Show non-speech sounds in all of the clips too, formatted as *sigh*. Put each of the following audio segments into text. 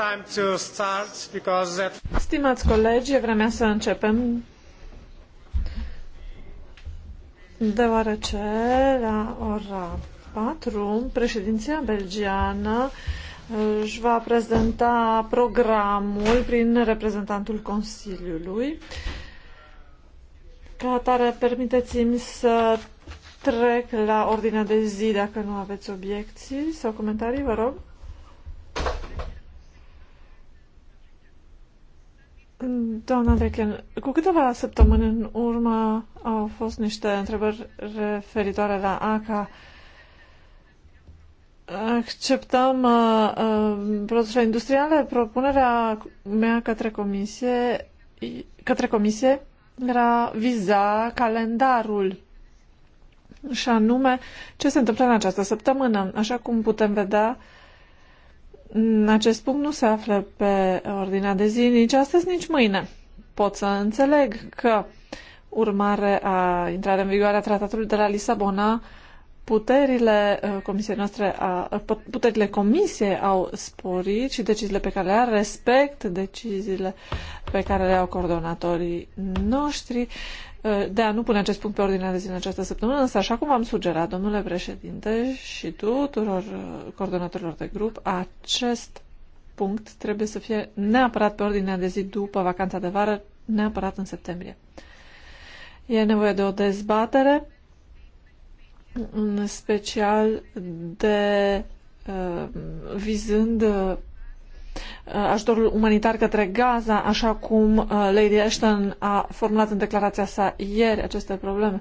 time to start because that... Stimați colegi, e vremea să începem deoarece la ora 4 președinția belgiană uh, își va prezenta programul prin reprezentantul Consiliului. Ca atare, permiteți-mi să trec la ordinea de zi dacă nu aveți obiecții sau comentarii, vă rog. Doamna Declan, cu câteva săptămâni în urmă au fost niște întrebări referitoare la ACA. Acceptăm uh, uh, produsele industriale. Propunerea mea către comisie, către comisie era viza calendarul și anume ce se întâmplă în această săptămână. Așa cum putem vedea, uh, acest punct nu se află pe ordinea de zi nici astăzi, nici mâine. Pot să înțeleg că, urmare a intrare în vigoare a tratatului de la Lisabona, puterile uh, comisiei noastre, a, uh, puterile comisiei au sporit și deciziile pe care le are respect deciziile pe care le au coordonatorii noștri Eh, de a nu pune acest punct pe ordinea de zi în această săptămână, însă, așa cum am sugerat, domnule președinte și tuturor eh, coordonatorilor de grup, acest punct trebuie să fie neapărat pe ordinea de zi după vacanța de vară, neapărat în septembrie. E nevoie de o dezbatere, în special de eh, vizând Uh, ajutorul umanitar către Gaza, așa cum uh, Lady Ashton a formulat în declarația sa ieri aceste probleme.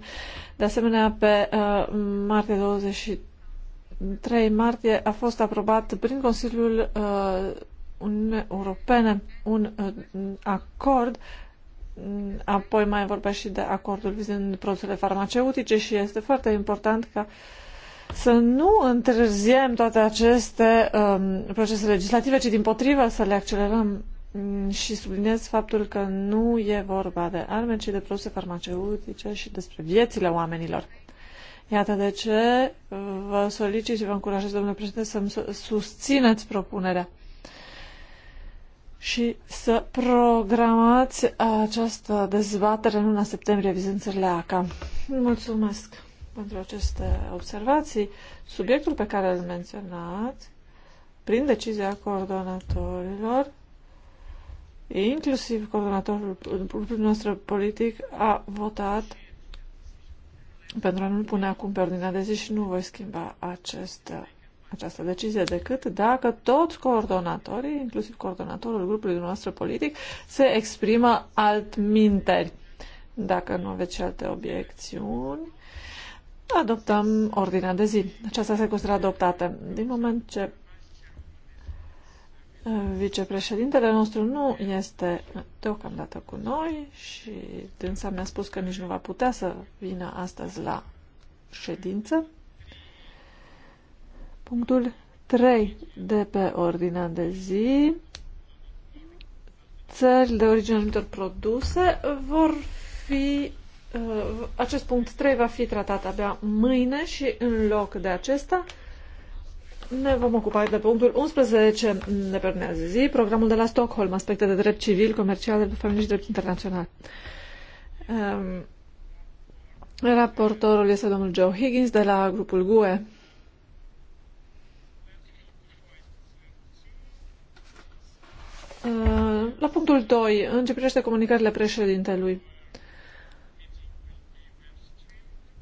De asemenea, pe uh, martie 23 martie a fost aprobat prin Consiliul Uniunii Europene un acord Apoi mai vorbea și de acordul vizând produsele farmaceutice și este foarte important ca uh, să nu întârziem toate aceste um, procese legislative, ci din potrivă să le accelerăm mm, și subliniez faptul că nu e vorba de arme, ci de produse farmaceutice și despre viețile oamenilor. Iată de ce uh, vă solicit și vă încurajez, domnule președinte, să-mi susțineți propunerea și să programați această dezbatere în luna septembrie vizând țările ACA. Mulțumesc! pentru aceste observații. Subiectul pe care îl menționat, prin decizia coordonatorilor, inclusiv coordonatorul grupului nostru politic a votat pentru a nu-l pune acum pe ordinea de zi și nu voi schimba acest, această decizie decât dacă toți coordonatorii, inclusiv coordonatorul grupului nostru politic, se exprimă altminteri. Dacă nu aveți și alte obiecțiuni, adoptăm ordinea de zi. Aceasta se consideră adoptată. Din moment ce uh, vicepreședintele nostru nu este deocamdată cu noi și dânsa mi-a spus că nici nu va putea să vină astăzi la ședință, punctul 3 de pe ordinea de zi țări de origine anumitor produse vor fi Uh, acest punct 3 va fi tratat abia mâine și în loc de acesta ne vom ocupa de punctul 11 de pe ordinea zi, programul de la Stockholm, aspecte de drept civil, comercial, drept familie și drept internațional. Um, raportorul este domnul Joe Higgins de la grupul GUE. Uh, la punctul 2, în ce privește comunicările președintelui.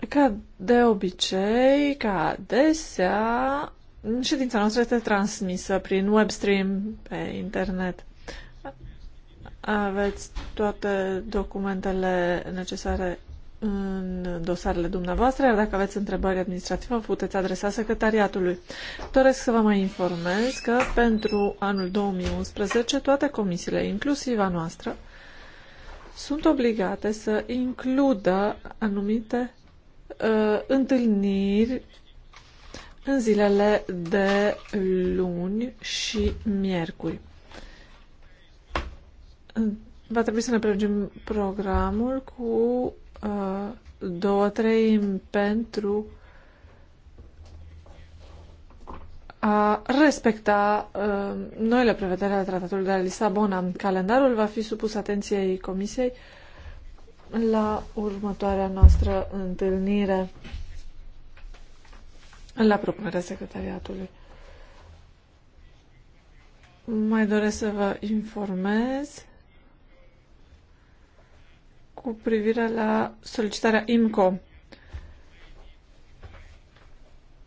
Ca de obicei, ca adesea, ședința noastră este transmisă prin webstream pe internet. Aveți toate documentele necesare în dosarele dumneavoastră, iar dacă aveți întrebări administrative, vă puteți adresa secretariatului. Doresc să vă mai informez că pentru anul 2011 toate comisiile, inclusiv a noastră, sunt obligate să includă anumite uh, întâlniri în zilele de luni și miercuri. Va trebui să ne prelungim programul cu uh, două treimi pentru a respecta uh, noile prevederi ale Tratatului de la Lisabona. Calendarul va fi supus atenției Comisiei uh, la următoarea noastră întâlnire la propunerea secretariatului. Mai doresc să vă informez cu privire la solicitarea IMCO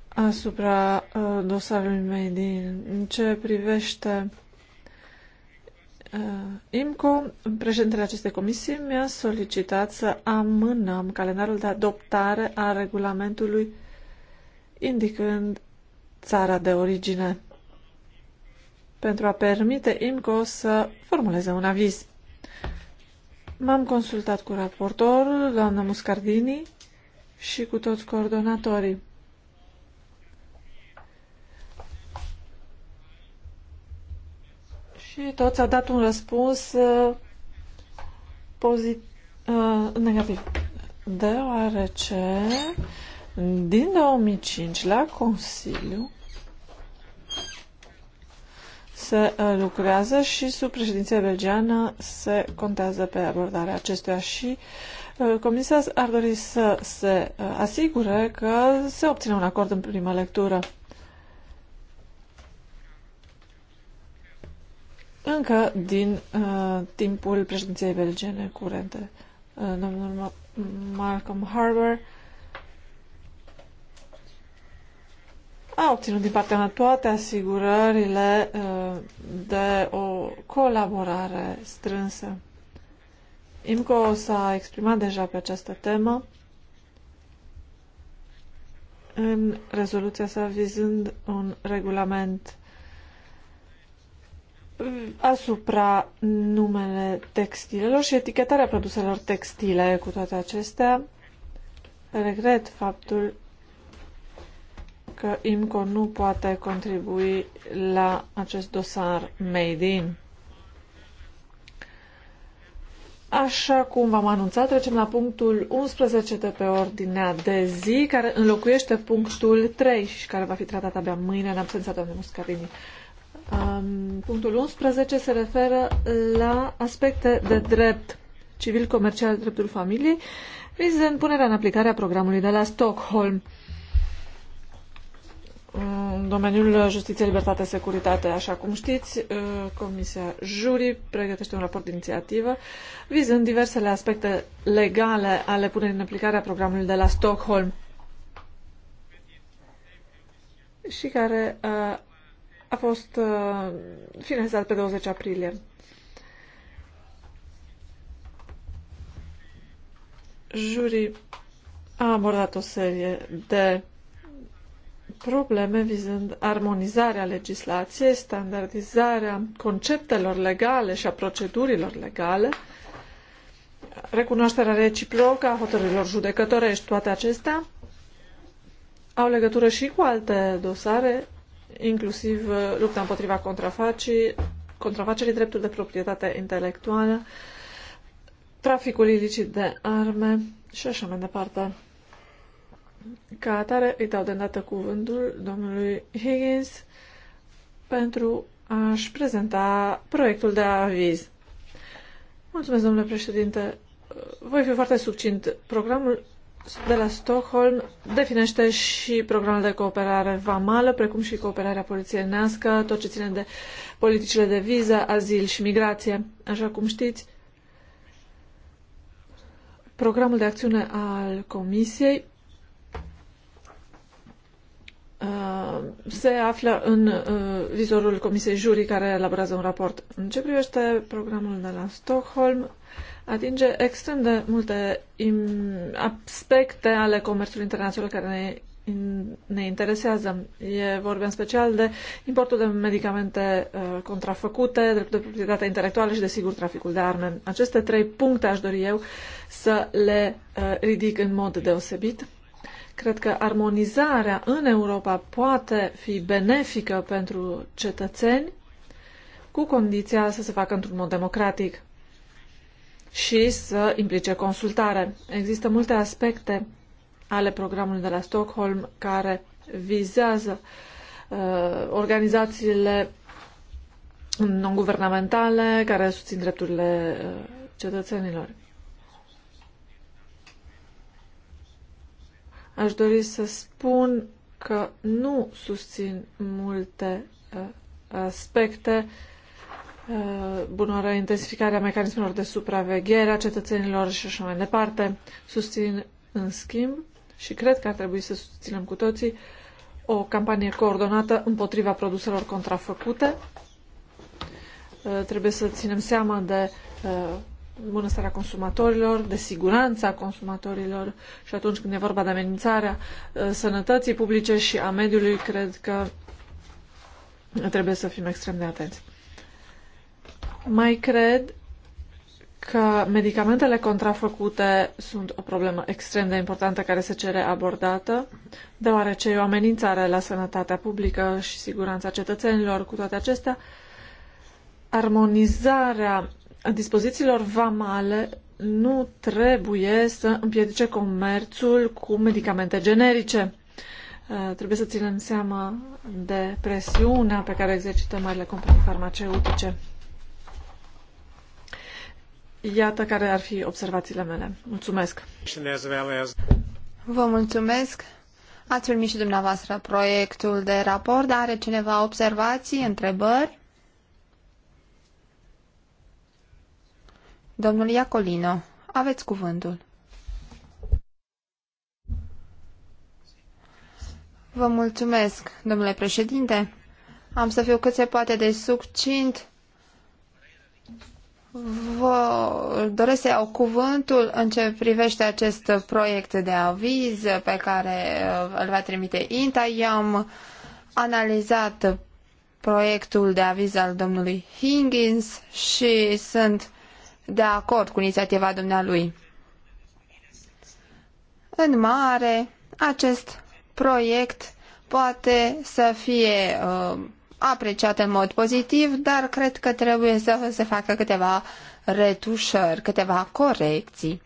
asupra uh, dosarului Made din ce privește Uh, IMCO, președintele acestei comisii, mi-a solicitat să amânăm calendarul de adoptare a regulamentului indicând țara de origine pentru a permite IMCO să formuleze un aviz. M-am consultat cu raportorul, doamna Muscardini, și cu toți coordonatorii. Și toți au dat un răspuns uh, pozit, uh, negativ. Deoarece din 2005 la Consiliu se uh, lucrează și sub președinția belgeană se contează pe abordarea acestuia și uh, Comisia ar dori să se asigure că se obține un acord în primă lectură. încă din uh, timpul președinției belgene curente. Uh, domnul Malcolm Harbour a obținut din partea mea toate asigurările uh, de o colaborare strânsă. IMCO s-a exprimat deja pe această temă în rezoluția sa vizând un regulament asupra numele textilelor și etichetarea produselor textile. Cu toate acestea, regret faptul că IMCO nu poate contribui la acest dosar Made in. Așa cum v-am anunțat, trecem la punctul 11 de pe ordinea de zi, care înlocuiește punctul 3 și care va fi tratat abia mâine în absența doamnei Muscardini. Um, punctul 11 se referă la aspecte de drept civil, comercial, dreptul familiei, vizând punerea în aplicare a programului de la Stockholm în domeniul justiție, libertate, securitate, așa cum știți, uh, Comisia Juri pregătește un raport de inițiativă vizând diversele aspecte legale ale punerii în aplicare a programului de la Stockholm și care uh, a fost uh, finalizat pe 20 aprilie. Jurii a abordat o serie de probleme vizând armonizarea legislației, standardizarea conceptelor legale și a procedurilor legale, recunoașterea reciprocă a hotărârilor judecătorești, toate acestea au legătură și cu alte dosare inclusiv uh, lupta împotriva contrafacerii, contrafacerii drepturi de proprietate intelectuală, traficul ilicit de arme și așa mai departe. Ca atare îi dau de îndată cuvântul domnului Higgins pentru a-și prezenta proiectul de aviz. Mulțumesc, domnule președinte. Voi fi foarte succint. Programul de la Stockholm definește și programul de cooperare vamală, precum și cooperarea polițienească, tot ce ține de politicile de viză, azil și migrație. Așa cum știți, programul de acțiune al Comisiei uh, se află în uh, vizorul Comisiei Jurii care elaborează un raport. În ce privește programul de la Stockholm, atinge extrem de multe aspecte ale comerțului internațional care ne, ne interesează. E vorba în special de importul de medicamente uh, contrafăcute, dreptul de proprietate intelectuală și, desigur, traficul de arme. Aceste trei puncte aș dori eu să le uh, ridic în mod deosebit. Cred că armonizarea în Europa poate fi benefică pentru cetățeni cu condiția să se facă într-un mod democratic și să implice consultare. Există multe aspecte ale programului de la Stockholm care vizează uh, organizațiile non-guvernamentale care susțin drepturile uh, cetățenilor. Aș dori să spun că nu susțin multe uh, aspecte uh, Uh, bunoarea, intensificarea mecanismelor de supraveghere a cetățenilor și așa mai departe. Susțin, în schimb, și cred că ar trebui să susținem cu toții, o campanie coordonată împotriva produselor contrafăcute. Uh, trebuie să ținem seama de uh, bunăstarea consumatorilor, de siguranța consumatorilor și atunci când e vorba de amenințarea sănătății publice și a mediului, cred că trebuie să fim extrem de atenți. Mai cred că medicamentele contrafăcute sunt o problemă extrem de importantă care se cere abordată, deoarece e o amenințare la sănătatea publică și siguranța cetățenilor. Cu toate acestea, armonizarea dispozițiilor vamale nu trebuie să împiedice comerțul cu medicamente generice. Uh, trebuie să ținem seama de presiunea pe care exercită marile companii farmaceutice. Iată care ar fi observațiile mele. Mulțumesc! Vă mulțumesc! Ați primit și dumneavoastră proiectul de raport, dar are cineva observații, întrebări? Domnul Iacolino, aveți cuvântul. Vă mulțumesc, domnule președinte. Am să fiu cât se poate de succint Vă doresc să iau cuvântul în ce privește acest proiect de aviz pe care uh, îl va trimite INTA. Eu am analizat proiectul de aviz al domnului Higgins și sunt de acord cu inițiativa dumnealui. În mare, acest proiect poate să fie uh, apreciat în mod pozitiv, dar cred că trebuie să se facă câteva retușări, câteva corecții.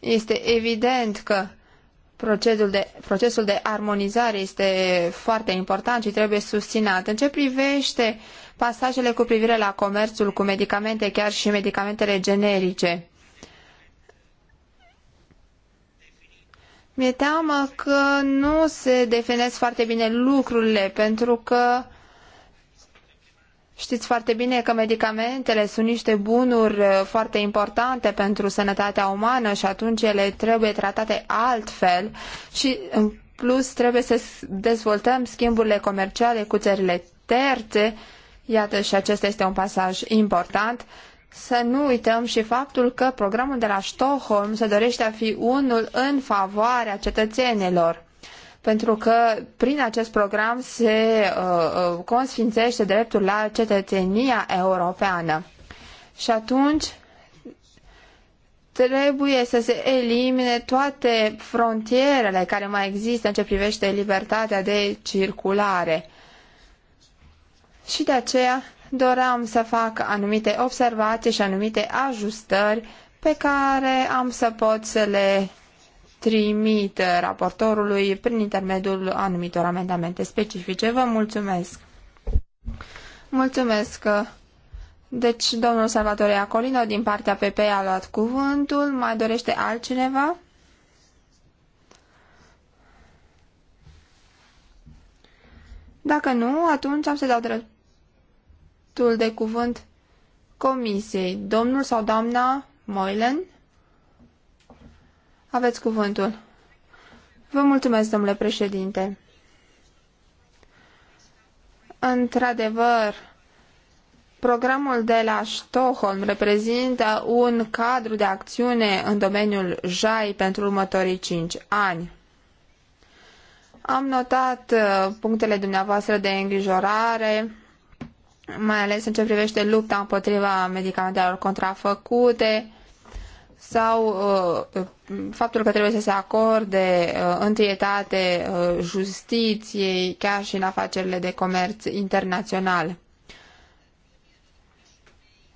Este evident că procesul de, procesul de armonizare este foarte important și trebuie susținat. În ce privește pasajele cu privire la comerțul cu medicamente, chiar și medicamentele generice, Mi-e teamă că nu se definesc foarte bine lucrurile, pentru că știți foarte bine că medicamentele sunt niște bunuri uh, foarte importante pentru sănătatea umană și atunci ele trebuie tratate altfel și în plus trebuie să dezvoltăm schimburile comerciale cu țările terțe. Iată și acesta este un pasaj important să nu uităm și faptul că programul de la Stockholm se dorește a fi unul în favoarea cetățenilor pentru că prin acest program se uh, uh, consfințește dreptul la cetățenia europeană. Și atunci trebuie să se elimine toate frontierele care mai există în ce privește libertatea de circulare. Și de aceea doream să fac anumite observații și anumite ajustări pe care am să pot să le trimit raportorului prin intermediul anumitor amendamente specifice. Vă mulțumesc! Mulțumesc! Deci, domnul Salvatore Acolino din partea PP a luat cuvântul. Mai dorește altcineva? Dacă nu, atunci am să dau drept tul de cuvânt comisiei. Domnul sau doamna Moilen? Aveți cuvântul. Vă mulțumesc, domnule președinte. Într-adevăr, programul de la Stockholm reprezintă un cadru de acțiune în domeniul JAI pentru următorii cinci ani. Am notat uh, punctele dumneavoastră de îngrijorare, mai ales în ce privește lupta împotriva medicamentelor contrafăcute sau uh, faptul că trebuie să se acorde uh, întâietate uh, justiției chiar și în afacerile de comerț internațional.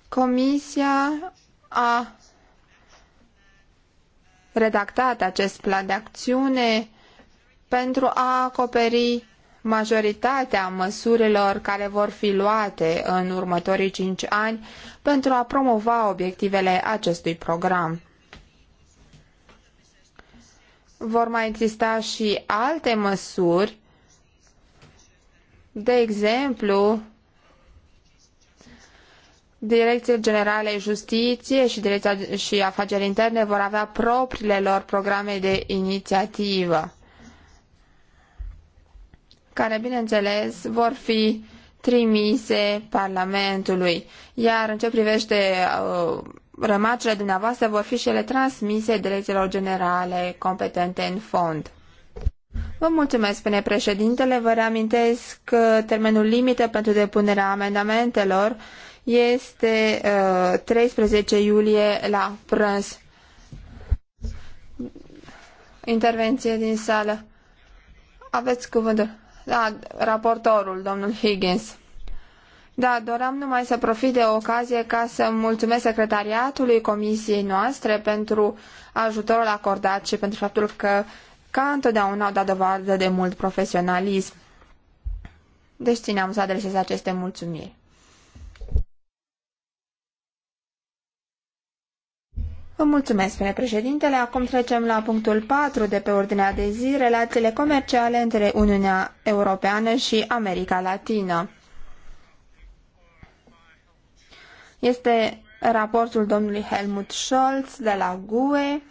Comisia a redactat acest plan de acțiune pentru a acoperi majoritatea măsurilor care vor fi luate în următorii cinci ani pentru a promova obiectivele acestui program. Vor mai exista și alte măsuri, de exemplu, Direcția Generale Justiție și, Direcția și Afaceri Interne vor avea propriile lor programe de inițiativă care, bineînțeles, vor fi trimise Parlamentului. Iar în ce privește uh, rămacele dumneavoastră, vor fi și ele transmise direcțiilor generale competente în fond. Vă mulțumesc, spune președintele. Vă reamintesc că termenul limită pentru depunerea amendamentelor este uh, 13 iulie la prânz. Intervenție din sală. Aveți cuvântul. Da, raportorul, domnul Higgins. Da, doream numai să profit de ocazie ca să mulțumesc secretariatului comisiei noastre pentru ajutorul acordat și pentru faptul că, ca întotdeauna, au dat dovadă de mult profesionalism. Deci țineam să adresez aceste mulțumiri. Vă mulțumesc, spune președintele. Acum trecem la punctul 4 de pe ordinea de zi, relațiile comerciale între Uniunea Europeană și America Latină. Este raportul domnului Helmut Scholz de la GUE.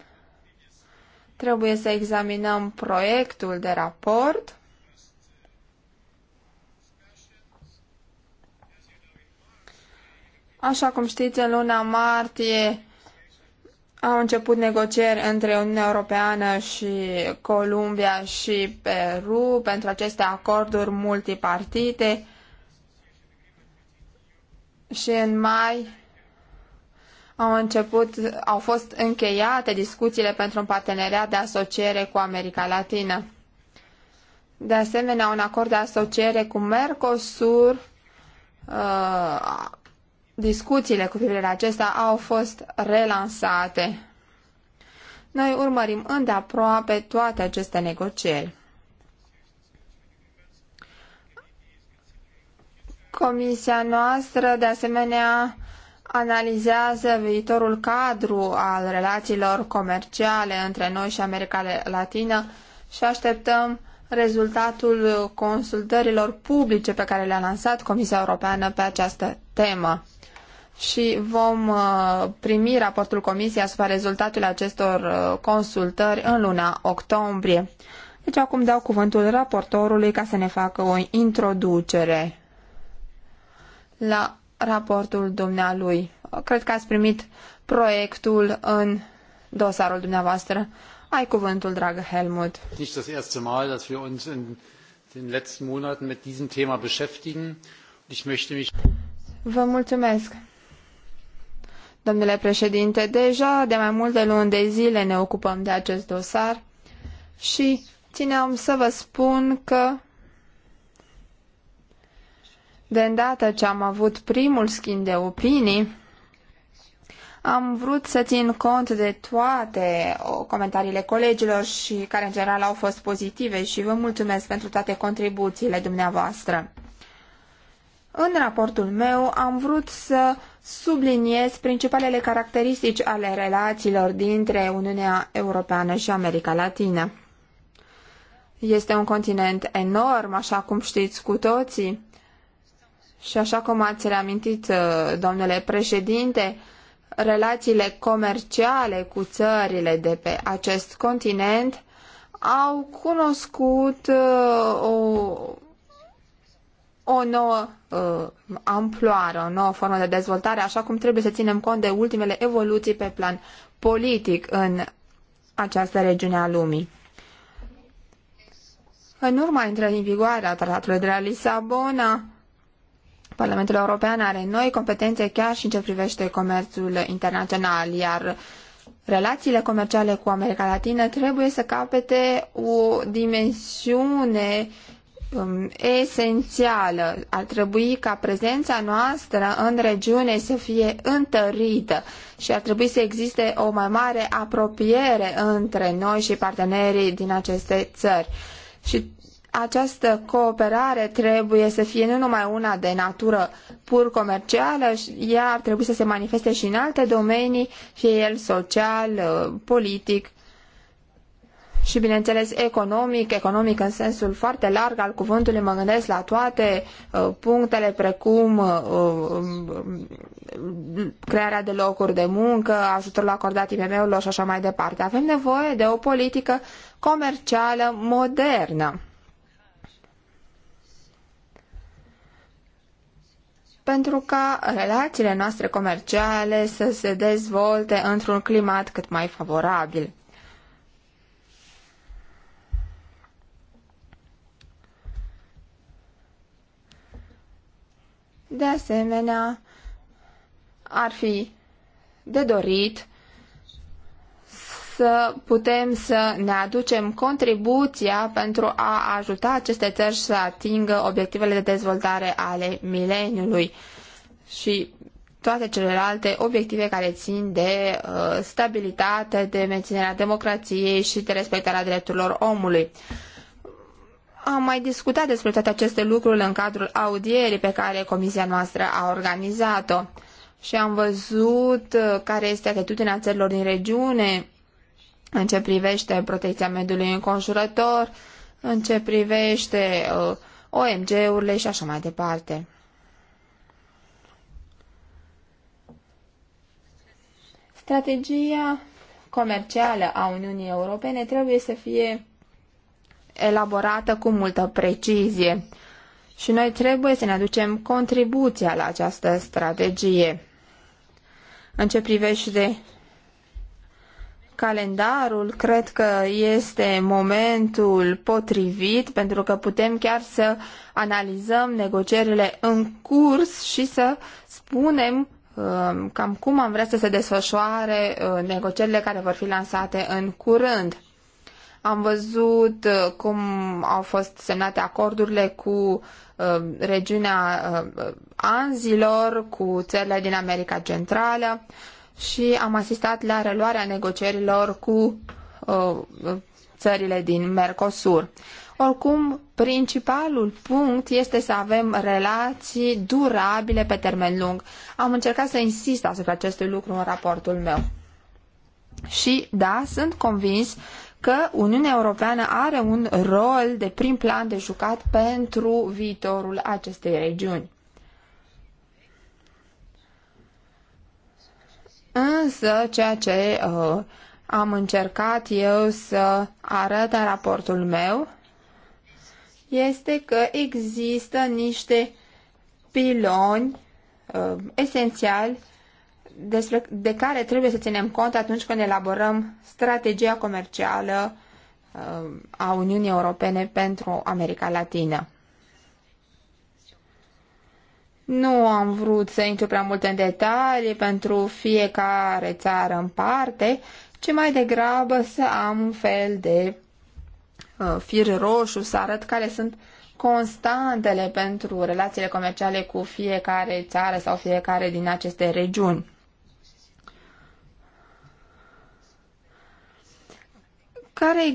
Trebuie să examinăm proiectul de raport. Așa cum știți, în luna martie au început negocieri între Uniunea Europeană și Columbia și Peru pentru aceste acorduri multipartite și în mai au început, au fost încheiate discuțiile pentru un parteneriat de asociere cu America Latină. De asemenea, un acord de asociere cu Mercosur uh, discuțiile cu privire la acesta au fost relansate. Noi urmărim îndeaproape toate aceste negocieri. Comisia noastră, de asemenea, analizează viitorul cadru al relațiilor comerciale între noi și America Latină și așteptăm rezultatul consultărilor publice pe care le-a lansat Comisia Europeană pe această temă și vom uh, primi raportul Comisiei asupra rezultatului acestor uh, consultări în luna octombrie. Deci acum dau cuvântul raportorului ca să ne facă o introducere la raportul dumnealui. Cred că ați primit proiectul în dosarul dumneavoastră. Ai cuvântul, dragă Helmut. Nicht das erste Mal, dass wir uns in den letzten Monaten mit diesem Thema beschäftigen. Ich möchte mich Vă mulțumesc. Domnule președinte, deja de mai multe luni de zile ne ocupăm de acest dosar și țineam să vă spun că de îndată ce am avut primul schimb de opinii, am vrut să țin cont de toate comentariile colegilor și care în general au fost pozitive și vă mulțumesc pentru toate contribuțiile dumneavoastră. În raportul meu am vrut să subliniez principalele caracteristici ale relațiilor dintre Uniunea Europeană și America Latină. Este un continent enorm, așa cum știți cu toții. Și așa cum ați reamintit, uh, domnule președinte, relațiile comerciale cu țările de pe acest continent au cunoscut uh, o o nouă uh, amploare, o nouă formă de dezvoltare, așa cum trebuie să ținem cont de ultimele evoluții pe plan politic în această regiune a lumii. În urma intrării în vigoare a Tratatului de la Lisabona, Parlamentul European are noi competențe chiar și în ce privește comerțul internațional, iar relațiile comerciale cu America Latină trebuie să capete o dimensiune um, esențială. Ar trebui ca prezența noastră în regiune să fie întărită și ar trebui să existe o mai mare apropiere între noi și partenerii din aceste țări. Și această cooperare trebuie să fie nu numai una de natură pur comercială, ea ar trebui să se manifeste și în alte domenii, fie el social, uh, politic și, bineînțeles, economic, economic în sensul foarte larg al cuvântului, mă gândesc la toate uh, punctele precum uh, um, crearea de locuri de muncă, ajutorul acordat IMM-urilor și așa mai departe. Avem nevoie de o politică comercială modernă. pentru ca relațiile noastre comerciale să se dezvolte într-un climat cât mai favorabil. De asemenea, ar fi de dorit să putem să ne aducem contribuția pentru a ajuta aceste țări să atingă obiectivele de dezvoltare ale mileniului și toate celelalte obiective care țin de uh, stabilitate, de menținerea democrației și de respectarea drepturilor omului. Am mai discutat despre toate aceste lucruri în cadrul audierii pe care comisia noastră a organizat-o și am văzut uh, care este atitudinea țărilor din regiune în ce privește protecția mediului înconjurător, în ce privește uh, OMG-urile și așa mai departe. Strategia comercială a Uniunii Europene trebuie să fie elaborată cu multă precizie și noi trebuie să ne aducem contribuția la această strategie. În ce privește calendarul, cred că este momentul potrivit pentru că putem chiar să analizăm negocierile în curs și să spunem um, cam cum am vrea să se desfășoare uh, negocierile care vor fi lansate în curând. Am văzut uh, cum au fost semnate acordurile cu uh, regiunea uh, Anzilor, cu țările din America Centrală și am asistat la reluarea negocierilor cu țările din Mercosur. Oricum, principalul punct este să avem relații durabile pe termen lung. Am încercat să insist asupra acestui lucru în raportul meu. Și, da, sunt convins că Uniunea Europeană are un rol de prim plan de jucat pentru viitorul acestei regiuni. Însă, ceea ce uh, am încercat eu să arăt în raportul meu este că există niște piloni uh, esențiali despre, de care trebuie să ținem cont atunci când elaborăm strategia comercială uh, a Uniunii Europene pentru America Latină. Nu am vrut să intru prea mult în detalii pentru fiecare țară în parte, ci mai degrabă să am un fel de uh, fir roșu, să arăt care sunt constantele pentru relațiile comerciale cu fiecare țară sau fiecare din aceste regiuni. care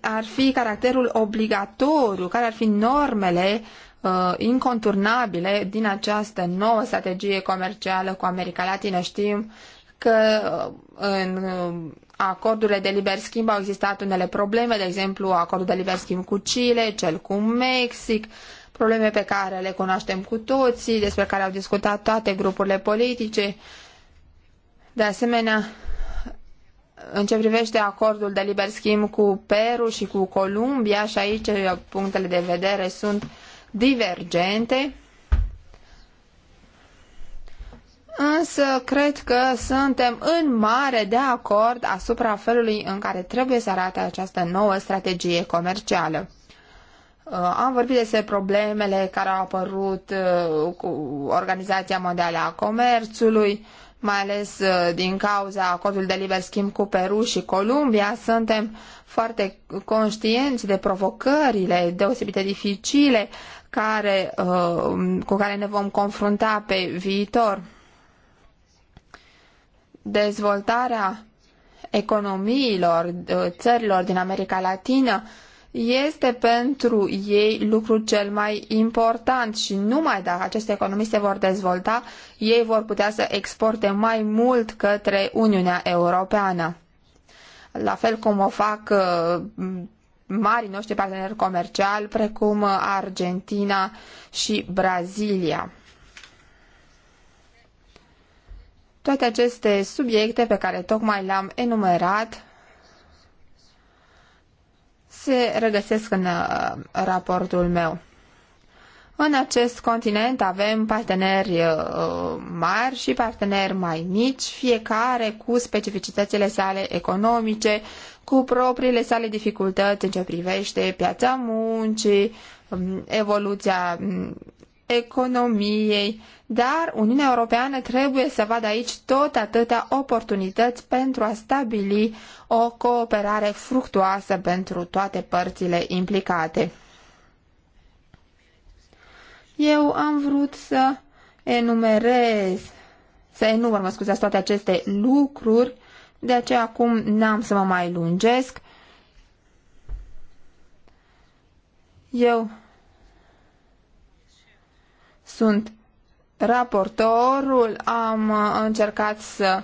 ar fi caracterul obligatoriu, care ar fi normele uh, inconturnabile din această nouă strategie comercială cu America Latină. Știm că uh, în uh, acordurile de liber schimb au existat unele probleme, de exemplu acordul de liber schimb cu Chile, cel cu Mexic, probleme pe care le cunoaștem cu toții, despre care au discutat toate grupurile politice. De asemenea, în ce privește acordul de liber schimb cu Peru și cu Columbia, și aici punctele de vedere sunt divergente, însă cred că suntem în mare de acord asupra felului în care trebuie să arate această nouă strategie comercială. Uh, am vorbit despre problemele care au apărut uh, cu Organizația Mondială a Comerțului, mai ales uh, din cauza acordului de liber schimb cu Peru și Columbia, suntem foarte conștienți de provocările deosebite dificile care, uh, cu care ne vom confrunta pe viitor. Dezvoltarea economiilor uh, țărilor din America Latină este pentru ei lucru cel mai important și numai dacă aceste economii se vor dezvolta, ei vor putea să exporte mai mult către Uniunea Europeană. La fel cum o fac uh, marii noștri parteneri comerciali, precum Argentina și Brazilia. Toate aceste subiecte pe care tocmai le-am enumerat se regăsesc în uh, raportul meu. În acest continent avem parteneri uh, mari și parteneri mai mici, fiecare cu specificitățile sale economice, cu propriile sale dificultăți în ce privește piața muncii, um, evoluția um, economiei, dar Uniunea Europeană trebuie să vadă aici tot atâtea oportunități pentru a stabili o cooperare fructuoasă pentru toate părțile implicate. Eu am vrut să enumerez, să enumăr, mă scuzați, toate aceste lucruri, de aceea acum n-am să mă mai lungesc. Eu sunt raportorul, am uh, încercat să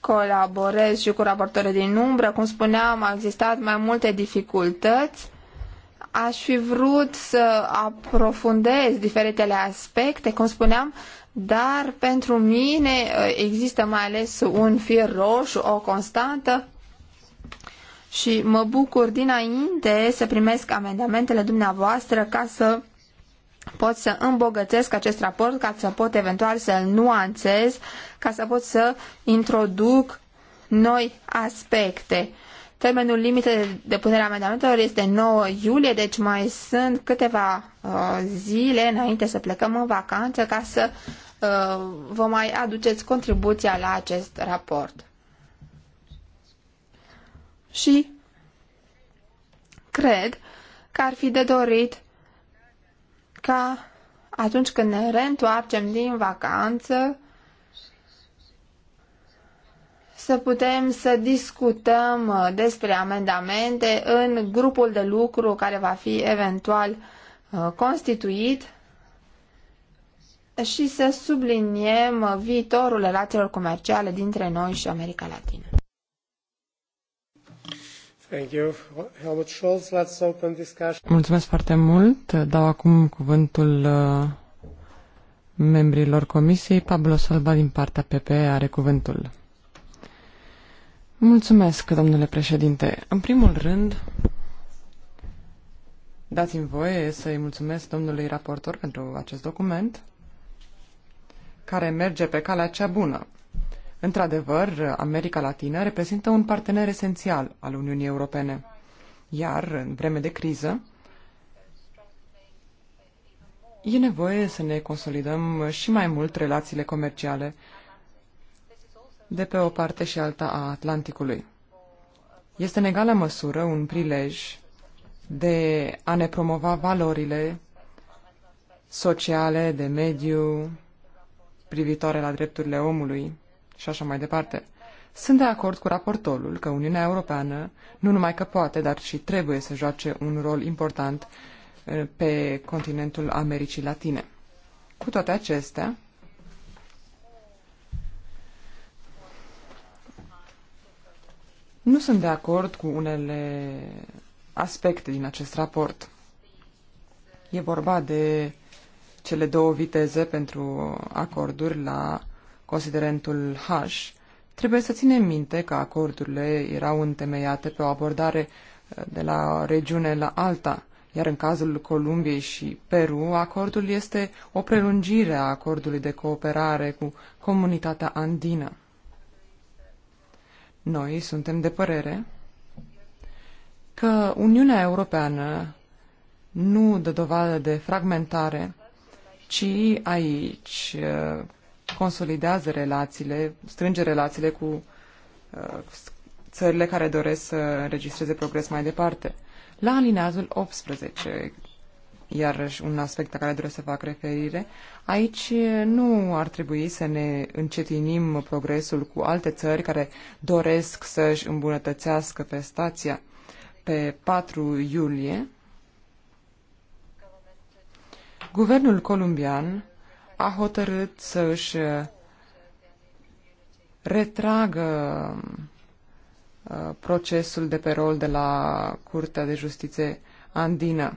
colaborez și cu raportorul din umbră. Cum spuneam, au existat mai multe dificultăți. Aș fi vrut să aprofundez diferitele aspecte, cum spuneam, dar pentru mine uh, există mai ales un fir roșu, o constantă și mă bucur dinainte să primesc amendamentele dumneavoastră ca să pot să îmbogățesc acest raport ca să pot eventual să-l nuanțez, ca să pot să introduc noi aspecte. Termenul limită de depunere a amendamentelor este 9 iulie, deci mai sunt câteva uh, zile înainte să plecăm în vacanță ca să uh, vă mai aduceți contribuția la acest raport. Și cred că ar fi de dorit ca atunci când ne reîntoarcem din vacanță să putem să discutăm uh, despre amendamente în grupul de lucru care va fi eventual uh, constituit și să subliniem uh, viitorul relațiilor comerciale dintre noi și America Latină. Thank you, Helmut Scholz. Let's open discussion. Mulțumesc foarte mult. Dau acum cuvântul uh, membrilor comisiei. Pablo Salva din partea PPE are cuvântul. Mulțumesc, domnule președinte. În primul rând, dați-mi voie să-i mulțumesc domnului raportor pentru acest document, care merge pe calea cea bună. Într-adevăr, America Latină reprezintă un partener esențial al Uniunii Europene, iar în vreme de criză e nevoie să ne consolidăm și mai mult relațiile comerciale de pe o parte și alta a Atlanticului. Este în egală măsură un prilej de a ne promova valorile sociale, de mediu, privitoare la drepturile omului, și așa mai departe. Sunt de acord cu raportorul că Uniunea Europeană nu numai că poate, dar și trebuie să joace un rol important uh, pe continentul Americii Latine. Cu toate acestea, nu sunt de acord cu unele aspecte din acest raport. E vorba de cele două viteze pentru acorduri la considerentul H, trebuie să ținem minte că acordurile erau întemeiate pe o abordare uh, de la regiune la alta, iar în cazul Columbiei și Peru, acordul este o prelungire a acordului de cooperare cu comunitatea andină. Noi suntem de părere că Uniunea Europeană nu dă dovadă de fragmentare, ci aici uh, consolidează relațiile, strânge relațiile cu uh, țările care doresc să înregistreze progres mai departe. La alineazul 18, iarăși un aspect la care doresc să fac referire, aici nu ar trebui să ne încetinim progresul cu alte țări care doresc să-și îmbunătățească pe stația pe 4 iulie. Guvernul columbian a hotărât să își uh, retragă uh, procesul de pe rol de la Curtea de Justiție Andină.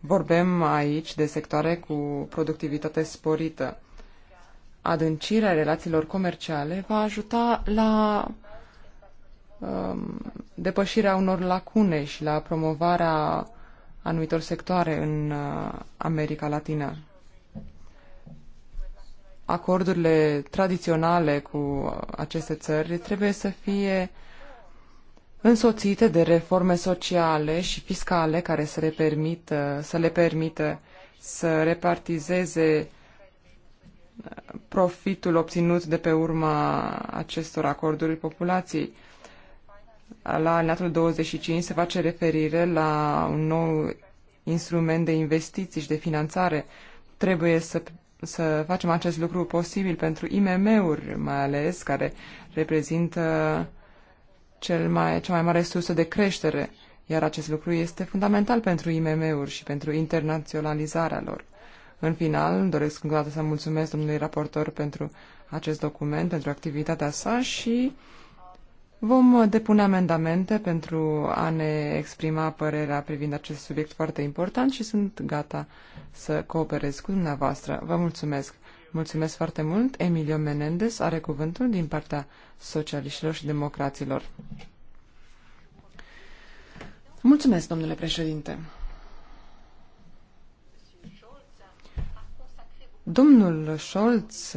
Vorbim aici de sectoare cu productivitate sporită. Adâncirea relațiilor comerciale va ajuta la um, depășirea unor lacune și la promovarea anumitor sectoare în uh, America Latină acordurile tradiționale cu aceste țări trebuie să fie însoțite de reforme sociale și fiscale care să le permită să, le permită să repartizeze profitul obținut de pe urma acestor acorduri populației. La anul 25 se face referire la un nou instrument de investiții și de finanțare. Trebuie să să facem acest lucru posibil pentru IMM-uri, mai ales, care reprezintă cel mai, cea mai mare sursă de creștere, iar acest lucru este fundamental pentru IMM-uri și pentru internaționalizarea lor. În final, doresc încă o dată să mulțumesc domnului raportor pentru acest document, pentru activitatea sa și Vom depune amendamente pentru a ne exprima părerea privind acest subiect foarte important și sunt gata să cooperez cu dumneavoastră. Vă mulțumesc! Mulțumesc foarte mult! Emilio Menendez are cuvântul din partea socialiștilor și democraților. Mulțumesc, domnule președinte! Domnul Scholz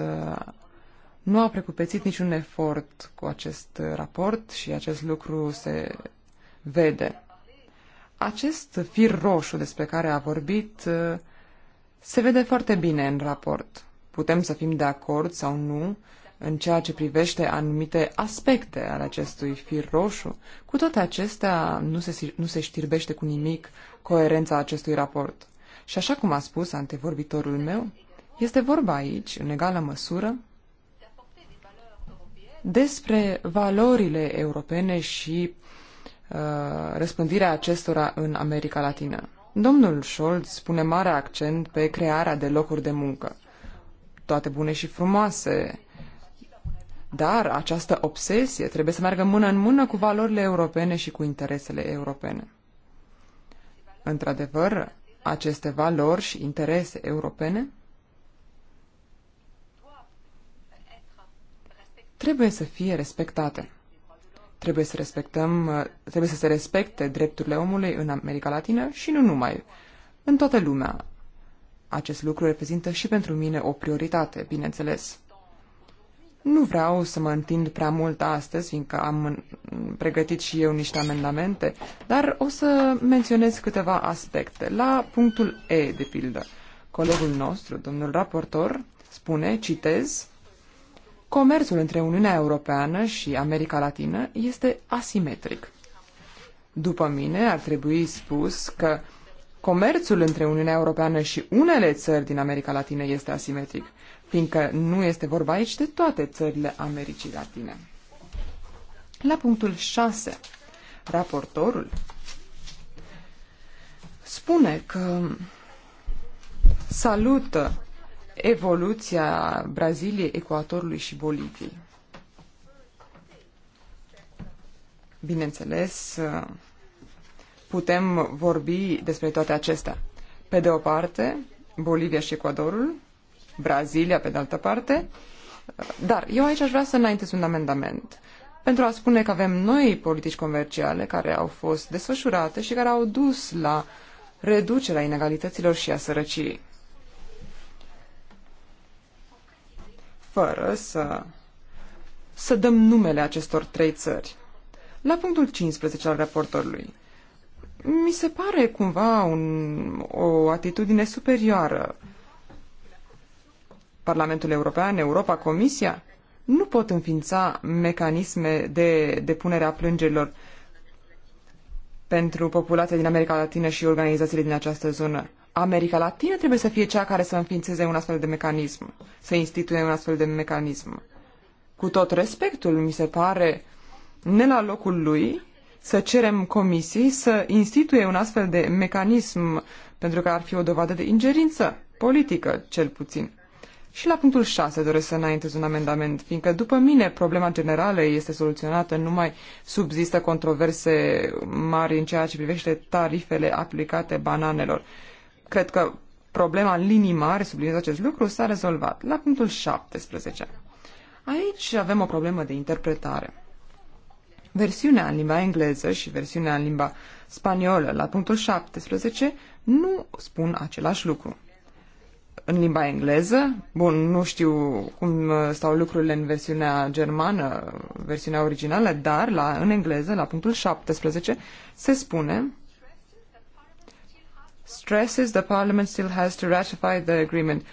nu a precupețit niciun efort cu acest raport și acest lucru se vede. Acest fir roșu despre care a vorbit uh, se vede foarte bine în raport. Putem să fim de acord sau nu în ceea ce privește anumite aspecte ale acestui fir roșu. Cu toate acestea, nu se, nu se știrbește cu nimic coerența acestui raport. Și așa cum a spus antevorbitorul meu, este vorba aici, în egală măsură, despre valorile europene și uh, răspândirea acestora în America Latină. Domnul Scholz pune mare accent pe crearea de locuri de muncă, toate bune și frumoase, dar această obsesie trebuie să meargă mână în mână cu valorile europene și cu interesele europene. Într-adevăr, aceste valori și interese europene trebuie să fie respectate. Trebuie să respectăm, uh, trebuie să se respecte drepturile omului în America Latină și nu numai, în toată lumea. Acest lucru reprezintă și pentru mine o prioritate, bineînțeles. Nu vreau să mă întind prea mult astăzi, fiindcă am pregătit și eu niște amendamente, dar o să menționez câteva aspecte. La punctul E, de pildă, colegul nostru, domnul raportor, spune, citez, Comerțul între Uniunea Europeană și America Latină este asimetric. După mine, ar trebui spus că comerțul între Uniunea Europeană și unele țări din America Latină este asimetric, fiindcă nu este vorba aici de toate țările Americii Latine. La punctul 6, raportorul spune că salută evoluția Braziliei, Ecuatorului și Boliviei. Bineînțeles, putem vorbi despre toate acestea. Pe de o parte, Bolivia și Ecuadorul, Brazilia pe de altă parte, dar eu aici aș vrea să înaintez un amendament pentru a spune că avem noi politici comerciale care au fost desfășurate și care au dus la reducerea inegalităților și a sărăciei. fără să, să dăm numele acestor trei țări. La punctul 15 al raportorului, mi se pare cumva un, o atitudine superioară. Parlamentul European, Europa, Comisia nu pot înființa mecanisme de depunere a plângerilor pentru populația din America Latină și organizațiile din această zonă. America Latină trebuie să fie cea care să înființeze un astfel de mecanism, să instituie un astfel de mecanism. Cu tot respectul, mi se pare ne la locul lui să cerem comisii să instituie un astfel de mecanism, pentru că ar fi o dovadă de ingerință politică, cel puțin. Și la punctul 6 doresc să înaintez un amendament, fiindcă după mine problema generală este soluționată, nu mai subzistă controverse mari în ceea ce privește tarifele aplicate bananelor cred că problema în linii mari, subliniez acest lucru, s-a rezolvat. La punctul 17. Aici avem o problemă de interpretare. Versiunea în limba engleză și versiunea în limba spaniolă la punctul 17 nu spun același lucru. În limba engleză, bun, nu știu cum stau lucrurile în versiunea germană, versiunea originală, dar la, în engleză, la punctul 17, se spune stresses the Parliament still has to ratify the agreement.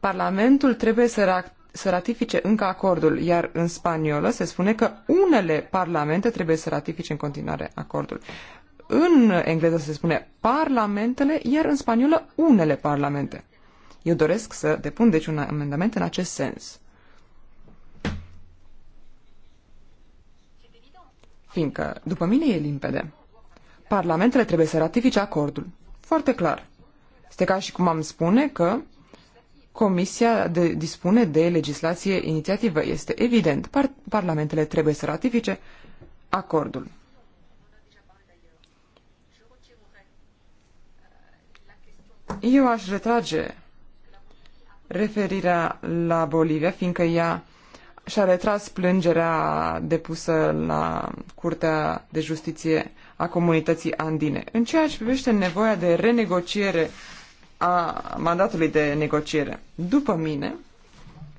Parlamentul trebuie să, ra- să ratifice încă acordul, iar în spaniolă se spune că unele parlamente trebuie să ratifice în continuare acordul. În engleză se spune parlamentele, iar în spaniolă unele parlamente. Eu doresc să depun deci un amendament în acest sens. Fiindcă, după mine e limpede, parlamentele trebuie să ratifice acordul foarte clar. Este ca și cum am spune că Comisia de, dispune de legislație inițiativă. Este evident, par, parlamentele trebuie să ratifice acordul. Eu aș retrage referirea la Bolivia, fiindcă ea și-a retras plângerea depusă la Curtea de Justiție a Comunității Andine. În ceea ce privește nevoia de renegociere a mandatului de negociere, după mine,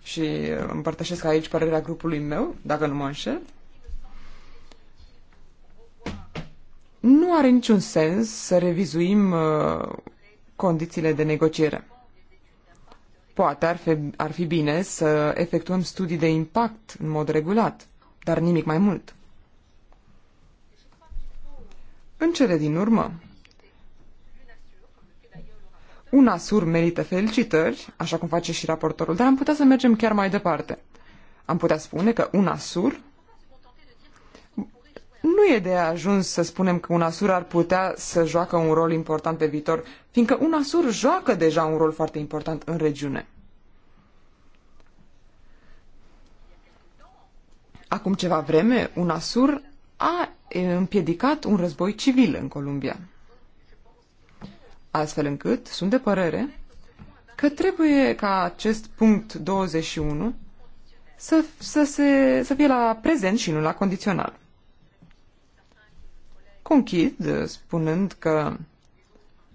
și împărtășesc aici părerea grupului meu, dacă nu mă înșel, nu are niciun sens să revizuim uh, condițiile de negociere. Poate ar fi, ar fi bine să efectuăm studii de impact în mod regulat, dar nimic mai mult. În cele din urmă, UNASUR merită felicitări, așa cum face și raportorul, dar am putea să mergem chiar mai departe. Am putea spune că UNASUR nu e de ajuns să spunem că UNASUR ar putea să joacă un rol important pe viitor, fiindcă UNASUR joacă deja un rol foarte important în regiune. Acum ceva vreme, UNASUR a împiedicat un război civil în Columbia. Astfel încât sunt de părere că trebuie ca acest punct 21 să, să, se, să fie la prezent și nu la condițional. Conchid eh, spunând că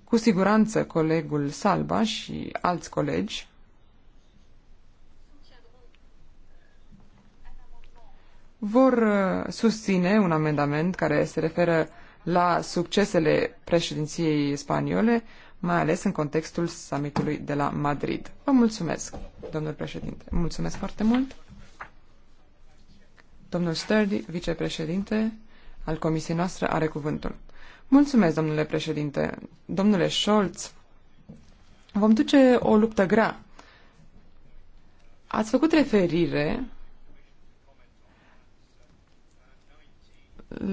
cu siguranță colegul Salba și alți colegi vor eh, susține un amendament care se referă la succesele președinției spaniole, mai ales în contextul summitului de la Madrid. Vă mulțumesc, domnul președinte. Mulțumesc foarte mult. Domnul Sturdy, vicepreședinte al comisiei noastre are cuvântul. Mulțumesc, domnule președinte. Domnule Scholz, vom duce o luptă grea. Ați făcut referire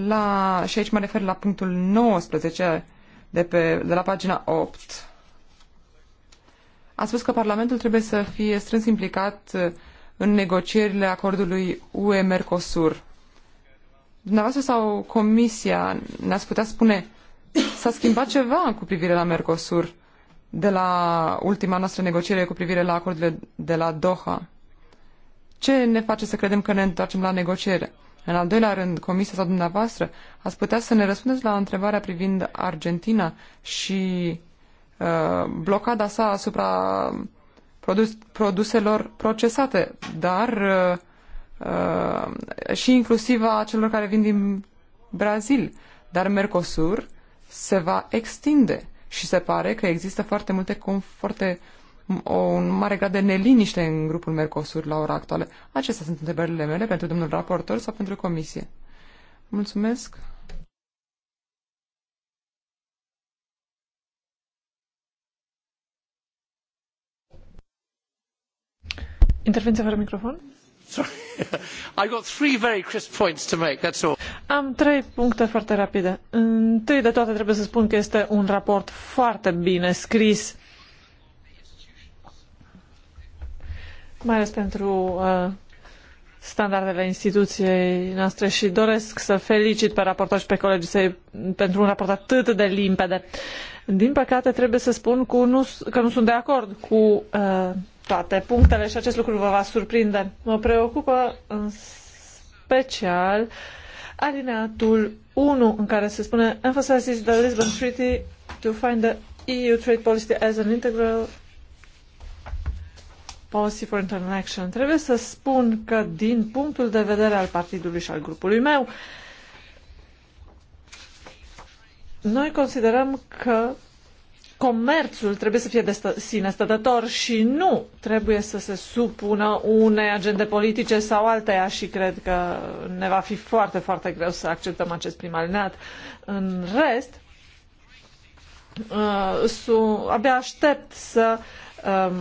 la, și aici mă refer la punctul 19 de, pe, de la pagina 8. A spus că Parlamentul trebuie să fie strâns implicat în negocierile acordului UE-Mercosur dumneavoastră sau Comisia ne-ați putea spune s-a schimbat ceva cu privire la Mercosur de la ultima noastră negociere cu privire la acordurile de la Doha? Ce ne face să credem că ne întoarcem la negociere? În al doilea rând, Comisia sau dumneavoastră, ați putea să ne răspundeți la întrebarea privind Argentina și uh, blocada sa asupra produs- produselor procesate, dar uh, Uh, și inclusiv a celor care vin din Brazil. Dar Mercosur se va extinde și se pare că există foarte multe, conforte, o, un mare grad de neliniște în grupul Mercosur la ora actuală. Acestea sunt întrebările mele pentru domnul raportor sau pentru comisie. Mulțumesc! Intervenție fără microfon. Am trei puncte foarte rapide. Întâi de toate trebuie să spun că este un raport foarte bine scris, mai ales pentru uh, standardele instituției noastre și doresc să felicit pe raportor și pe colegii săi pentru un raport atât de limpede. Din păcate, trebuie să spun cu nu, că nu sunt de acord cu uh, toate punctele și acest lucru vă va surprinde. Mă preocupă în special alineatul 1 în care se spune Emphasizes the Lisbon Treaty to find the EU trade policy as an integral Policy for international". Action. Trebuie să spun că din punctul de vedere al partidului și al grupului meu, uh, noi considerăm că comerțul trebuie să fie de stă- sine stătător și nu trebuie să se supună unei agende politice sau alteia și cred că ne va fi foarte, foarte greu să acceptăm acest prim alineat. În rest, uh, su- abia aștept să um,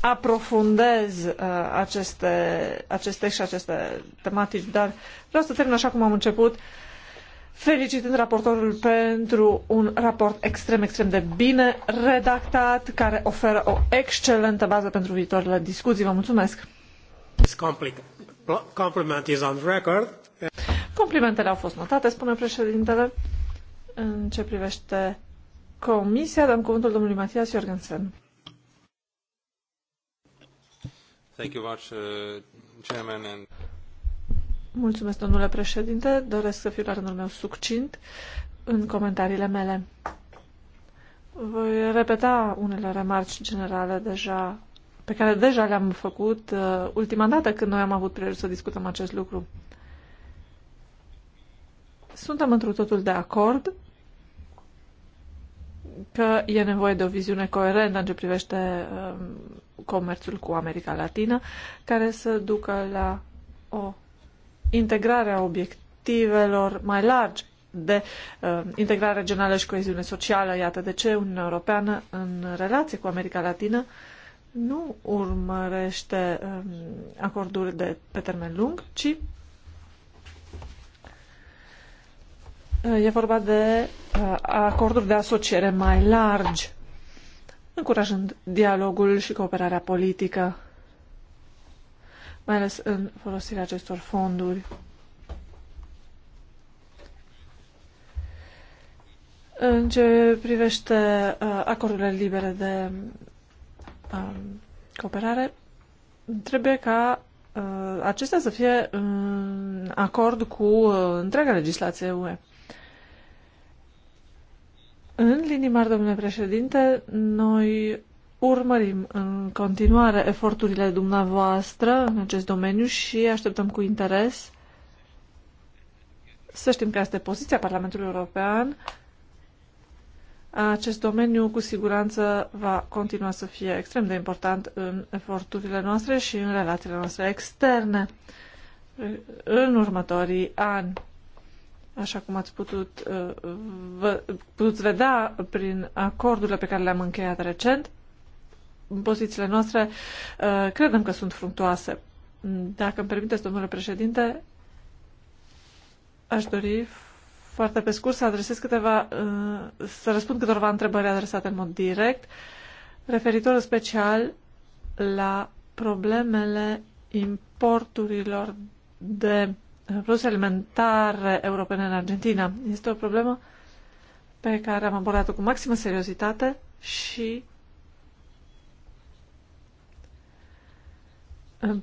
aprofundez uh, aceste, aceste și aceste tematici, dar vreau să termin așa cum am început. Uh, felicitând raportorul pentru un raport extrem, extrem de bine redactat, care oferă o excelentă bază pentru viitoarele discuții. Vă mulțumesc! Complimentele au fost notate, spune președintele. În ce privește comisia, dăm cuvântul domnului Matias Jorgensen. Uh, Mulțumesc, domnule președinte. Doresc să fiu la rândul meu succint în comentariile mele. Voi repeta unele remarci generale deja pe care deja le-am făcut uh, ultima dată când noi am avut prilejul să discutăm acest lucru. Suntem într totul de acord că e nevoie de o viziune coerentă în ce privește uh, comerțul cu America Latină, care să ducă la o integrarea obiectivelor mai largi de uh, integrare regională și coeziune socială. Iată de ce Uniunea Europeană, în relație cu America Latină, nu urmărește um, acorduri de, pe termen lung, ci uh, e vorba de uh, acorduri de asociere mai largi, încurajând dialogul și cooperarea politică mai ales în folosirea acestor fonduri. În ce privește uh, acordurile libere de uh, cooperare, trebuie ca uh, acestea să fie în acord cu uh, întreaga legislație UE. În linii mari, domnule președinte, noi Urmărim în continuare eforturile dumneavoastră în acest domeniu și așteptăm cu interes să știm că asta e poziția Parlamentului European. Acest domeniu cu siguranță va continua să fie extrem de important în eforturile noastre și în relațiile noastre externe în următorii ani. Așa cum ați putut, uh, vă, putut vedea prin acordurile pe care le-am încheiat recent, în pozițiile noastre uh, credem că sunt fructoase Dacă îmi permiteți, domnule președinte, aș dori foarte pe scurt să adresez câteva, uh, să răspund câteva întrebări adresate în mod direct, referitor în special la problemele importurilor de produse alimentare europene în Argentina. Este o problemă pe care am abordat-o cu maximă seriozitate și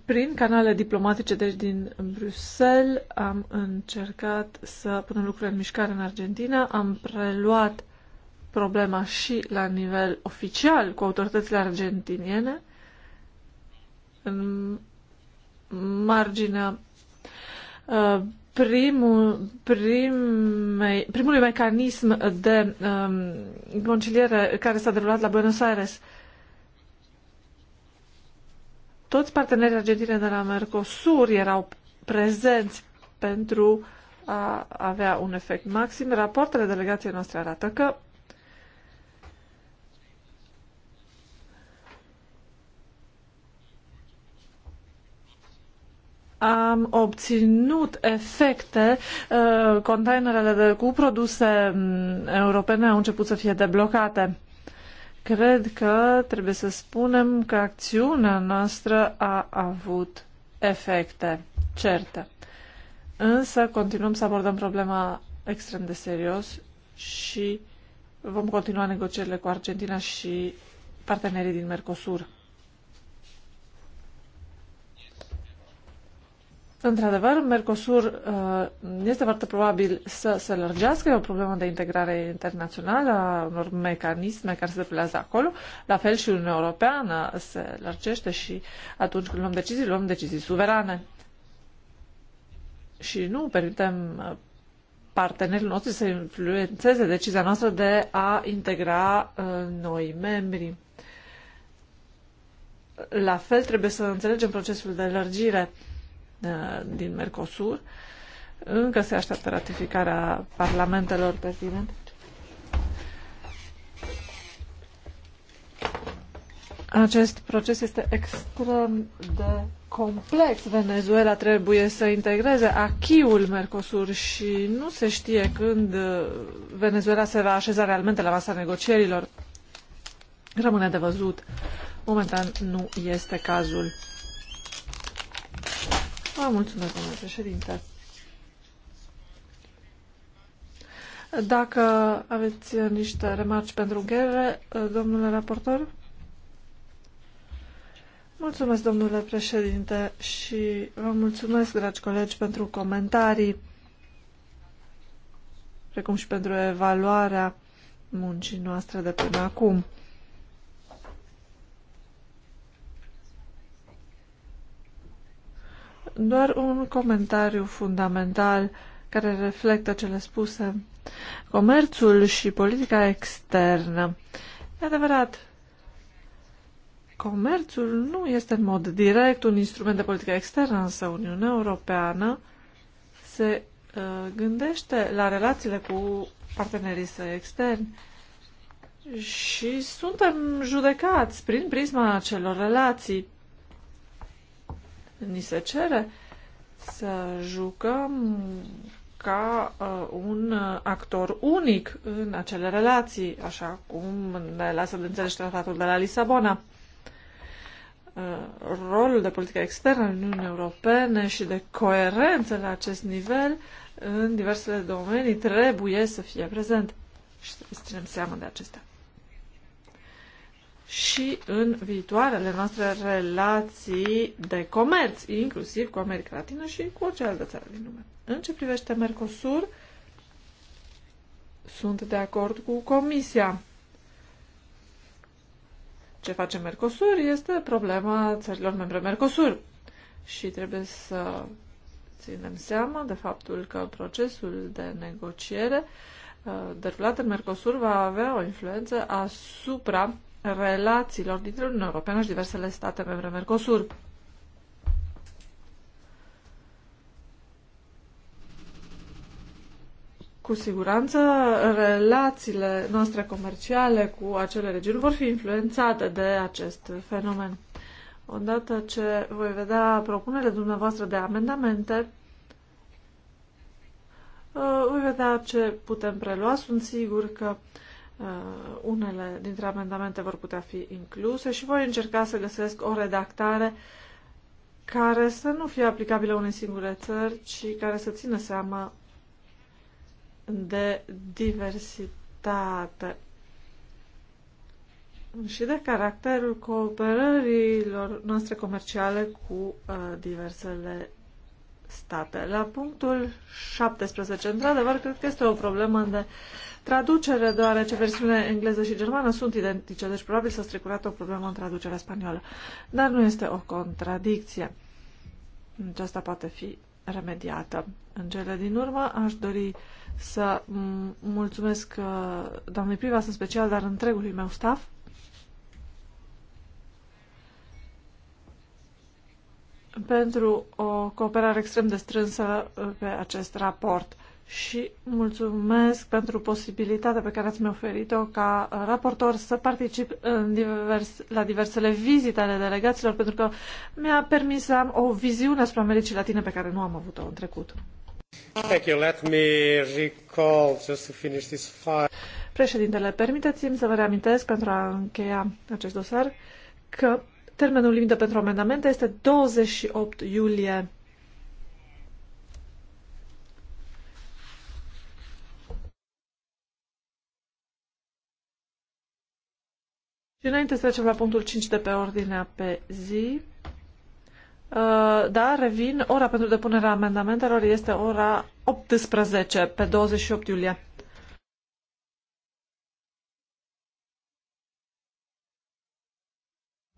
Prin canale diplomatice, deci din Bruxelles, am încercat să punem lucrurile în mișcare în Argentina, am preluat problema și la nivel oficial cu autoritățile argentiniene, în marginea uh, primul, primei, primului mecanism de um, conciliere care s-a derulat la Buenos Aires. Uh, toți partenerii argentini de la Mercosur erau prezenți pentru a avea un efect maxim. Rapoartele delegației noastre arată că am obținut efecte, uh, containerele cu produse mm, europene au început să fie deblocate. Cred că trebuie să spunem că acțiunea noastră a avut efecte certe. Însă continuăm să abordăm problema extrem de serios și vom continua negocierile cu Argentina și partenerii din Mercosur. Într-adevăr, Mercosur uh, este foarte probabil să se lărgească, e o problemă de integrare internațională a unor mecanisme care se depilează acolo. La fel și Uniunea Europeană se lărgește și atunci când luăm decizii, luăm decizii suverane. Și nu permitem uh, partenerilor noștri să influențeze decizia noastră de a integra uh, noi membri. La fel trebuie să înțelegem procesul de lărgire Uh, din Mercosur. Încă se așteaptă ratificarea parlamentelor pertinente. Acest proces este extrem de complex. Venezuela trebuie să integreze achiul Mercosur și nu se știe când uh, Venezuela se va așeza realmente la masa negocierilor. Rămâne de văzut. Momentan nu este cazul. Vă mulțumesc, domnule președinte. Dacă aveți niște remarci pentru ghere, domnule raportor? Mulțumesc, domnule președinte, și vă mulțumesc, dragi colegi, pentru comentarii, precum și pentru evaluarea muncii noastre de până acum. Doar un comentariu fundamental care reflectă cele spuse. Comerțul și politica externă. E adevărat, comerțul nu este în mod direct un instrument de politică externă, însă Uniunea Europeană se uh, gândește la relațiile cu partenerii săi externi și suntem judecați prin prisma acelor relații Ni se cere să jucăm ca uh, un actor unic în acele relații, așa cum ne lasă de înțeles tratatul de la Lisabona. Uh, rolul de politică externă al Uniunii Europene și de coerență la acest nivel în diversele domenii trebuie să fie prezent și trebuie să ținem seama de acestea și în viitoarele noastre relații de comerț, inclusiv cu America Latină și cu orice altă țară din lume. În ce privește Mercosur, sunt de acord cu Comisia. Ce face Mercosur este problema țărilor membre Mercosur și trebuie să ținem seama de faptul că procesul de negociere uh, derulat în Mercosur va avea o influență asupra relațiilor dintre Uniunea Europeană și diversele state membre Mercosur. Cu siguranță, relațiile noastre comerciale cu acele regiuni vor fi influențate de acest fenomen. Odată ce voi vedea propunerile dumneavoastră de amendamente, uh, voi vedea ce putem prelua. Sunt sigur că uh, Uh, unele dintre amendamente vor putea fi incluse și voi încerca să găsesc o redactare care să nu fie aplicabilă unei singure țări, ci care să țină seama de diversitate și de caracterul cooperărilor noastre comerciale cu uh, diversele state. La punctul 17, într-adevăr, cred că este o problemă de traducere, deoarece versiunile engleză și germană sunt identice, deci probabil s-a strecurat o problemă în traducerea spaniolă. Dar nu este o contradicție. Aceasta poate fi remediată. În cele din urmă aș dori să mulțumesc uh, doamnei Privas în special, dar întregului meu staff, pentru o cooperare extrem de strânsă uh, pe acest raport și mulțumesc pentru posibilitatea pe care ați mi a oferit-o ca uh, raportor să particip în divers, la diversele vizite ale delegaților, pentru că mi-a permis să am o viziune asupra Americii Latine pe care nu am avut-o în trecut. Thank you. Let me recall just to finish this file. Președintele, permiteți-mi să vă reamintesc pentru a încheia acest dosar că termenul limită pentru amendamente este 28 iulie Și înainte să trecem la punctul 5 de pe ordinea pe zi, uh, da, revin, ora pentru depunerea amendamentelor este ora 18 pe 28 iulie.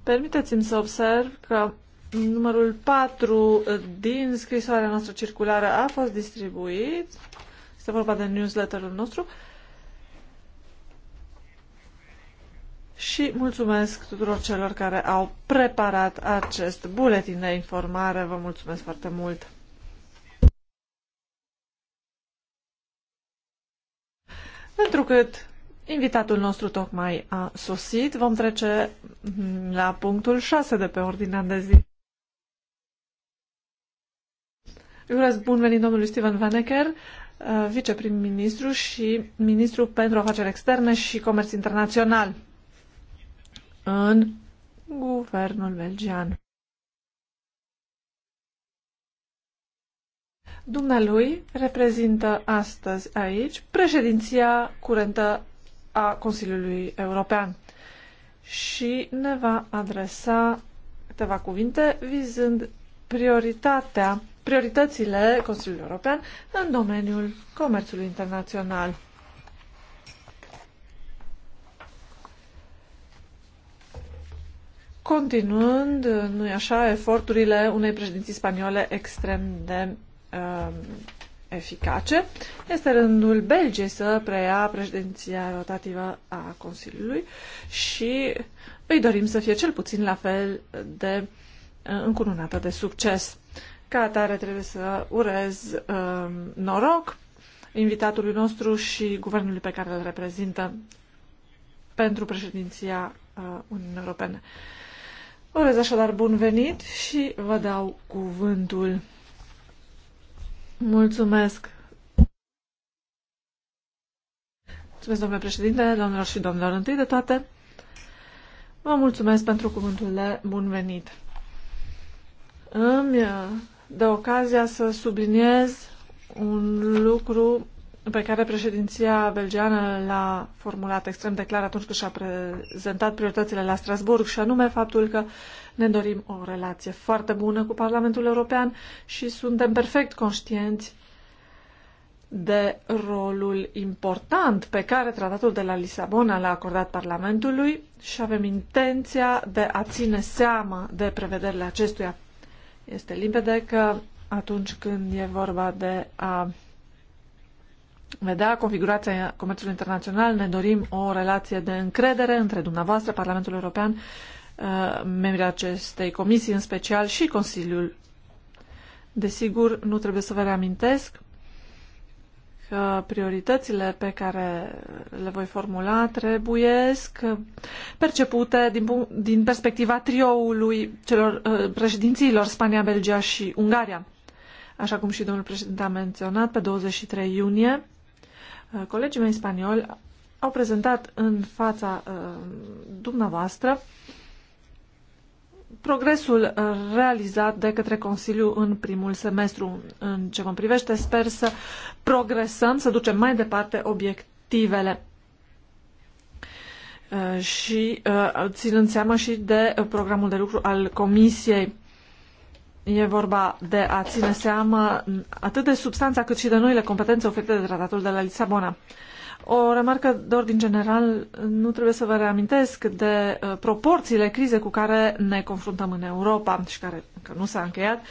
Permiteți-mi să observ că numărul 4 din scrisoarea noastră circulară a fost distribuit. Este vorba de newsletterul nostru. Uh, și mulțumesc tuturor celor care au preparat acest buletin de informare. Vă mulțumesc foarte mult! Întrucât invitatul nostru tocmai a sosit, vom trece la punctul 6 de pe ordinea de zi. Îi urez bun venit domnului Steven Vanecker, uh, viceprim-ministru și ministru pentru afaceri externe și comerț internațional în guvernul belgian. Dumnealui reprezintă astăzi aici președinția curentă a Consiliului European și ne va adresa câteva cuvinte vizând prioritatea, prioritățile Consiliului European în domeniul comerțului internațional. continuând, nu e așa, eforturile unei președinții spaniole extrem de uh, eficace. Este rândul Belgiei să preia președinția rotativă a Consiliului și îi dorim să fie cel puțin la fel de uh, încununată de succes. Ca atare trebuie să urez uh, noroc invitatului nostru și guvernului pe care îl reprezintă pentru președinția uh, Uniunii Europene. Urez așadar bun venit și vă dau cuvântul. Mulțumesc! Mulțumesc, domnule președinte, domnilor și domnilor, întâi de toate, vă mulțumesc pentru cuvântul de bun venit. Îmi dă ocazia să subliniez un lucru pe care președinția belgeană l-a formulat extrem de clar atunci când și-a prezentat prioritățile la Strasburg, și anume faptul că ne dorim o relație foarte bună cu Parlamentul European și suntem perfect conștienți de rolul important pe care tratatul de la Lisabona l-a acordat Parlamentului și avem intenția de a ține seama de prevederile acestuia. Este limpede că atunci când e vorba de a vedea configurația comerțului internațional. Ne dorim o relație de încredere între dumneavoastră, Parlamentul European, uh, membrii acestei comisii în special și Consiliul. Desigur, nu trebuie să vă reamintesc că prioritățile pe care le voi formula trebuie percepute din, din perspectiva trioului celor uh, președințiilor Spania, Belgia și Ungaria. Așa cum și domnul președinte a menționat, pe 23 iunie Uh, colegii mei spanioli au prezentat în fața uh, dumneavoastră progresul uh, realizat de către Consiliu în primul semestru. În ce mă privește, sper să progresăm, să ducem mai departe obiectivele și ținând seama și de programul de lucru al Comisiei. E vorba de a ține seama atât de substanța cât și de noile competențe oferite de tratatul de la Lisabona. O remarcă de ordin general, nu trebuie să vă reamintesc de uh, proporțiile crize cu care ne confruntăm în Europa și care încă nu s-a încheiat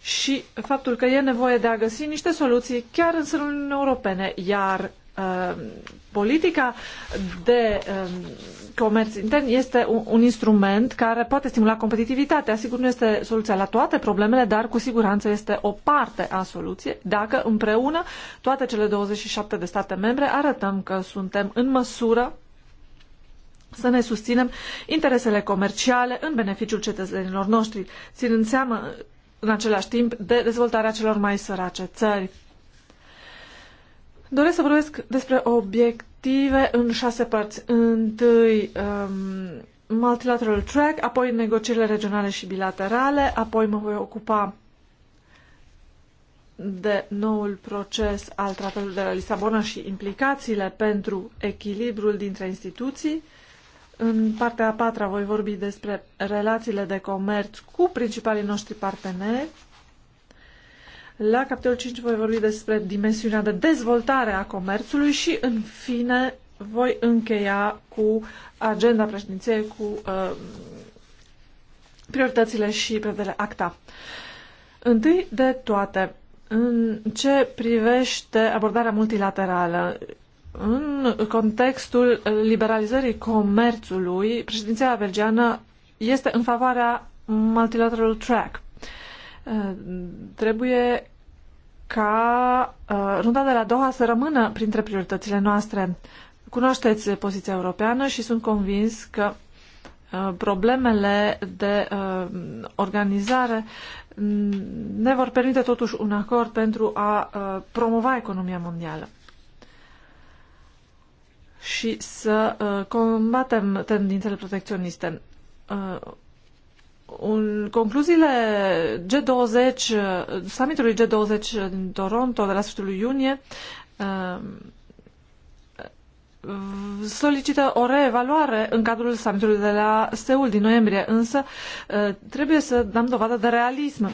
și faptul că e nevoie de a găsi niște soluții chiar în sânul Uniunii Europene, iar Uh, politica de um, comerț intern este un, un instrument care poate stimula competitivitatea. Sigur, nu este soluția la toate problemele, dar cu siguranță este o parte a soluției dacă împreună toate cele 27 de state membre arătăm că suntem în măsură să ne susținem interesele comerciale în beneficiul cetățenilor noștri, ținând seama în același timp de dezvoltarea celor mai sărace țări. Doresc să vorbesc despre obiective în șase părți. Întâi, um, multilateral track, apoi negocierile regionale și bilaterale, apoi mă voi ocupa de noul proces al Tratatului de la Lisabona și implicațiile pentru echilibrul dintre instituții. În partea a patra voi vorbi despre relațiile de comerț cu principalii noștri parteneri la capitolul 5 voi vorbi despre dimensiunea de dezvoltare a comerțului și, în fine, voi încheia cu agenda președinției, cu uh, prioritățile și prevederile acta. Întâi de toate, în ce privește abordarea multilaterală, în contextul liberalizării comerțului, președinția belgeană este în favoarea multilateral track. Uh, trebuie ca uh, runda de la Doha să rămână printre prioritățile noastre. Cunoașteți poziția europeană și sunt convins că uh, problemele de uh, organizare mm, ne vor permite totuși un acord pentru a uh, promova economia mondială și să uh, combatem tendințele protecționiste. Uh, un, concluziile G20, summitului G20 din Toronto de la sfârșitul iunie um, solicită o reevaluare în cadrul summitului de la Seul din noiembrie, însă uh, trebuie să dăm dovadă de realism.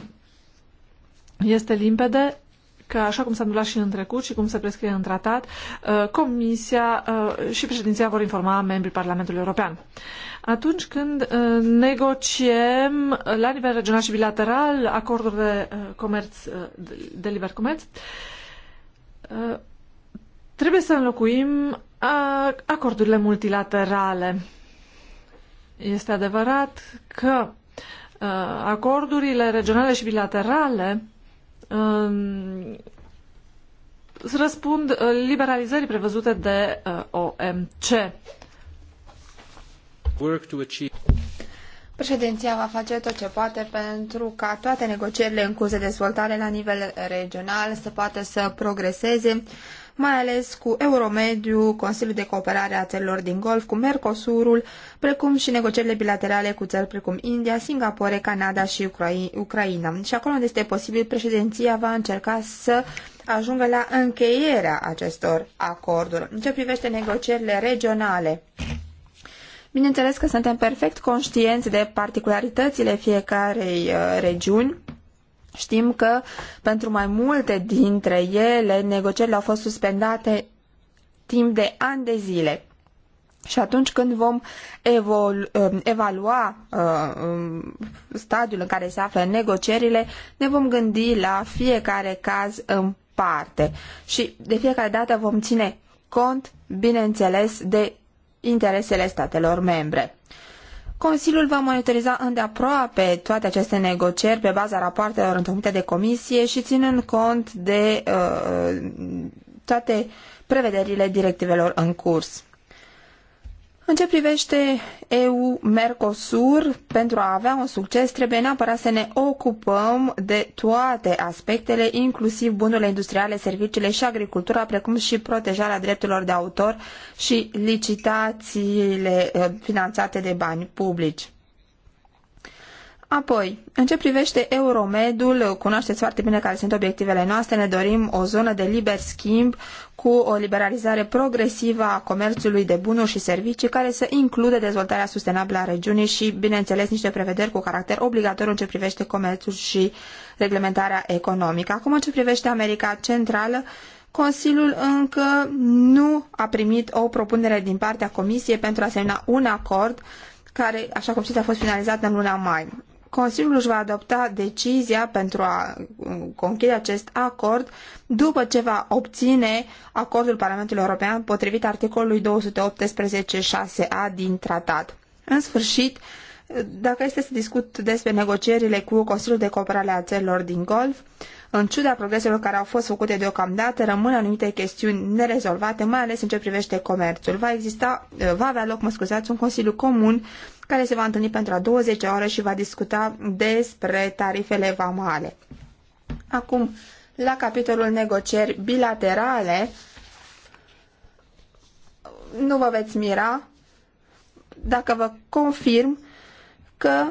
Este limpede că, așa cum s-a întâmplat și în trecut și cum se prescrie în tratat, uh, Comisia uh, și președinția vor informa membrii Parlamentului European. Atunci când uh, negociem la nivel regional și bilateral acorduri de, uh, comerț, uh, de liber comerț, trebuie să înlocuim acordurile multilaterale. Este adevărat că acordurile regionale și bilaterale um, răspund liberalizării prevăzute de OMC. Președinția va face tot ce poate pentru ca toate negocierile în curs de dezvoltare la nivel regional să poată să progreseze, mai ales cu Euromediu, Consiliul de Cooperare a Țărilor din Golf, cu Mercosurul, precum și negocierile bilaterale cu țări precum India, Singapore, Canada și Ucraina. Și acolo unde este posibil, președinția va încerca să ajungă la încheierea acestor acorduri. În ce privește negocierile regionale, Bineînțeles că suntem perfect conștienți de particularitățile fiecarei uh, regiuni. Știm că pentru mai multe dintre ele negocierile au fost suspendate timp de ani de zile. Și atunci când vom um, evalua uh, um, stadiul în care se află negocierile, ne vom gândi la fiecare caz în parte. Și de fiecare dată vom ține cont, bineînțeles, de interesele statelor membre. Consiliul va monitoriza îndeaproape toate aceste negocieri pe baza rapoartelor întocmite de comisie și ținând cont de uh, uh toate prevederile directivelor în curs. În ce privește EU-Mercosur, pentru a avea un succes, trebuie neapărat să ne ocupăm de toate aspectele, inclusiv bunurile industriale, serviciile și agricultura, precum și protejarea drepturilor de autor și licitațiile eh, finanțate de bani publici. Apoi, în ce privește Euromedul, cunoașteți foarte bine care sunt obiectivele noastre, ne dorim o zonă de liber schimb cu o liberalizare progresivă a comerțului de bunuri și servicii care să includă dezvoltarea sustenabilă a regiunii și, bineînțeles, niște prevederi cu caracter obligatoriu în ce privește comerțul și reglementarea economică. Acum, în ce privește America Centrală, Consiliul încă nu a primit o propunere din partea Comisiei pentru a semna un acord care, așa cum știți, a fost finalizat în luna mai. Consiliul își va adopta decizia pentru a mm, conchide acest acord după ce va obține acordul Parlamentului European potrivit articolului 218.6a din tratat. În sfârșit, dacă este să discut despre negocierile cu Consiliul de Cooperare a Țărilor din Golf, în ciuda progreselor care au fost făcute deocamdată, rămân anumite chestiuni nerezolvate, mai ales în ce privește comerțul. Va exista, va avea loc, mă scuzați, un Consiliu comun care se va întâlni pentru a 20 oară oră și va discuta despre tarifele vamale. Acum, la capitolul negocieri bilaterale, nu vă veți mira dacă vă confirm că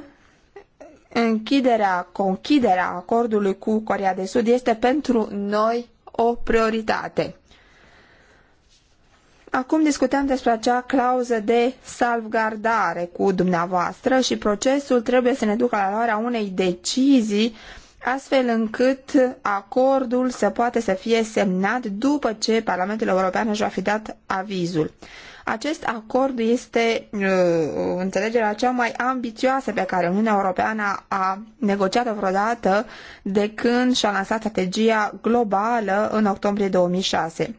închiderea, conchiderea acordului cu Corea de Sud este pentru noi o prioritate. Acum discutăm despre acea clauză de salvgardare cu dumneavoastră și procesul trebuie să ne ducă la luarea unei decizii astfel încât acordul să poată să fie semnat după ce Parlamentul European își va fi dat avizul. Acest acord este uh, înțelegerea cea mai ambițioasă pe care Uniunea Europeană a negociat-o vreodată de când și-a lansat strategia globală în octombrie 2006.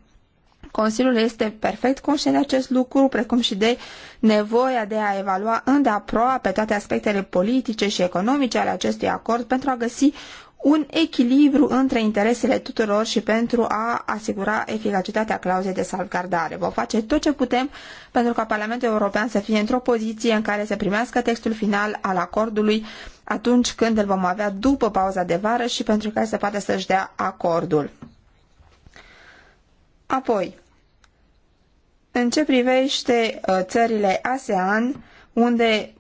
Consiliul este perfect conștient de acest lucru, precum și de nevoia de a evalua îndeaproape toate aspectele politice și economice ale acestui acord pentru a găsi un echilibru între interesele tuturor și pentru a asigura eficacitatea clauzei de salvgardare. Vom face tot ce putem pentru ca Parlamentul European să fie într-o poziție în care să primească textul final al acordului atunci când îl vom avea după pauza de vară și pentru care să poată să-și dea acordul. Apoi, în ce privește uh, țările ASEAN, unde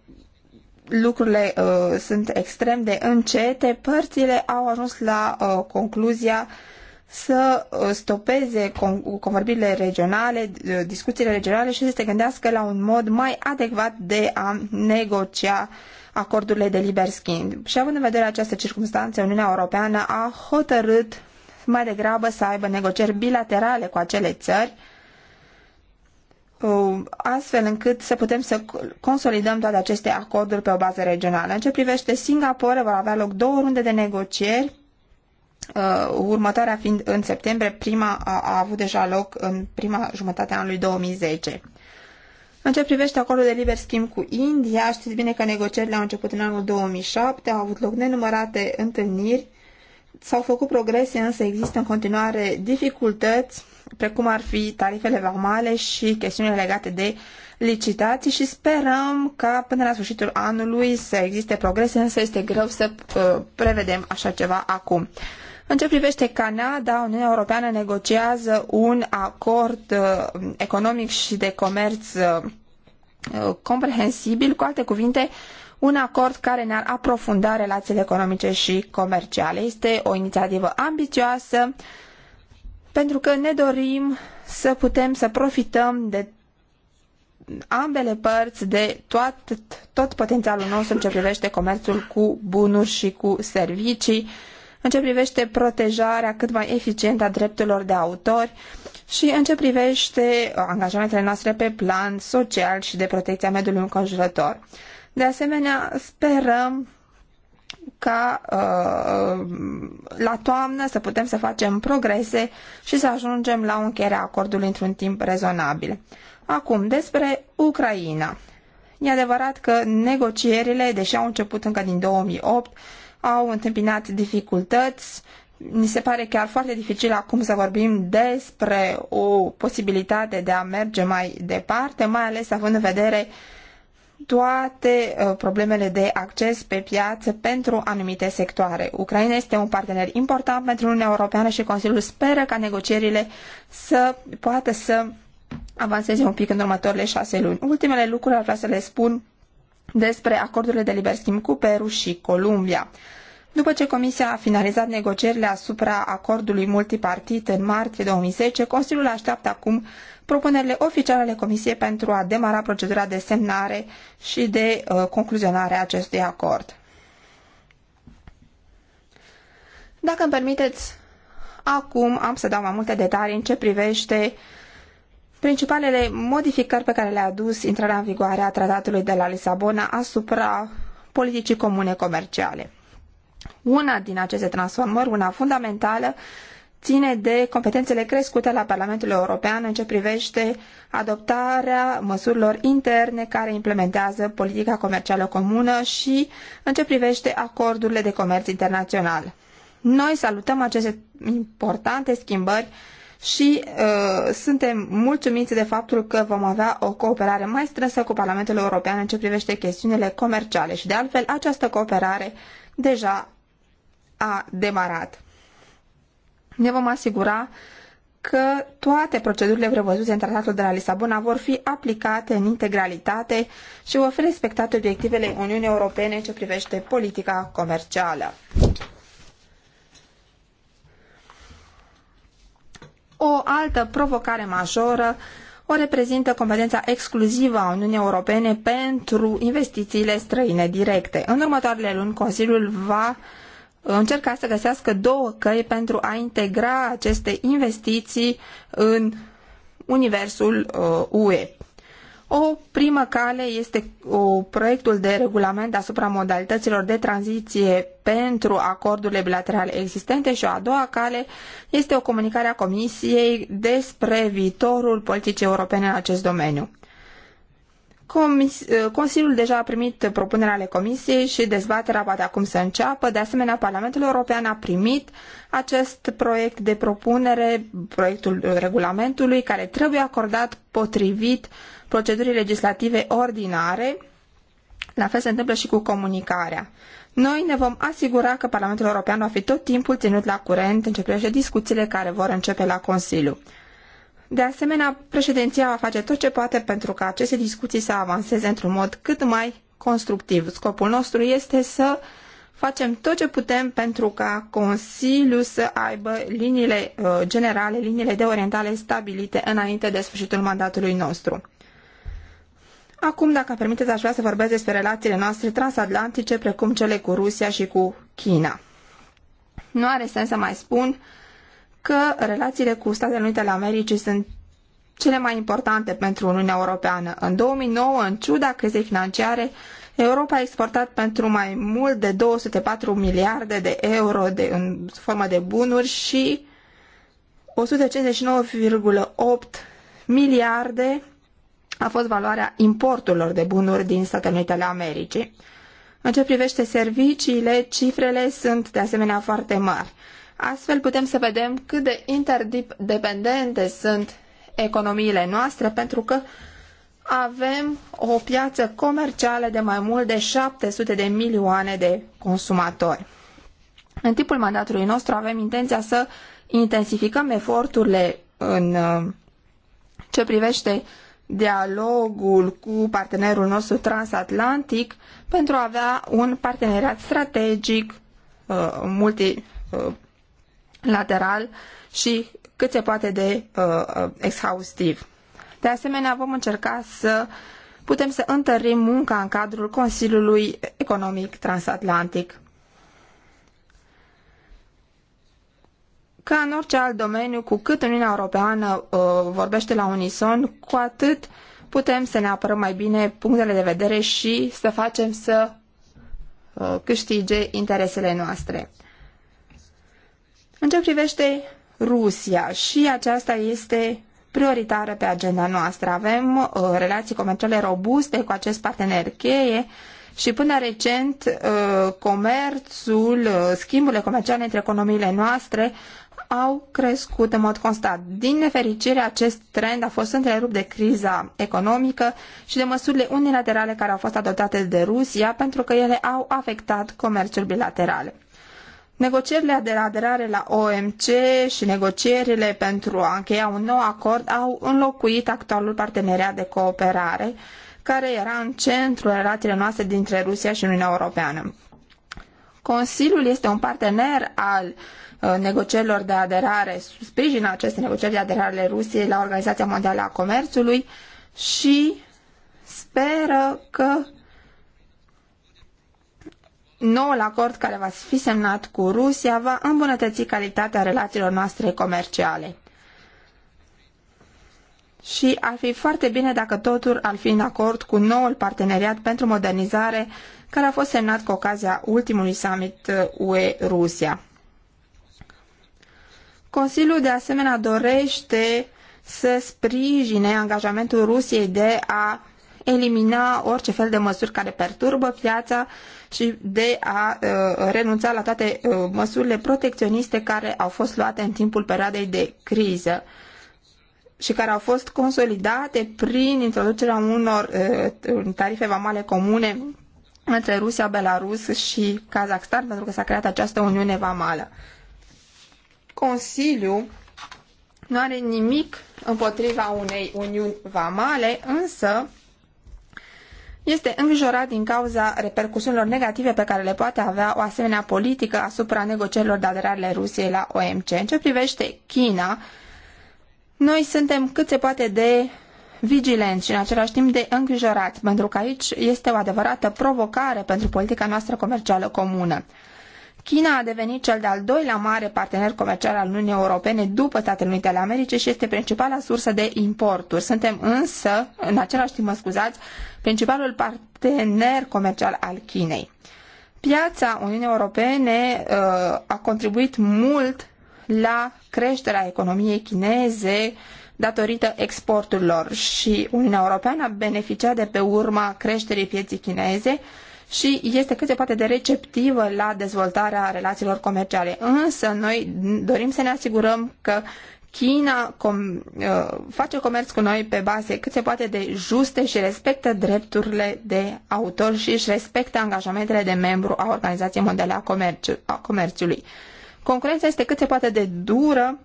lucrurile uh, sunt extrem de încete, părțile au ajuns la uh, concluzia să stopeze convorbirile regionale, discuțiile regionale și să se gândească la un mod mai adecvat de a negocia acordurile de liber schimb. Și având în vedere această circunstanță, Uniunea Europeană a hotărât mai degrabă să aibă negocieri bilaterale cu acele țări, Uh, astfel încât să putem să consolidăm toate aceste acorduri pe o bază regională. În ce privește Singapore, vor avea loc două runde de negocieri, uh, următoarea fiind în septembrie, prima a, avut deja loc în prima jumătate a anului 2010. În ce privește acordul de liber schimb cu India, știți bine că negocierile au început în anul 2007, au avut loc nenumărate întâlniri S-au făcut progrese, însă există în continuare dificultăți, precum ar fi tarifele vamale și chestiunile legate de licitații și sperăm ca până la sfârșitul anului să existe progrese, însă este greu să uh, prevedem așa ceva acum. În ce privește Canada, Uniunea Europeană negociază un acord uh, economic și de comerț uh, comprehensibil, cu alte cuvinte, un acord care ne-ar aprofunda relațiile economice și comerciale. Este o inițiativă ambițioasă pentru că ne dorim să putem să profităm de ambele părți de tot, tot potențialul nostru în ce privește comerțul cu bunuri și cu servicii, în ce privește protejarea cât mai eficientă a drepturilor de autor și în ce privește angajamentele noastre pe plan social și de protecția mediului înconjurător. De asemenea, sperăm ca uh, la toamnă să putem să facem progrese și să ajungem la încheierea acordului într-un timp rezonabil. Acum, despre Ucraina. E adevărat că negocierile, deși au început încă din 2008, au întâmpinat dificultăți. Mi se pare chiar foarte dificil acum să vorbim despre o posibilitate de a merge mai departe, mai ales având în vedere uh, toate uh, problemele de acces pe piață pentru anumite sectoare. Ucraina este un partener important pentru Uniunea Europeană și Consiliul speră ca negocierile să poată să avanseze un pic în următoarele șase luni. Ultimele lucruri ar vrea să le spun despre acordurile de liber schimb cu Peru și Columbia. După ce Comisia a finalizat negocierile asupra acordului multipartit în martie 2010, Consiliul așteaptă acum propunerile oficiale ale Comisiei pentru a demara procedura de semnare și de uh, concluzionare a acestui acord. Dacă îmi permiteți, acum am să dau mai multe detalii în ce privește principalele modificări pe care le-a adus intrarea în vigoare a tratatului de la Lisabona asupra politicii comune comerciale. Una din aceste transformări, una fundamentală, ține de competențele crescute la Parlamentul European în ce privește adoptarea măsurilor interne care implementează politica comercială comună și în ce privește acordurile de comerț internațional. Noi salutăm aceste importante schimbări și uh, suntem mulțumiți de faptul că vom avea o cooperare mai strânsă cu Parlamentul European în ce privește chestiunile comerciale și de altfel această cooperare deja a demarat. Ne vom asigura că toate procedurile prevăzute în Tratatul de la Lisabona vor fi aplicate în integralitate și vor fi respectate obiectivele Uniunii Europene ce privește politica comercială. O altă provocare majoră o reprezintă competența exclusivă a Uniunii Europene pentru investițiile străine directe. În următoarele luni, Consiliul va încerca să găsească două căi pentru a integra aceste investiții în universul UE. Uh, o primă cale este proiectul de regulament asupra modalităților de tranziție pentru acordurile bilaterale existente și o a doua cale este o comunicare a Comisiei despre viitorul politicii europene în acest domeniu. Comis eh, Consiliul deja a primit propunerea ale Comisiei și dezbaterea poate acum să înceapă. De asemenea, Parlamentul European a primit acest proiect de propunere, proiectul regulamentului, care trebuie acordat potrivit procedurii legislative ordinare. La fel se întâmplă și cu comunicarea. Noi ne vom asigura că Parlamentul European va fi tot timpul ținut la curent în ce privește discuțiile care vor începe la Consiliu. De asemenea, președinția va face tot ce poate pentru ca aceste discuții să avanseze într-un mod cât mai constructiv. Scopul nostru este să facem tot ce putem pentru ca Consiliul să aibă liniile uh, generale, liniile de orientare stabilite înainte de sfârșitul mandatului nostru. Acum, dacă permiteți, aș vrea să vorbesc despre relațiile noastre transatlantice, precum cele cu Rusia și cu China. Nu are sens să mai spun că relațiile cu Statele Unite ale Americii sunt cele mai importante pentru Uniunea Europeană. În 2009, în ciuda crizei financiare, Europa a exportat pentru mai mult de 204 miliarde de euro de, în formă de bunuri și 159,8 miliarde a fost valoarea importurilor de bunuri din Statele Unite ale Americii. În ce privește serviciile, cifrele sunt de asemenea foarte mari. Astfel putem să vedem cât de interdependente sunt economiile noastre, pentru că avem o piață comercială de mai mult de 700 de milioane de consumatori. În timpul mandatului nostru avem intenția să intensificăm eforturile în uh, ce privește dialogul cu partenerul nostru transatlantic pentru a avea un parteneriat strategic uh, multi uh, lateral și cât se poate de uh, uh, exhaustiv. De asemenea, vom încerca să putem să întărim munca în cadrul Consiliului Economic Transatlantic. Ca în orice alt domeniu, cu cât Uniunea Europeană uh, vorbește la unison, cu atât putem să ne apărăm mai bine punctele de vedere și să facem să uh, câștige interesele noastre. În ce privește Rusia, și aceasta este prioritară pe agenda noastră. Avem uh, relații comerciale robuste cu acest partener cheie și până recent uh, comerțul, uh, schimburile comerciale între economiile noastre au crescut în mod constant. Din nefericire, acest trend a fost întrerupt de criza economică și de măsurile unilaterale care au fost adoptate de Rusia pentru că ele au afectat comerțul bilateral. Negocierile de aderare la OMC și negocierile pentru a încheia un nou acord au înlocuit actualul parteneriat de cooperare, care era în centrul relațiilor noastre dintre Rusia și Uniunea Europeană. Consiliul este un partener al uh, negocierilor de aderare, sprijină aceste negocieri de aderare ale Rusiei la Organizația Mondială a Comerțului și speră că noul acord care va fi semnat cu Rusia va îmbunătăți calitatea relațiilor noastre comerciale. Și ar fi foarte bine dacă totul ar fi în acord cu noul parteneriat pentru modernizare care a fost semnat cu ocazia ultimului summit uh, UE-Rusia. Consiliul de asemenea dorește să sprijine angajamentul Rusiei de a elimina orice fel de măsuri care perturbă piața și de a uh, renunța la toate uh, măsurile protecționiste care au fost luate în timpul perioadei de criză și care au fost consolidate prin introducerea unor uh, tarife vamale comune între Rusia, Belarus și Kazakhstan, pentru că s-a creat această uniune vamală. Consiliul nu are nimic împotriva unei uniuni vamale, însă este îngrijorat din cauza repercusiunilor negative pe care le poate avea o asemenea politică asupra negocierilor de aderare ale Rusiei la OMC. În ce privește China, noi suntem cât se poate de vigilenți și în același timp de îngrijorați, pentru că aici este o adevărată provocare pentru politica noastră comercială comună. China a devenit cel de-al doilea mare partener comercial al Uniunii Europene după Statele Unite ale Americii și este principala sursă de importuri. Suntem însă, în același timp, mă scuzați, principalul partener comercial al Chinei. Piața Uniunii Europene uh, a contribuit mult la creșterea economiei chineze datorită exporturilor și Uniunea Europeană a beneficiat de pe urma creșterii pieții chineze și este cât se poate de receptivă la dezvoltarea relațiilor comerciale. Însă noi dorim să ne asigurăm că China com, uh, face comerț cu noi pe baze cât se poate de juste și respectă drepturile de autor și își respectă angajamentele de membru a Organizației Mondiale a, Comerci, a Comerțului. Concurența este cât se poate de dură,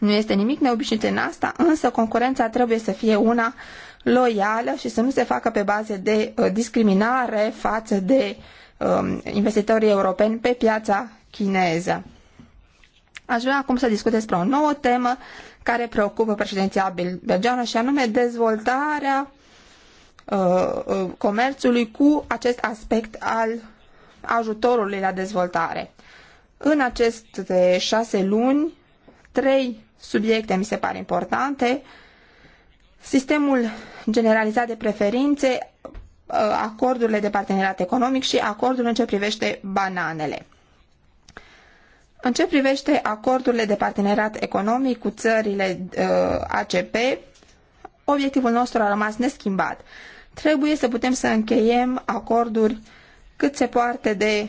nu este nimic neobișnuit în asta, însă concurența trebuie să fie una uh, loială și să nu se facă pe bază de uh, discriminare față de um, investitorii europeni pe piața chineză. Aș vrea acum să discut despre o nouă temă care preocupă președinția belgeană și anume dezvoltarea uh, uh, comerțului cu acest aspect al ajutorului la dezvoltare. În aceste șase luni, trei subiecte mi se par importante. Sistemul generalizat de preferințe, uh, acordurile de parteneriat economic și acordul în ce privește bananele. În ce privește acordurile de parteneriat economic cu țările uh, ACP, obiectivul nostru a rămas neschimbat. Trebuie să putem să încheiem acorduri cât se poate de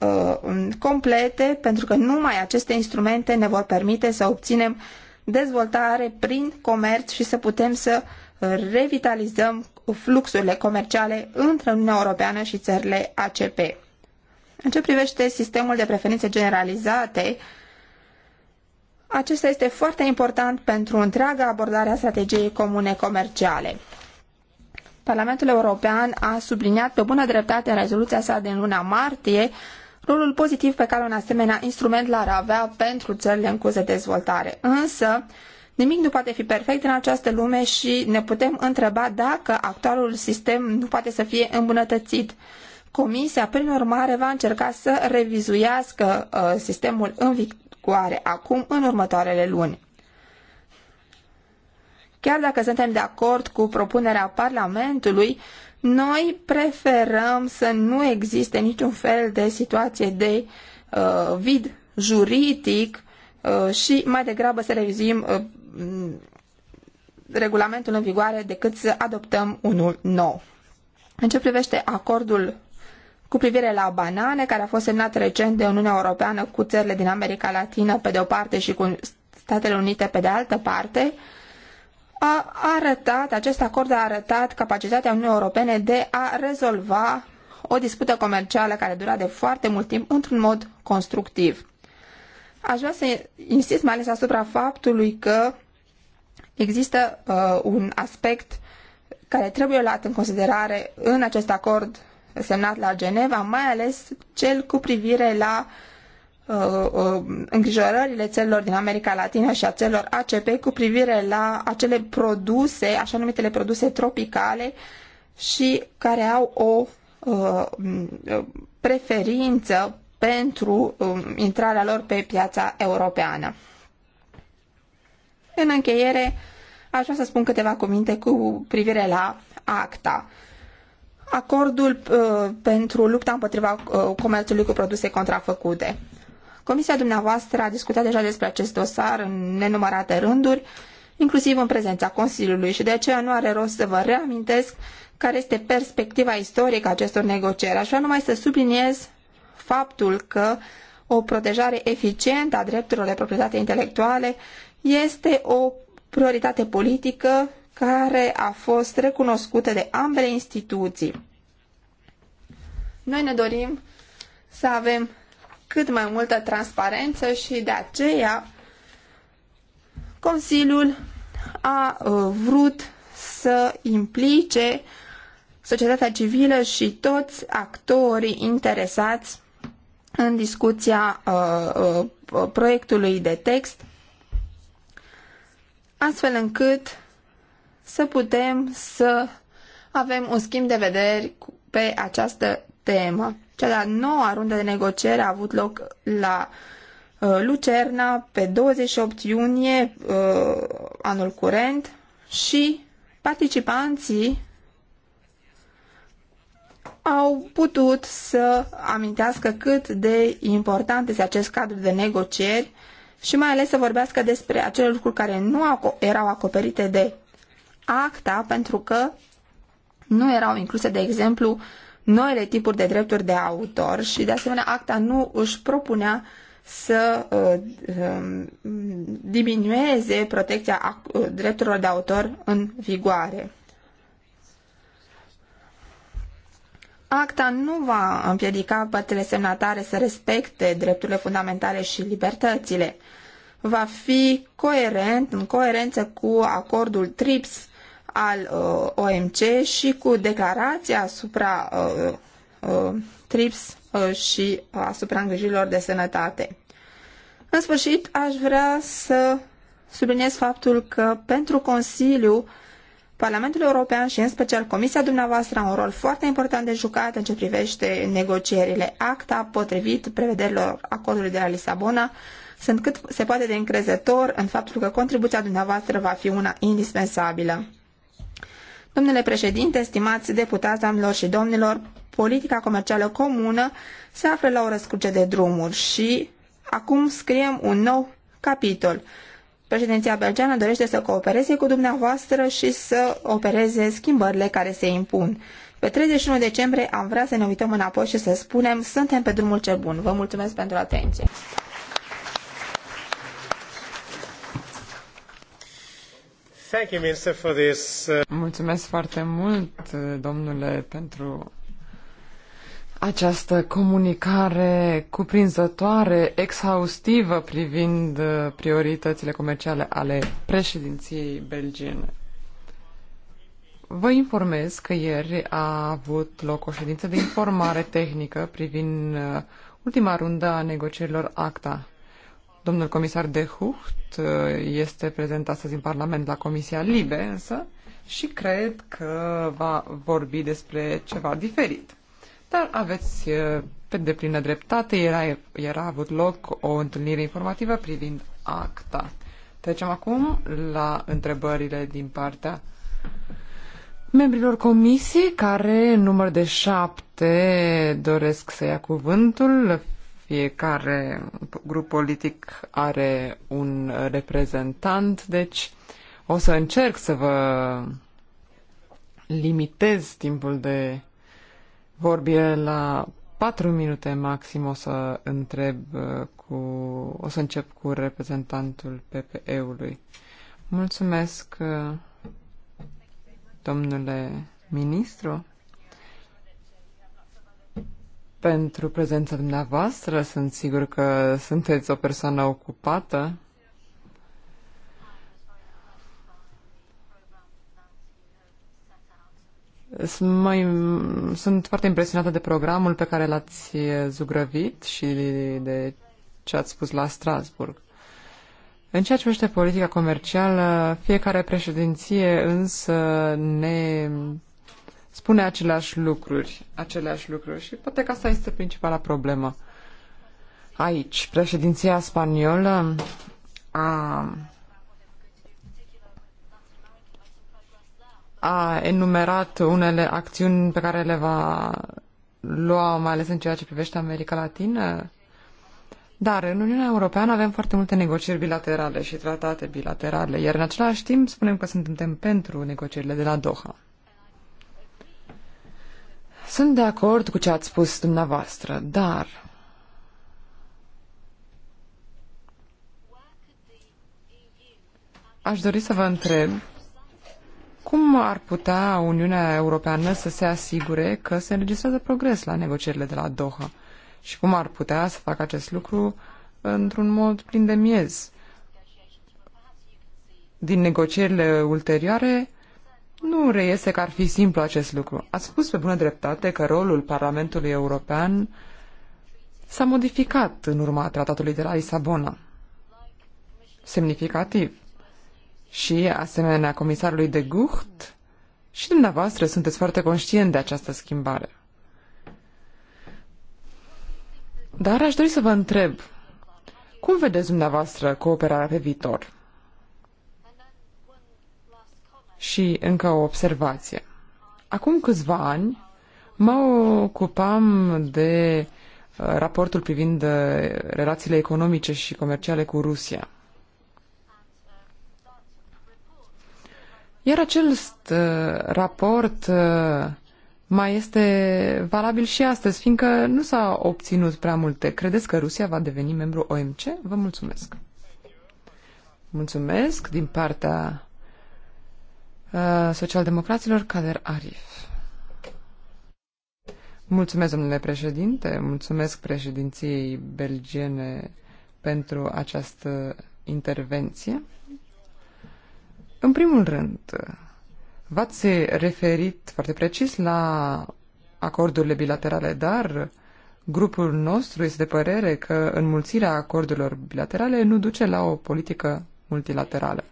uh, complete, pentru că numai aceste instrumente ne vor permite să obținem uh, dezvoltare prin comerț și să putem să uh, revitalizăm fluxurile comerciale între Uniunea Europeană și țările ACP. În ce privește sistemul de preferințe generalizate, acesta este foarte important pentru întreaga abordare a strategiei comune comerciale. Parlamentul European a subliniat pe bună dreptate în rezoluția sa din luna martie rolul pozitiv pe care un asemenea instrument l-ar avea pentru țările în curs de dezvoltare. Însă, nimic nu poate fi perfect în această lume și ne putem întreba dacă actualul sistem nu poate să fie îmbunătățit. Comisia, prin urmare, va încerca să revizuiască uh, sistemul în vigoare acum în următoarele luni. Chiar dacă suntem de acord cu propunerea Parlamentului, noi preferăm să nu existe niciun fel de situație de uh, vid juridic uh, și mai degrabă să revizim uh, regulamentul în vigoare decât să adoptăm unul nou. În ce privește acordul cu privire la banane, care a fost semnat recent de Uniunea Europeană cu țările din America Latină pe de o parte și cu Statele Unite pe de altă parte, uh, a arătat, acest acord a arătat capacitatea Uniunii Europene de a rezolva o dispută comercială care dura de foarte mult timp într-un mod constructiv. Aș vrea să insist mai ales asupra faptului că există uh, un aspect care trebuie luat în considerare în acest acord semnat la Geneva, mai ales cel cu privire la uh, Uh, uh, îngrijorările țărilor din America Latină și a țărilor ACP cu privire la acele produse, așa numitele produse tropicale și care au o uh, preferință pentru um, intrarea lor pe piața europeană. În încheiere, aș vrea să spun câteva cuvinte cu privire la ACTA. Acordul pentru lupta împotriva comerțului cu produse contrafăcute. Comisia dumneavoastră a discutat deja despre acest dosar în nenumărate rânduri, inclusiv în prezența Consiliului și de aceea nu are rost să vă reamintesc care este perspectiva istorică a acestor negocieri. Aș vrea numai să subliniez faptul că o protejare eficientă a drepturilor de proprietate intelectuale este o prioritate politică care a fost recunoscută de ambele instituții. Noi ne dorim să avem cât mai multă transparență și de aceea Consiliul a uh, vrut să implice societatea civilă și toți actorii interesați în discuția uh, uh, proiectului de text, astfel încât să putem să avem un schimb de vederi pe această temă. Cea de-a noua rundă de negociere a avut loc la uh, Lucerna pe 28 iunie uh, anul curent și participanții au putut să amintească cât de important este acest cadru de negocieri și mai ales să vorbească despre acele lucruri care nu erau acoperite de acta pentru că nu erau incluse, de exemplu, noile tipuri de drepturi de autor și, de asemenea, acta nu își propunea să uh, um, diminueze protecția uh, drepturilor de autor în vigoare. Acta nu va împiedica părțile semnatare să respecte drepturile fundamentale și libertățile. Va fi coerent, în coerență cu acordul TRIPS al uh, OMC și cu declarația asupra uh, uh, TRIPS și asupra îngrijirilor de sănătate. În sfârșit, aș vrea să subliniez faptul că pentru Consiliu Parlamentul European și în special Comisia dumneavoastră au un rol foarte important de jucat în ce privește negocierile ACTA potrivit prevederilor acordului de la Lisabona. Sunt cât se poate de încrezător în faptul că contribuția dumneavoastră va fi una indispensabilă. Domnule președinte, stimați deputați, doamnelor și domnilor, politica comercială comună se află la o răscruce de drumuri și acum scriem un nou capitol. Președinția belgeană dorește să coopereze cu dumneavoastră și să opereze schimbările care se impun. Pe 31 decembrie am vrea să ne uităm înapoi și să spunem suntem pe drumul cel bun. Vă mulțumesc pentru atenție. Thank you, Minister, for this. Uh, Mulțumesc foarte mult, domnule, pentru această comunicare cuprinzătoare, exhaustivă privind uh, prioritățile comerciale ale președinției belgiene. Vă informez că ieri a avut loc o ședință de informare tehnică privind uh, ultima rundă a negocierilor ACTA. Domnul comisar de Hucht uh, este prezent astăzi în Parlament la Comisia Libe, însă, și cred că va vorbi despre ceva diferit. Dar aveți uh, pe deplină dreptate, era, era avut loc o întâlnire informativă privind acta. Trecem acum la întrebările din partea membrilor comisiei, care, număr de șapte, doresc să ia cuvântul, fiecare grup politic are un reprezentant, deci o să încerc să vă limitez timpul de vorbire la patru minute maxim o să întreb uh, cu, o să încep cu reprezentantul PPE-ului. Mulțumesc, uh, domnule ministru pentru prezența dumneavoastră. Sunt sigur că sunteți o persoană ocupată. Sunt, mai, sunt foarte impresionată de programul pe care l-ați zugrăvit și de ce ați spus la Strasburg. În ceea ce privește politica comercială, fiecare președinție însă ne spune aceleași lucruri, aceleași lucruri și poate că asta este principala problemă. Aici, președinția spaniolă a, a enumerat unele acțiuni pe care le va lua, mai ales în ceea ce privește America Latină, dar în Uniunea Europeană avem foarte multe negocieri bilaterale și tratate bilaterale, iar în același timp spunem că suntem pentru negocierile de la Doha. Sunt de acord cu ce ați spus dumneavoastră, dar... Aș dori să vă întreb cum ar putea Uniunea Europeană să se asigure că se înregistrează progres la negocierile de la Doha și cum ar putea să facă acest lucru într-un mod plin de miez. Din negocierile ulterioare nu reiese că ar fi simplu acest lucru. Ați spus pe bună dreptate că rolul Parlamentului European s-a modificat în urma tratatului de la Lisabona. Semnificativ. Și, asemenea comisarului de Gucht, și dumneavoastră sunteți foarte conștient de această schimbare. Dar aș dori să vă întreb, cum vedeți dumneavoastră cooperarea pe viitor? Și încă o observație. Acum câțiva ani mă ocupam de uh, raportul privind uh, relațiile economice și comerciale cu Rusia. Iar acel uh, raport mai este valabil și astăzi, fiindcă nu s-a obținut prea multe. Credeți că Rusia va deveni membru OMC? Vă mulțumesc! Mulțumesc din partea Uh, socialdemocraților Kader Arif. Mulțumesc, domnule președinte, mulțumesc președinției belgiene pentru această intervenție. În primul rând, v-ați referit foarte precis la acordurile bilaterale, dar grupul nostru este de părere că înmulțirea acordurilor bilaterale nu duce la o politică multilaterală.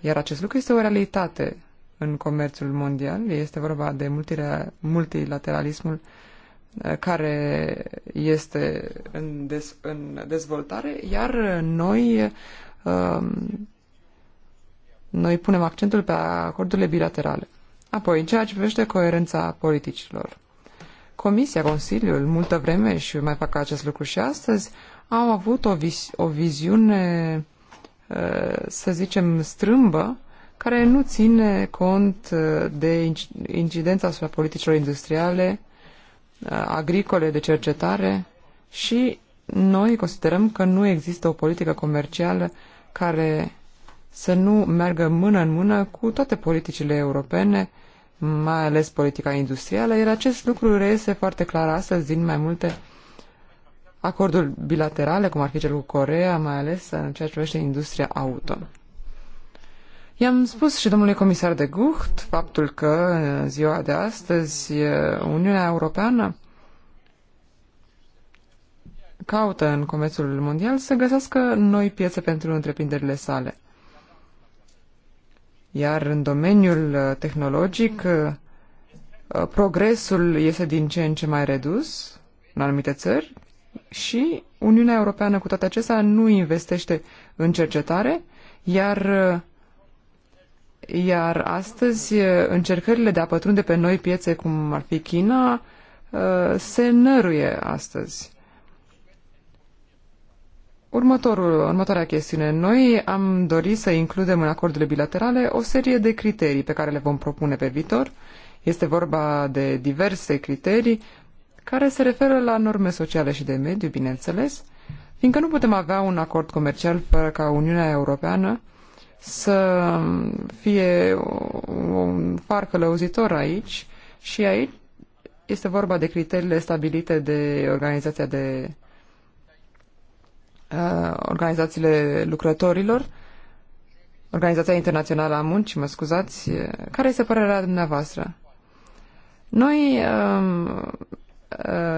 Iar acest lucru este o realitate în comerțul mondial. Este vorba de multilateralismul uh, care este în, dez, în dezvoltare, iar noi, um, noi punem accentul pe acordurile bilaterale. Apoi, în ceea ce privește coerența politicilor. Comisia, Consiliul, multă vreme, și mai fac acest lucru și astăzi, au avut o, vis- o viziune Uh, să zicem, strâmbă, care nu ține cont uh, de incidența asupra politicilor industriale, uh, agricole, de cercetare și noi considerăm că nu există o politică comercială care să nu meargă mână în mână cu toate politicile europene, mai ales politica industrială, iar acest lucru reiese foarte clar astăzi din mai multe acorduri bilaterale, cum ar fi cel cu Corea, mai ales în ceea ce privește industria auto. I-am spus și domnului comisar de Gucht faptul că în ziua de astăzi Uniunea Europeană caută în comerțul mondial să găsească noi piețe pentru întreprinderile sale. Iar în domeniul tehnologic, progresul este din ce în ce mai redus în anumite țări, și Uniunea Europeană cu toate acestea nu investește în cercetare, iar iar astăzi încercările de a pătrunde pe noi piețe, cum ar fi China, uh, se năruie astăzi. Următorul, următoarea chestiune. Noi am dorit să includem în acordurile bilaterale o serie de criterii pe care le vom propune pe viitor. Este vorba de diverse criterii care se referă la norme sociale și de mediu, bineînțeles, fiindcă nu putem avea un acord comercial fără ca Uniunea Europeană să fie un far călăuzitor aici și aici este vorba de criteriile stabilite de organizația de uh, organizațiile lucrătorilor, Organizația Internațională a Muncii, mă scuzați, care este părerea dumneavoastră? Noi um,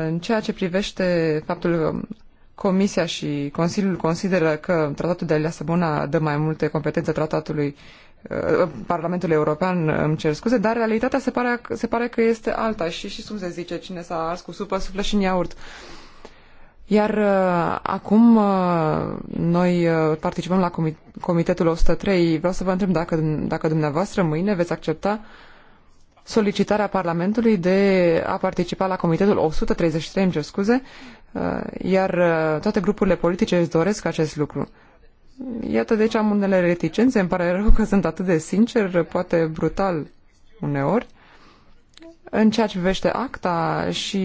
în ceea ce privește faptul că Comisia și Consiliul consideră că tratatul de la Lisabona dă mai multe competențe tratatului uh, Parlamentul European, îmi cer scuze, dar realitatea se pare, se pare că este alta și, și cum se zice, cine s-a ars cu supă, suflă și în iaurt. Iar uh, acum uh, noi uh, participăm la comit- Comitetul 103. Vreau să vă întreb dacă, dacă dumneavoastră mâine veți accepta uh, solicitarea Parlamentului de a participa la Comitetul 133, îmi cer scuze, uh, iar uh, toate grupurile politice își doresc acest lucru. Iată deci am unele reticențe, îmi pare rău că sunt atât de sincer, poate brutal uneori. În ceea ce vește acta și,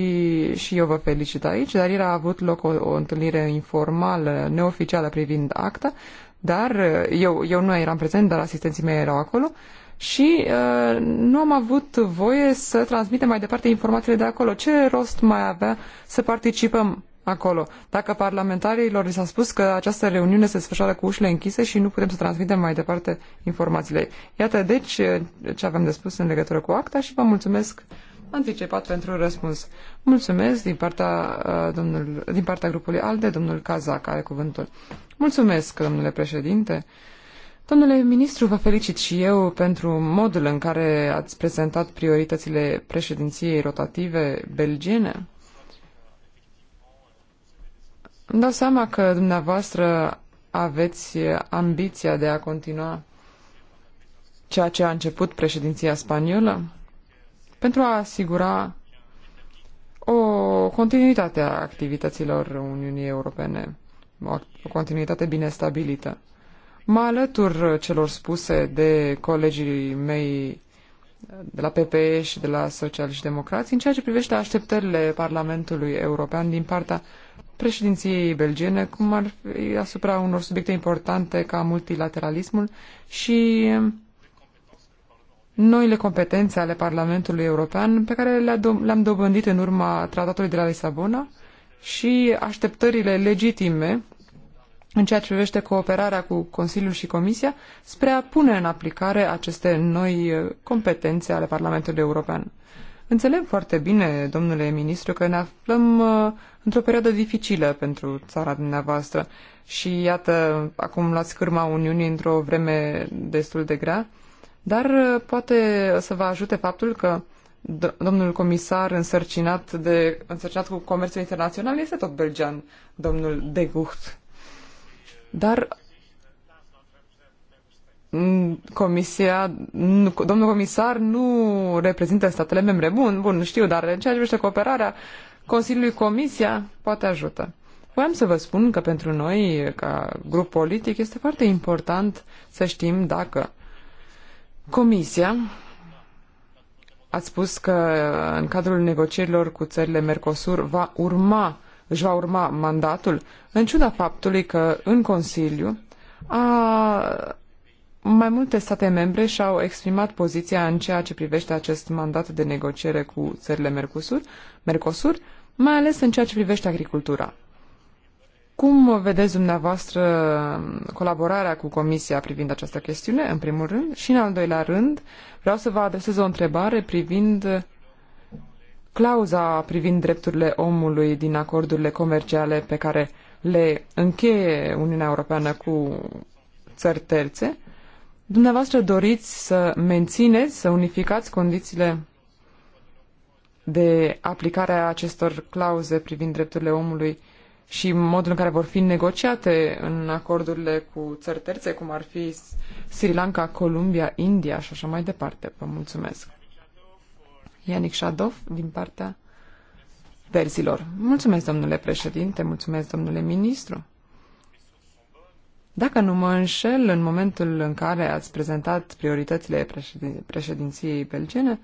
și eu vă felicit aici, dar ieri a avut loc o, o întâlnire informală, neoficială privind acta, dar uh, eu, eu nu eram prezent, dar asistenții mei erau acolo. Uh, și uh, nu am avut voie să transmitem mai departe informațiile de acolo. Ce rost mai avea să participăm acolo? Dacă parlamentarilor li s-a spus că această reuniune se desfășoară cu ușile închise și nu putem să transmitem mai departe informațiile. Iată deci uh, ce avem de spus în legătură cu acta și vă mulțumesc anticipat pentru răspuns. Mulțumesc din partea, uh, domnul, din partea grupului ALDE, domnul Cazac are cuvântul. Mulțumesc, domnule președinte. Domnule ministru, vă felicit și eu pentru modul în care ați prezentat prioritățile președinției rotative belgiene. Îmi dau seama că dumneavoastră aveți ambiția de a continua ceea ce a început președinția spaniolă pentru a asigura o continuitate a activităților Uniunii Europene, o continuitate bine stabilită. Mă alătur celor spuse de colegii mei de la PPE și de la Socialiști Democrați în ceea ce privește așteptările Parlamentului European din partea președinției belgiene, cum ar fi asupra unor subiecte importante ca multilateralismul și noile competențe ale Parlamentului European pe care le-am dobândit în urma Tratatului de la Lisabona și așteptările legitime în ceea ce privește cooperarea cu Consiliul și Comisia spre a pune în aplicare aceste noi uh, competențe ale Parlamentului European. Înțeleg foarte bine, domnule ministru, că ne aflăm uh, într-o perioadă dificilă pentru țara dumneavoastră și iată, acum luați cârma Uniunii într-o vreme destul de grea, dar uh, poate să vă ajute faptul că domnul comisar însărcinat, de, însărcinat cu comerțul internațional este tot belgian, domnul De Gucht. Dar mm, Comisia, domnul comisar nu reprezintă statele membre. Bun, bun, știu, dar în ceea ce privește cooperarea Consiliului Comisia poate ajută. Voiam să vă spun că pentru noi, ca grup politic, este foarte important să știm dacă Comisia a spus că în cadrul negocierilor cu țările Mercosur va urma își va urma mandatul, în ciuda faptului că în Consiliu a, mai multe state membre și-au exprimat poziția în ceea ce privește acest mandat de negociere cu țările Mercosur, Mercosur mai ales în ceea ce privește agricultura. Cum vedeți dumneavoastră colaborarea cu Comisia privind această chestiune, în primul rând, și în al doilea rând, vreau să vă adresez o întrebare privind clauza privind drepturile omului din acordurile comerciale pe care le încheie Uniunea Europeană cu țări terțe, dumneavoastră doriți să mențineți, să unificați condițiile de aplicare a acestor clauze privind drepturile omului și modul în care vor fi negociate în acordurile cu țări terțe, cum ar fi Sri Lanka, Columbia, India și așa mai departe. Vă mulțumesc. Ianic Shadov din partea verzilor. Mulțumesc, domnule președinte, mulțumesc, domnule ministru. Dacă nu mă înșel, în momentul în care ați prezentat prioritățile președinției belgene,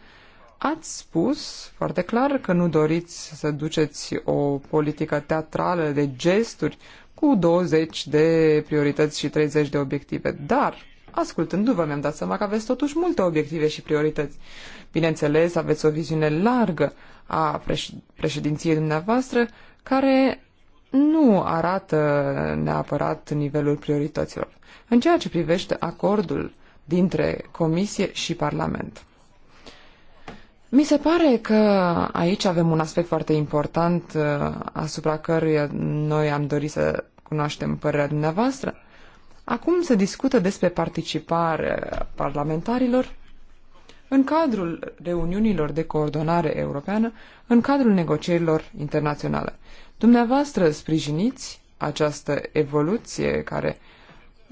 ați spus foarte clar că nu doriți să duceți o politică teatrală de gesturi cu 20 de priorități și 30 de obiective, dar Ascultându-vă, mi-am dat seama că aveți totuși multe obiective și priorități. Bineînțeles, aveți o viziune largă a președinției dumneavoastră, care nu arată neapărat nivelul priorităților. În ceea ce privește acordul dintre Comisie și Parlament. Mi se pare că aici avem un aspect foarte important uh, asupra căruia noi am dorit să cunoaștem părerea dumneavoastră. Acum se discută despre participare parlamentarilor în cadrul reuniunilor de coordonare europeană, în cadrul negocierilor internaționale. Dumneavoastră sprijiniți această evoluție care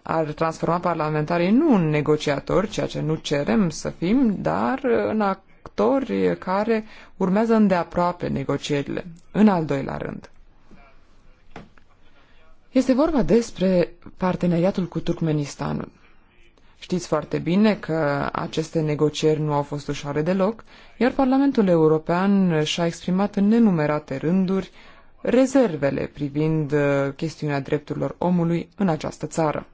ar transforma parlamentarii nu în negociatori, ceea ce nu cerem să fim, dar în actori care urmează îndeaproape negocierile. În al doilea rând, este vorba despre parteneriatul cu Turkmenistanul. Știți foarte bine că aceste negocieri nu au fost ușoare deloc, iar Parlamentul European și-a exprimat în nenumerate rânduri rezervele privind uh, chestiunea drepturilor omului în această țară.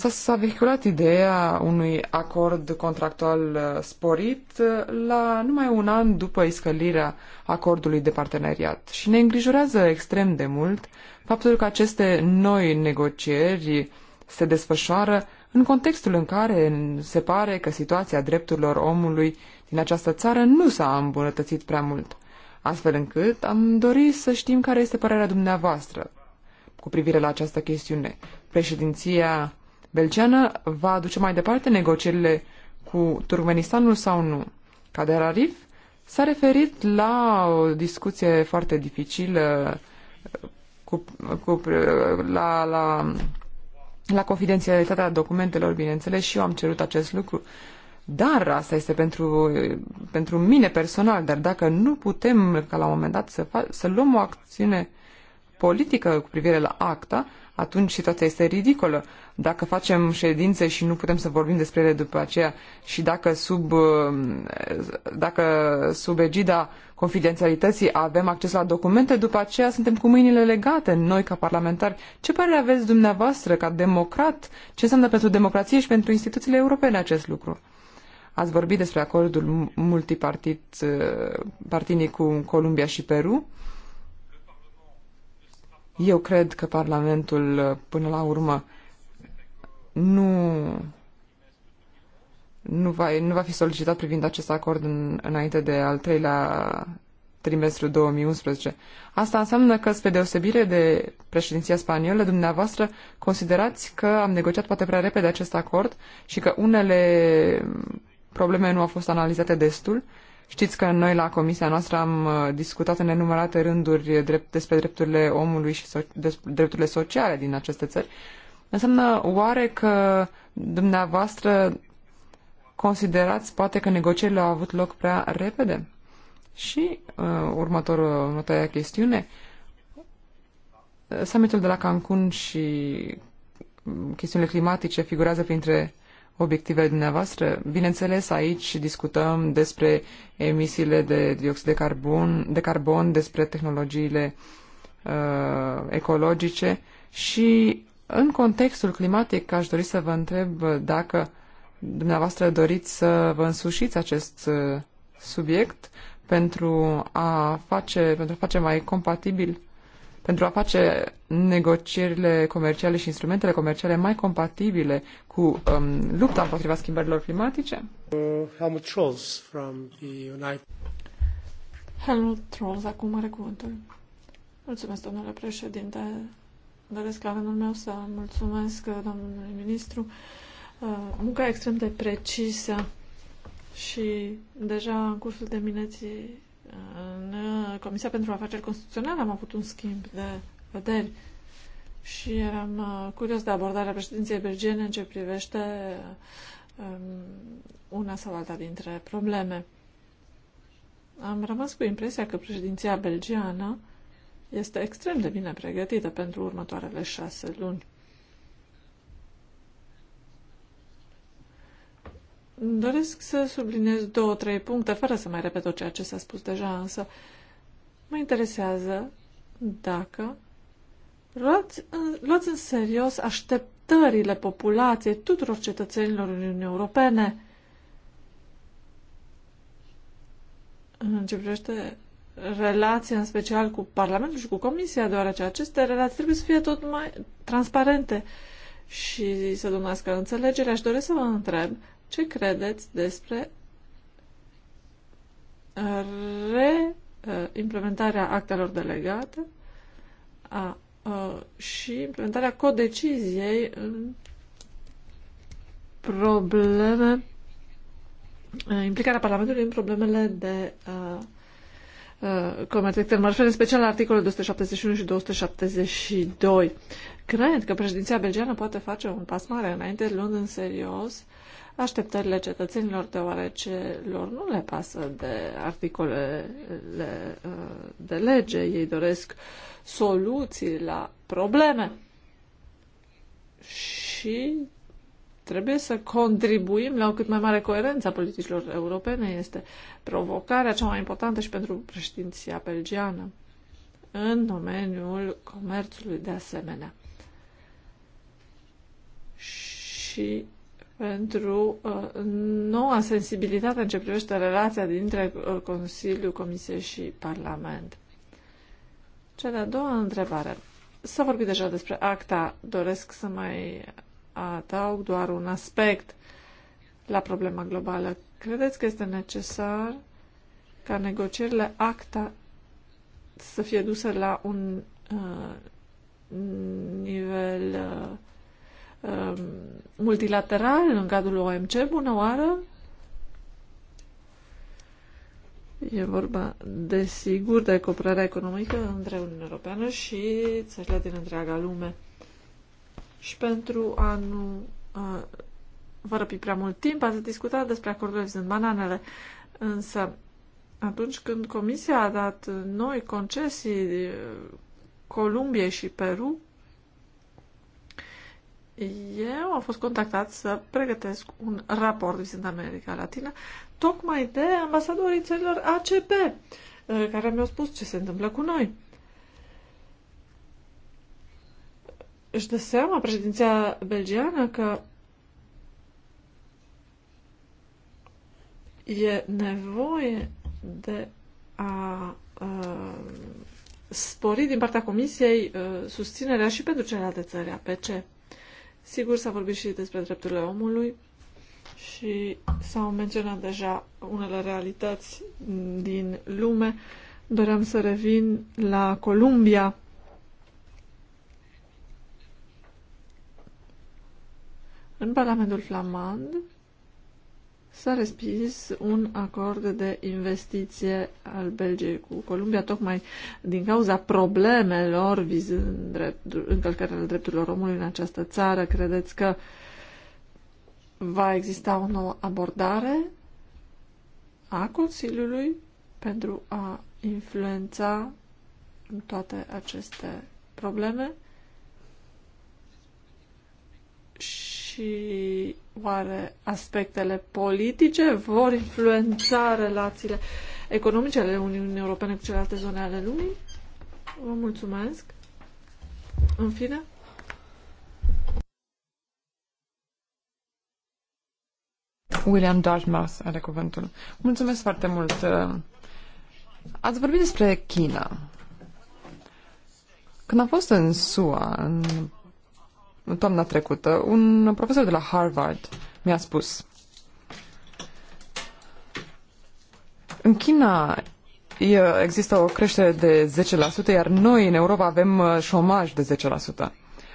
S-a vehiculat ideea unui acord contractual uh, sporit uh, la numai un an după iscălirea acordului de parteneriat și ne îngrijorează extrem de mult faptul că aceste noi negocieri se desfășoară în contextul în care se pare că situația drepturilor omului din această țară nu s-a îmbunătățit prea mult, astfel încât am dorit să știm care este părerea dumneavoastră cu privire la această chestiune. Președinția belgiană va aduce mai departe negocierile cu Turkmenistanul sau nu. Kader Arif s-a referit la o discuție foarte dificilă uh, cu, cu, uh, la, la, la confidențialitatea documentelor, bineînțeles, și eu am cerut acest lucru. Dar asta este pentru, uh, pentru mine personal, dar dacă nu putem ca la un moment dat să, fa- să luăm o acțiune politică cu privire la acta, atunci situația este ridicolă dacă facem ședințe și nu putem să vorbim despre ele după aceea și dacă sub, uh, dacă sub egida confidențialității avem acces la documente, după aceea suntem cu mâinile legate, noi ca parlamentari. Ce părere aveți dumneavoastră ca democrat? Ce înseamnă pentru democrație și pentru instituțiile europene acest lucru? Ați vorbit despre acordul multipartit uh, partinii cu Columbia și Peru. Eu cred că Parlamentul, uh, până la urmă, nu, nu, va, nu va fi solicitat privind acest acord în, înainte de al treilea trimestru 2011. Asta înseamnă că, spre deosebire de președinția spaniolă, dumneavoastră considerați că am negociat poate prea repede acest acord și că unele probleme nu au fost analizate destul. Știți că noi la comisia noastră am uh, discutat în nenumărate rânduri drept, despre drepturile omului și so- drepturile sociale din aceste țări Înseamnă oare că dumneavoastră considerați poate că negocierile au avut loc prea repede? Și uh, următorul, următoarea chestiune, summitul de la Cancun și chestiunile climatice figurează printre obiectivele dumneavoastră. Bineînțeles, aici discutăm despre emisiile de dioxid de carbon, de carbon despre tehnologiile uh, ecologice și în contextul climatic, aș dori să vă întreb dacă dumneavoastră doriți să vă însușiți acest uh, subiect pentru a face, pentru a face mai compatibil, pentru a face negocierile comerciale și instrumentele comerciale mai compatibile cu um, lupta împotriva schimbărilor climatice? Uh, Helmut Scholz from the United... Helmut Scholz, acum are cuvântul. Mulțumesc, domnule președinte doresc la rândul meu să mulțumesc uh, domnului ministru. Uh, munca extrem de precisă și deja în cursul dimineții uh, în Comisia pentru Afaceri Constituționale am avut un schimb de vederi și eram curios de abordarea președinției belgiene în ce privește um, una sau alta dintre probleme. Am rămas cu impresia că președinția belgiană este extrem de bine pregătită pentru următoarele șase luni. Doresc să subliniez două, trei puncte, fără să mai repet tot ceea ce s-a spus deja, însă mă interesează dacă luați în, luați în serios așteptările populației tuturor cetățenilor Uniunii Europene în ce privește relația în special cu Parlamentul și cu Comisia, deoarece aceste relații trebuie să fie tot mai transparente și să dumnească înțelegere. Aș dori să vă întreb ce credeți despre reimplementarea actelor delegate a, a, și implementarea codeciziei în probleme implicarea Parlamentului în problemele de uh, uh, comerț extern. Mă refer în special la articolele 271 și 272. Cred că președinția belgiană poate face un pas mare înainte, luând în serios așteptările cetățenilor, deoarece lor nu le pasă de articolele uh, de lege. Ei doresc soluții la probleme. Și Trebuie să contribuim la o cât mai mare coerență a politicilor europene. Este provocarea cea mai importantă și pentru președinția belgiană în domeniul comerțului de asemenea. Și pentru uh, noua sensibilitate în ce privește relația dintre uh, Consiliu, Comisie și Parlament. Cea de-a doua întrebare. S-a vorbit deja despre acta. Doresc să mai adaug doar un aspect la problema globală. Credeți că este necesar ca negocierile ACTA să fie duse la un uh, nivel uh, uh, multilateral în cadrul OMC, bună oară? E vorba, desigur, de cooperarea economică între Uniunea Europeană și țările din întreaga lume și pentru a nu uh, vă răpi prea mult timp, ați discutat despre acordul din bananele, însă atunci când Comisia a dat noi concesii Columbiei și Peru, eu am fost contactat să pregătesc un raport vizând America Latină, tocmai de ambasadorii țărilor ACP, care mi-au spus ce se întâmplă cu noi. își dă seama președinția belgiană că e nevoie de a uh, spori din partea Comisiei uh, susținerea și pentru celelalte țări APC. Sigur, s-a vorbit și despre drepturile omului și s-au menționat deja unele realități din lume. Doream să revin la Columbia În Parlamentul Flamand s-a respins un acord de investiție al Belgiei cu Columbia, tocmai din cauza problemelor vizând drept, încălcarea drepturilor omului în această țară. Credeți că va exista o nouă abordare a Consiliului pentru a influența toate aceste probleme? Și și oare aspectele politice vor influența relațiile economice ale Uniunii Europene cu celelalte zone ale lumii? Vă mulțumesc. În fine. William Dartmouth are cuvântul. Mulțumesc foarte mult. Ați vorbit despre China. Când am fost în SUA, în în toamna trecută, un profesor de la Harvard mi-a spus În China există o creștere de 10%, iar noi în Europa avem uh, șomaj de 10%.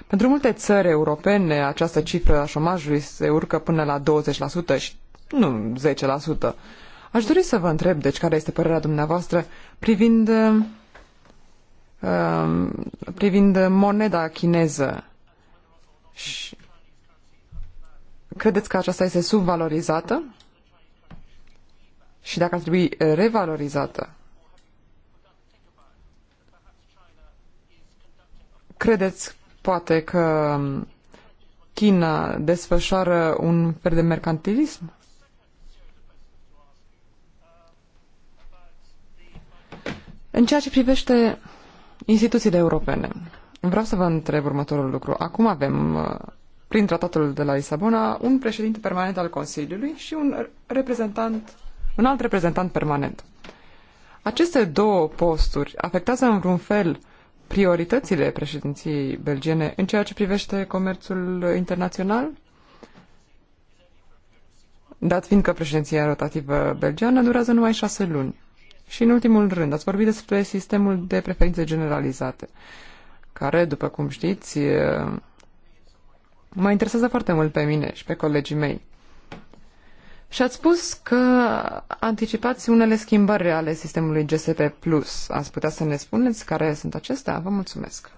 Pentru multe țări europene, această cifră a șomajului se urcă până la 20% și nu 10%. Aș dori să vă întreb, deci, care este părerea dumneavoastră privind, uh, privind moneda chineză și credeți că aceasta este subvalorizată? Și dacă ar trebui revalorizată? Credeți poate că China desfășoară un fel de mercantilism? În ceea ce privește instituțiile europene, Vreau să vă întreb următorul lucru. Acum avem, uh, prin tratatul de la Lisabona, un președinte permanent al Consiliului și un reprezentant, un alt reprezentant permanent. Aceste două posturi afectează în vreun fel prioritățile președinției belgiene în ceea ce privește comerțul internațional? Dat fiind că președinția rotativă belgiană durează numai șase luni. Și în ultimul rând, ați vorbit despre sistemul de preferințe generalizate care, după cum știți, mă interesează foarte mult pe mine și pe colegii mei. Și ați spus că anticipați unele schimbări ale sistemului GSP+. Ați putea să ne spuneți care sunt acestea? Vă mulțumesc.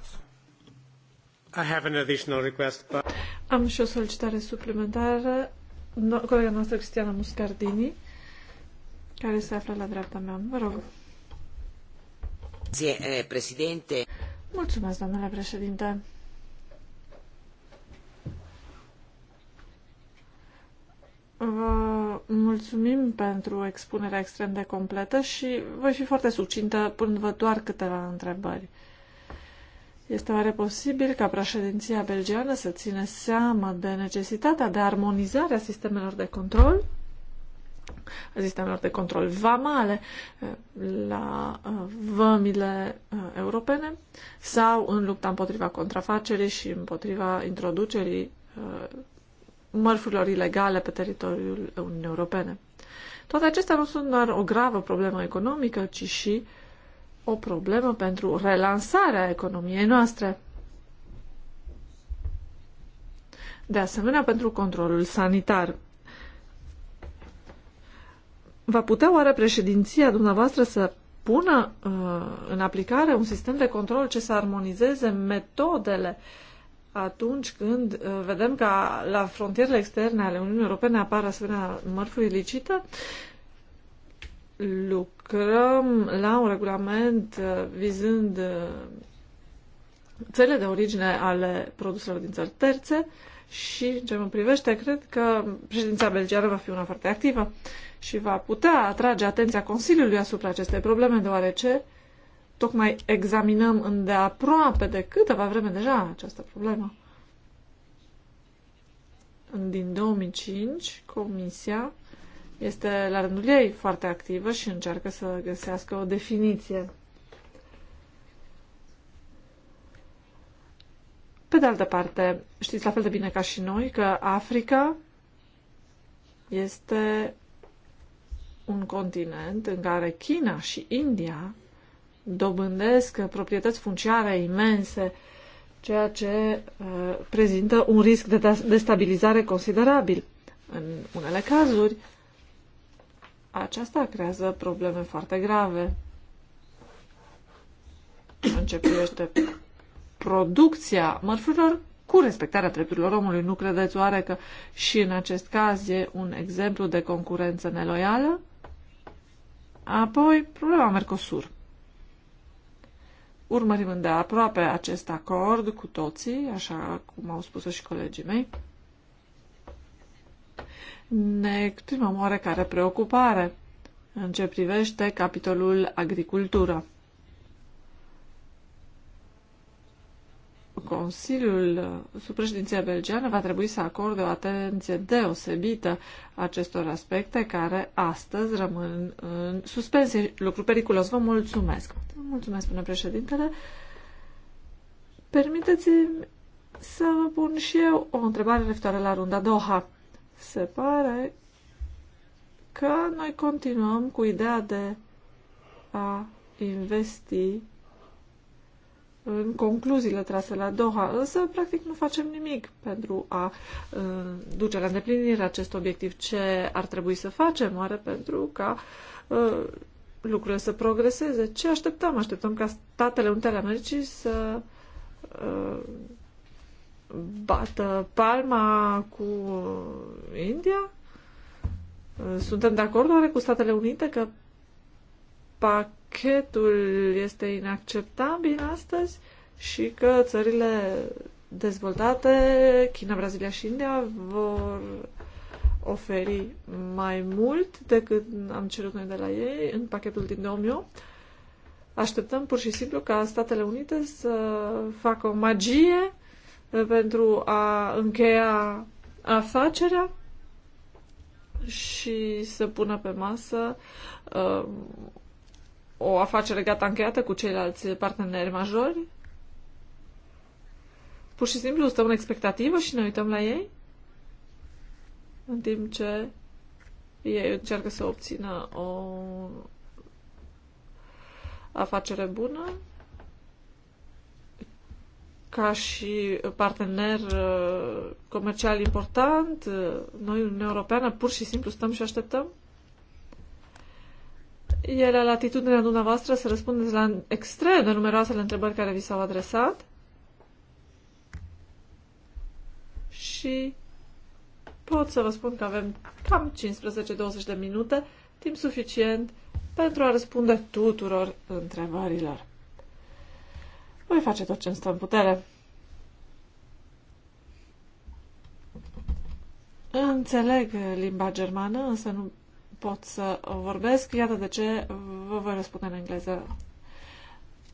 I have an additional request, but... Am și o solicitare suplimentară. No, colega noastră, Cristiana Muscardini, care se află la dreapta mea. Vă rog. Eh, Președinte. Mulțumesc, domnule președinte. Vă mulțumim pentru expunerea extrem de completă și voi fi foarte succintă punându-vă doar câteva întrebări. Este oare posibil ca președinția belgiană să ține seama de necesitatea de armonizare a sistemelor de control sistemelor de control vamale eh, la eh, vămile eh, europene sau în lupta împotriva contrafacerii și împotriva introducerii mărfurilor ilegale pe teritoriul Uniunii Europene. Toate acestea nu sunt doar o gravă problemă economică, ci și o problemă pentru relansarea economiei noastre. De asemenea, pentru controlul sanitar va putea oare președinția dumneavoastră să pună uh, în aplicare un sistem de control ce să armonizeze metodele atunci când uh, vedem că la frontierele externe ale Uniunii Europene apar asemenea mărfuri ilicite? Lucrăm la un regulament uh, vizând uh, țările de origine ale produselor din țări terțe și, ce mă privește, cred că președinția belgiană va fi una foarte activă. Uh, și va putea atrage atenția Consiliului asupra acestei probleme, deoarece tocmai examinăm îndeaproape de câteva vreme deja această problemă. Din 2005, Comisia este la rândul ei foarte activă și încearcă să găsească o definiție. Pe de altă parte, știți la fel de bine ca și noi că Africa este un continent în care China și India dobândesc proprietăți funciare imense, ceea ce uh, prezintă un risc de destabilizare considerabil. În unele cazuri, aceasta creează probleme foarte grave Începește producția mărfurilor cu respectarea drepturilor omului. Nu credeți oare că și în acest caz e un exemplu de concurență neloială? Apoi, problema Mercosur. Urmărim aproape acest acord cu toții, așa cum au spus și colegii mei. Ne exprimăm oarecare preocupare în ce privește capitolul agricultură. Consiliul uh, sub președinția belgeană va trebui să acorde o atenție deosebită acestor aspecte care astăzi rămân în suspensie. Lucru periculos. Vă mulțumesc. Vă mulțumesc, până președintele. Permiteți-mi să vă pun și eu o întrebare referitoare la runda Doha. Se pare că noi continuăm cu ideea de a investi în concluziile trase la Doha, însă practic nu facem nimic pentru a uh, duce la îndeplinire acest obiectiv. Ce ar trebui să facem oare pentru ca uh, lucrurile să progreseze? Ce așteptăm? Așteptăm ca Statele Unite ale Americii să uh, bată palma cu India? Suntem de acord oare cu Statele Unite că Pac pachetul este inacceptabil astăzi și că țările dezvoltate, China, Brazilia și India, vor oferi mai mult decât am cerut noi de la ei în pachetul din 2008. Așteptăm pur și simplu ca Statele Unite să facă o magie uh, pentru a încheia afacerea și să pună pe masă uh, o afacere gata încheiată cu ceilalți parteneri majori? Pur și simplu stăm în expectativă și ne uităm la ei? În timp ce ei încearcă să obțină o afacere bună ca și partener uh, comercial important, uh, noi, Uniunea Europeană, pur și simplu stăm și așteptăm? E la latitudinea dumneavoastră să răspundeți la extrem de numeroasele întrebări care vi s-au adresat. Și pot să vă spun că avem cam 15-20 de minute, timp suficient pentru a răspunde tuturor întrebărilor. Voi face tot ce îmi stă în putere. Înțeleg limba germană, însă nu pot să vorbesc. Iată de ce vă voi răspunde în engleză.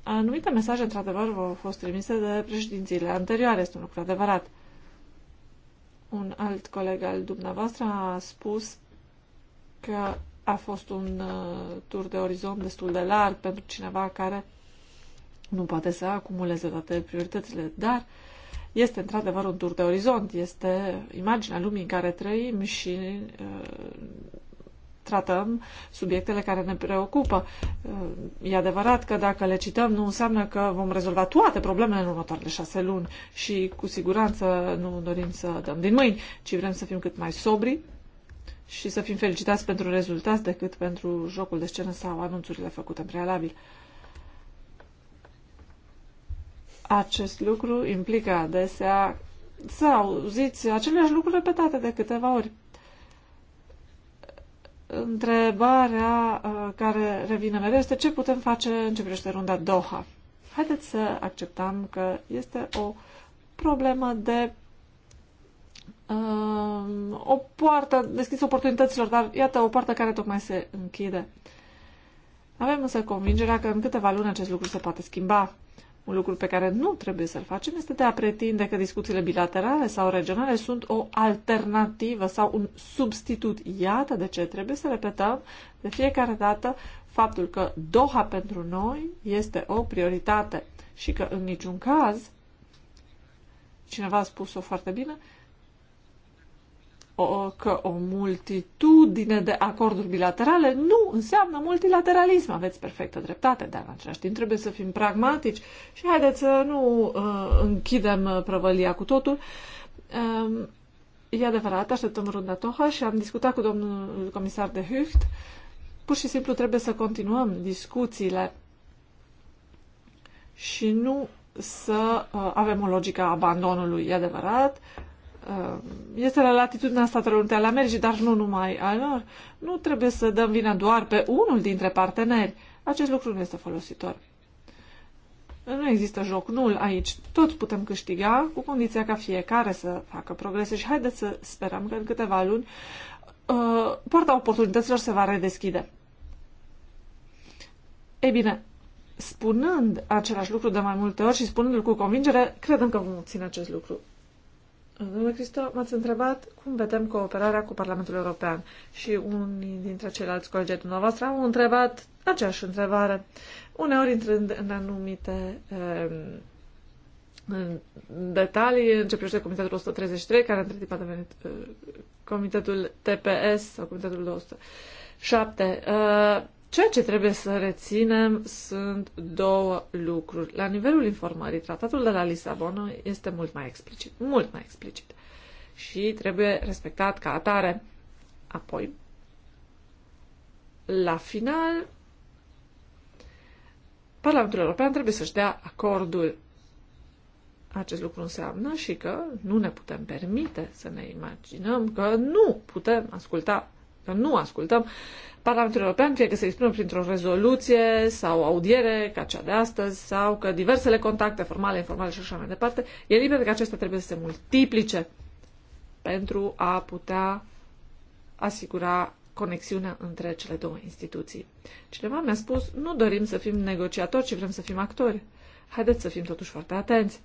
Anumite mesaje, într-adevăr, au fost trimise de președințiile anterioare. Este un lucru adevărat. Un alt coleg al dumneavoastră a spus că a fost un uh, tur de orizont destul de larg pentru cineva care nu poate să acumuleze toate prioritățile, dar este într-adevăr un tur de orizont, este imaginea lumii în care trăim și uh, tratăm subiectele care ne preocupă. E adevărat că dacă le cităm nu înseamnă că vom rezolva toate problemele în următoarele șase luni și cu siguranță nu dorim să dăm din mâini, ci vrem să fim cât mai sobri și să fim felicitați pentru rezultați decât pentru jocul de scenă sau anunțurile făcute în prealabil. Acest lucru implică adesea să auziți aceleași lucruri repetate de câteva ori întrebarea uh, care revine mereu este ce putem face în ce privește runda Doha. Haideți să acceptăm că este o problemă de um, o poartă deschisă oportunităților, dar iată o poartă care tocmai se închide. Avem însă convingerea că în câteva luni acest lucru se poate schimba. Un lucru pe care nu trebuie să-l facem este de a pretinde că discuțiile bilaterale sau regionale sunt o alternativă sau un substitut. Iată de ce trebuie să repetăm de fiecare dată faptul că Doha pentru noi este o prioritate și că în niciun caz, cineva a spus-o foarte bine, o, că o multitudine de acorduri bilaterale nu înseamnă multilateralism. Aveți perfectă dreptate, dar în același timp trebuie să fim pragmatici și haideți să nu uh, închidem uh, prăvălia cu totul. Uh, e adevărat, așteptăm runda Toha și am discutat cu domnul comisar de Hucht. Pur și simplu trebuie să continuăm discuțiile și nu să uh, avem o logică a abandonului. E adevărat Uh, este la latitudinea Statelor Unite ale Americii, dar nu numai al lor. Nu trebuie să dăm vina doar pe unul dintre parteneri. Acest lucru nu este folositor. Nu există joc nul aici. Tot putem câștiga cu condiția ca fiecare să facă progrese și haideți să sperăm că în câteva luni uh, porta oportunităților se va redeschide. Ei bine, spunând același lucru de mai multe ori și spunându-l cu convingere, credem că vom obține acest lucru. Domnule Cristo, m-ați întrebat cum vedem cooperarea cu Parlamentul European și unii dintre ceilalți colegi ai dumneavoastră au întrebat aceeași întrebare, uneori intrând în anumite în detalii, în ce privește Comitetul 133, care între timp a devenit eh, Comitetul TPS sau Comitetul 107. Ceea ce trebuie să reținem sunt două lucruri. La nivelul informării, tratatul de la Lisabona este mult mai explicit, mult mai explicit și trebuie respectat ca atare. Apoi, la final, Parlamentul European trebuie să-și dea acordul. Acest lucru înseamnă și că nu ne putem permite să ne imaginăm că nu putem asculta, că nu ascultăm Parlamentul European, fie că se exprimă printr-o rezoluție sau audiere, ca cea de astăzi, sau că diversele contacte formale, informale și așa mai departe, e liber că acestea trebuie să se multiplice pentru a putea asigura conexiunea între cele două instituții. Cineva mi-a spus, nu dorim să fim negociatori, ci vrem să fim actori. Haideți să fim totuși foarte atenți.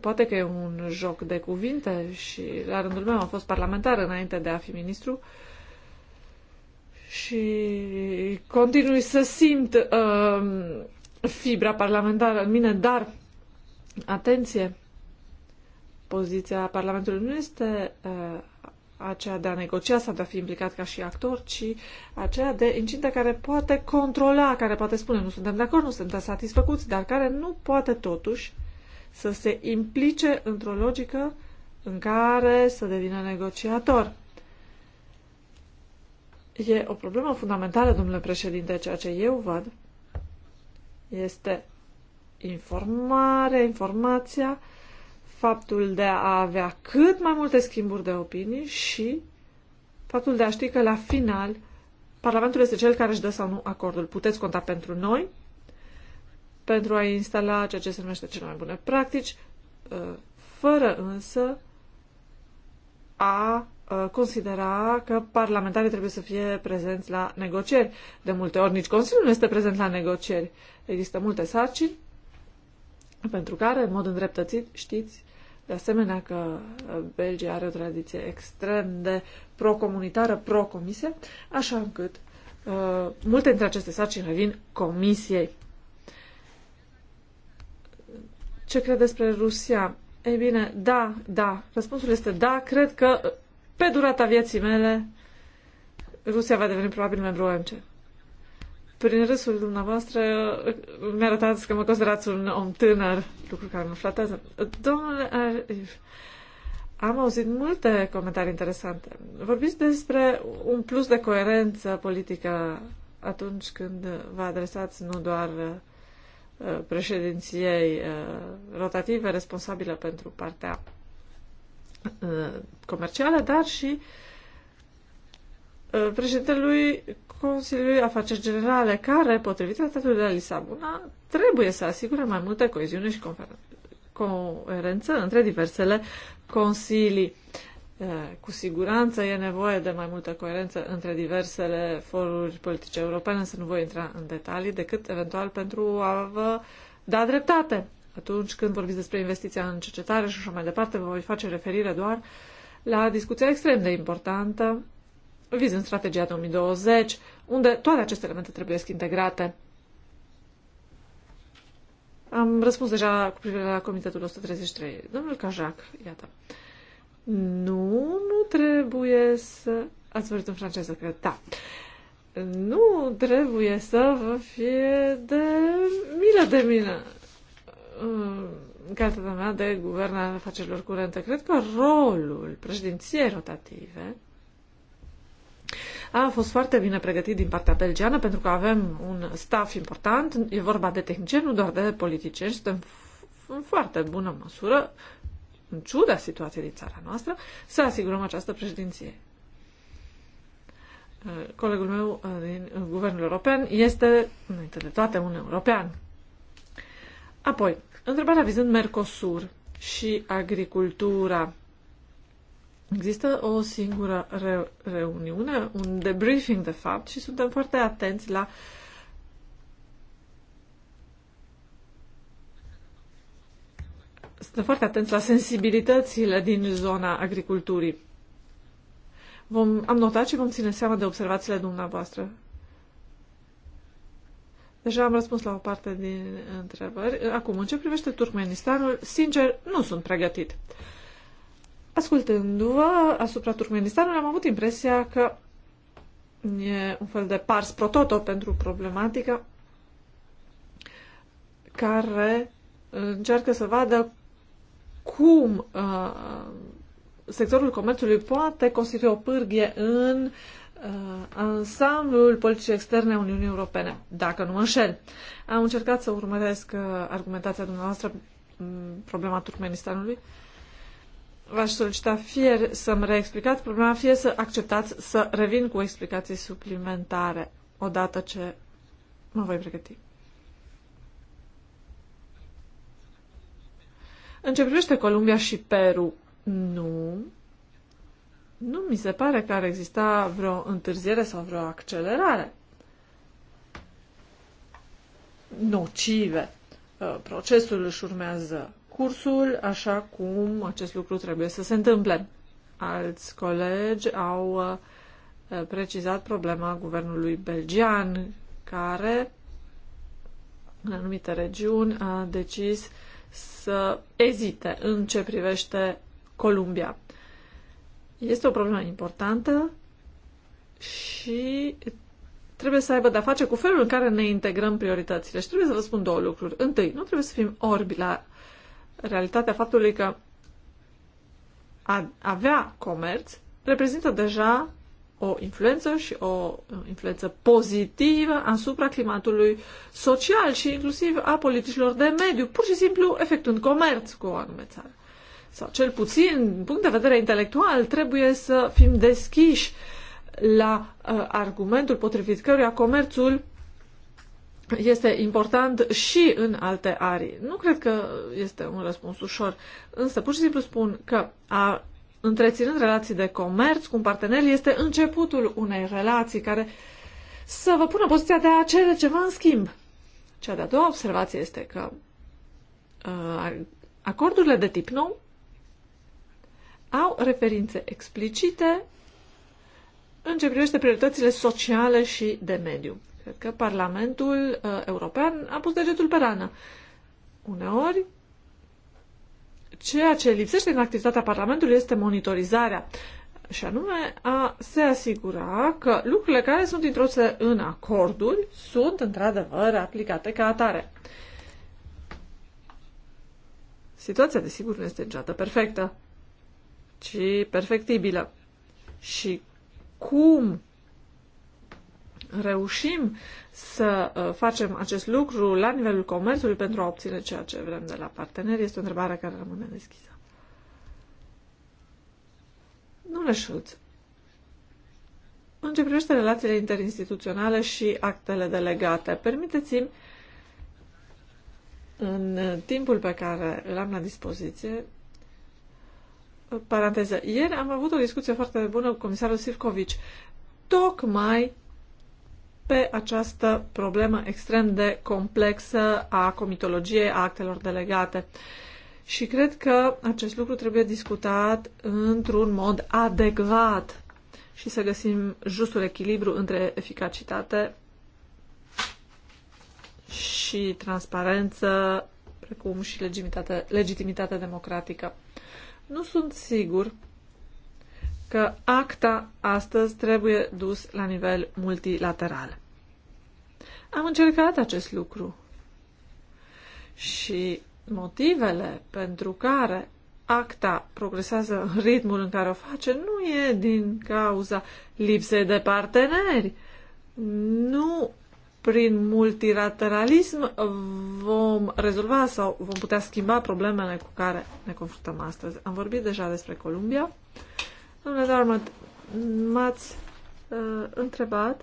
Poate că e un joc de cuvinte și la rândul meu am fost parlamentar înainte de a fi ministru, uh, și continui să simt uh, fibra parlamentară în mine, dar atenție, poziția Parlamentului nu este uh, aceea de a negocia sau de a fi implicat ca și actor, ci aceea de incinta care poate controla, care poate spune nu suntem de acord, nu suntem satisfăcuți, dar care nu poate totuși să se implice într-o logică în care să devină negociator. E o problemă fundamentală, domnule președinte, ceea ce eu văd este informare, informația, faptul de a avea cât mai multe schimburi de opinii și faptul de a ști că la final Parlamentul este cel care își dă sau nu acordul. Puteți conta pentru noi pentru a instala ceea ce se numește cele mai bune practici, ă, fără însă a Uh, considera că parlamentarii trebuie să fie prezenți la negocieri. De multe ori nici Consiliul nu este prezent la negocieri. Există multe sarcini pentru care, în mod îndreptățit, știți de asemenea că uh, Belgia are o tradiție extrem de procomunitară, pro-comisie, așa încât uh, multe dintre aceste sarcini revin comisiei. Ce cred despre Rusia? Ei bine, da, da. Răspunsul este da. Cred că uh, pe durata vieții mele, Rusia va deveni probabil membru OMC. Prin râsul dumneavoastră uh, mi-arătați că mă considerați un om tânăr, lucru care mă flatează. Domnule am auzit multe comentarii interesante. Vorbiți despre un plus de coerență politică atunci când vă adresați nu doar uh, președinției uh, rotative responsabilă pentru partea Uh, comerciale, dar și uh, președintelui Consiliului Afaceri Generale, care, potrivit tratatului de la Lisabona, trebuie să asigure mai multă coeziune și coerență între diversele consilii. Uh, cu siguranță e nevoie de mai multă coerență între diversele foruri politice europene, să nu voi intra în detalii, decât eventual pentru a vă da dreptate. Atunci când vorbiți despre investiția în cercetare și așa mai departe, vă voi face referire doar la discuția extrem de importantă vizând strategia 2020, unde toate aceste elemente trebuie integrate. Am răspuns deja cu privire la Comitetul 133. Domnul Cajac, iată. Nu, nu trebuie să... Ați vorbit în franceză, cred. Da. Nu trebuie să vă fie de milă de mine. Uh, cartea mea de guvernare afacerilor curente. Cred că rolul președinției rotative a fost foarte bine pregătit din partea belgiană pentru că avem un staff important, e vorba de tehnicieni, nu doar de politicieni, suntem în foarte bună măsură, în ciuda situației din țara noastră, să asigurăm această președinție. Uh, colegul meu uh, din Guvernul European este, înainte de toate, un european. Apoi, Întrebarea vizând Mercosur și agricultura. Există o singură re- reuniune, un debriefing de fapt și suntem foarte atenți la suntem foarte atenți la sensibilitățile din zona agriculturii. Vom, am notat și vom ține seama de observațiile dumneavoastră. Deja am răspuns la o parte din întrebări. Acum, în ce privește Turkmenistanul, sincer, nu sunt pregătit. Ascultându-vă asupra Turkmenistanului, am avut impresia că e un fel de pars prototo pentru problematică care încearcă să vadă cum uh, sectorul comerțului poate constitui o pârghie în uh, Uh, ansamblul politicii externe a Uniunii Europene, dacă nu mă înșel. Am încercat să urmăresc uh, argumentația dumneavoastră mm, problema Turkmenistanului. V-aș solicita fie să-mi reexplicați problema, fie să acceptați să revin cu explicații suplimentare odată ce mă voi pregăti. În ce privește Columbia și Peru, nu nu mi se pare că ar exista vreo întârziere sau vreo accelerare nocive. Uh, procesul își urmează cursul așa cum acest lucru trebuie să se întâmple. Alți colegi au uh, uh, precizat problema guvernului belgian, care în anumite regiuni a decis să ezite în ce privește Columbia. Este o problemă importantă și trebuie să aibă de-a face cu felul în care ne integrăm prioritățile. Și trebuie să vă spun două lucruri. Întâi, nu trebuie să fim orbi la realitatea faptului că a avea comerț reprezintă deja o influență și o influență pozitivă asupra climatului social și inclusiv a politicilor de mediu, pur și simplu efectuând comerț cu o anume țară sau cel puțin, din punct de vedere intelectual, trebuie să fim deschiși la uh, argumentul potrivit căruia comerțul este important și în alte arii. Nu cred că este un răspuns ușor, însă pur și simplu spun că a întreținând relații de comerț cu un partener este începutul unei relații care să vă pună poziția de a cere ceva în schimb. Cea de-a doua observație este că uh, acordurile de tip nou au referințe explicite în ce privește prioritățile sociale și de mediu. Cred că Parlamentul uh, European a pus degetul pe rană. Uneori, ceea ce lipsește în activitatea Parlamentului este monitorizarea și anume a se asigura că lucrurile care sunt introduse în acorduri sunt într-adevăr aplicate ca atare. Situația, desigur, nu este niciodată perfectă ci perfectibilă. Și cum reușim să uh, facem acest lucru la nivelul comerțului pentru a obține ceea ce vrem de la parteneri? Este o întrebare care rămâne deschisă. Domnule Schulz, în ce privește relațiile interinstituționale și actele delegate, permiteți-mi în timpul pe care îl am la dispoziție paranteză, ieri am avut o discuție foarte bună cu comisarul Sivcovici, tocmai pe această problemă extrem de complexă a comitologiei, a actelor delegate. Și cred că acest lucru trebuie discutat într-un mod adecvat și să găsim justul echilibru între eficacitate și transparență, precum și legitimitate, legitimitate democratică. Nu sunt sigur că acta astăzi trebuie dus la nivel multilateral. Am încercat acest lucru și motivele pentru care acta progresează în ritmul în care o face nu e din cauza lipsei de parteneri. Nu prin multilateralism vom rezolva sau vom putea schimba problemele cu care ne confruntăm astăzi. Am vorbit deja despre Columbia. Domnule Darmat, m-ați uh, întrebat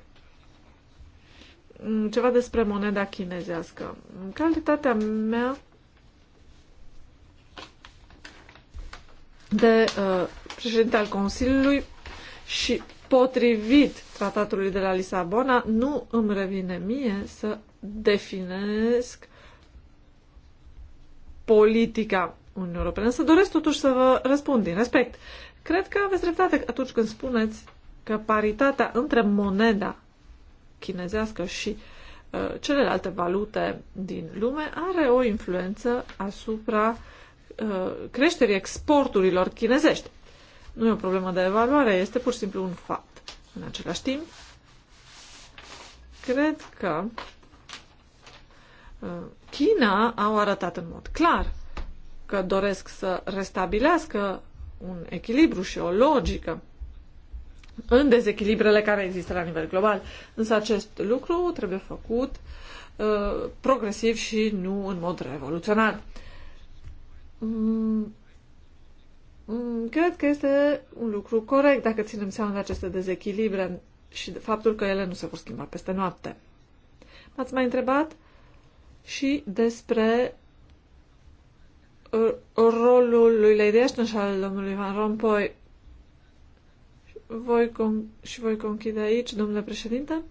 ceva despre moneda chinezească. În calitatea mea de uh, președinte al Consiliului și potrivit tratatului de la Lisabona, nu îmi revine mie să definesc politica Uniunii Europene. Să doresc totuși să vă răspund din respect. Cred că aveți dreptate atunci când spuneți că paritatea între moneda chinezească și uh, celelalte valute din lume are o influență asupra uh, creșterii exporturilor chinezești. Nu e o problemă de evaluare, este pur și simplu un fapt. În același timp, cred că uh, China au arătat în mod clar că doresc să restabilească un echilibru și o logică în dezechilibrele care există la nivel global. Însă acest lucru trebuie făcut uh, progresiv și nu în mod revoluționar. Mm, Mm, cred că este un lucru corect dacă ținem seama de aceste dezechilibre și de faptul că ele nu se vor schimba peste noapte. M-ați mai întrebat și despre uh, rolul lui Lady Ashton și al domnului Van Rompuy. Voi con- și voi conchide aici, domnule președinte.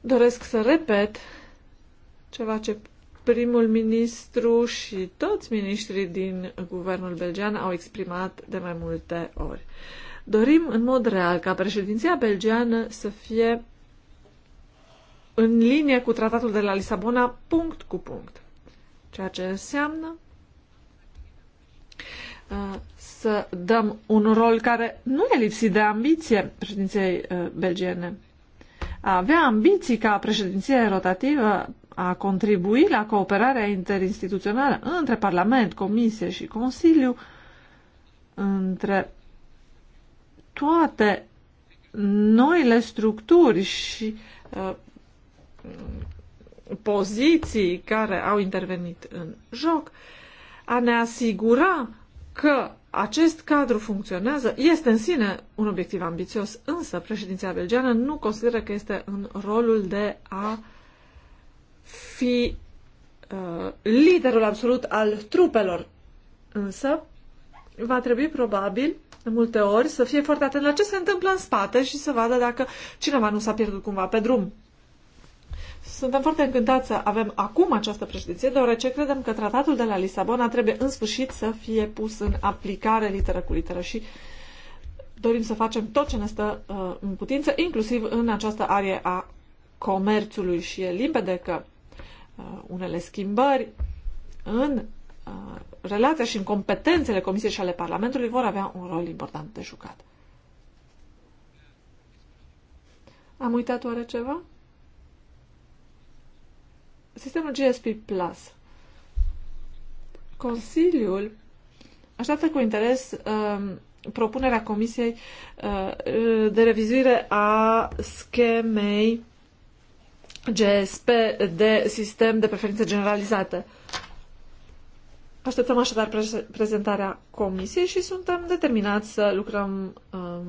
Doresc să repet ceva ce primul ministru și toți miniștrii din guvernul belgian au exprimat de mai multe ori. Dorim în mod real ca președinția belgiană să fie în linie cu tratatul de la Lisabona punct cu punct. Ceea ce înseamnă uh, să dăm un rol care nu e lipsit de ambiție președinției uh, belgiene. A avea ambiții ca președinție rotativă a contribui la cooperarea interinstituțională între Parlament, Comisie și Consiliu, între toate noile structuri și uh, poziții care au intervenit în joc, a ne asigura că acest cadru funcționează este în sine un obiectiv ambițios, însă președinția belgeană nu consideră că este în rolul de a uh, fi uh, liderul absolut al trupelor, însă va trebui probabil de multe ori să fie foarte atent la ce se întâmplă în spate și să vadă dacă cineva nu s-a pierdut cumva pe drum. Suntem foarte încântați să avem acum această președinție, deoarece credem că tratatul de la Lisabona trebuie în sfârșit să fie pus în aplicare literă cu literă și dorim să facem tot ce ne stă uh, în putință, inclusiv în această arie a comerțului și e limpede că uh, unele schimbări în uh, relația și în competențele Comisiei și ale Parlamentului vor avea un rol important de jucat. Am uitat oare ceva? Sistemul GSP Plus. Consiliul așteaptă cu interes uh, propunerea Comisiei uh, de revizuire a schemei GSP de sistem de preferințe generalizate. Așteptăm așadar pre- prezentarea comisiei și suntem determinați să lucrăm um,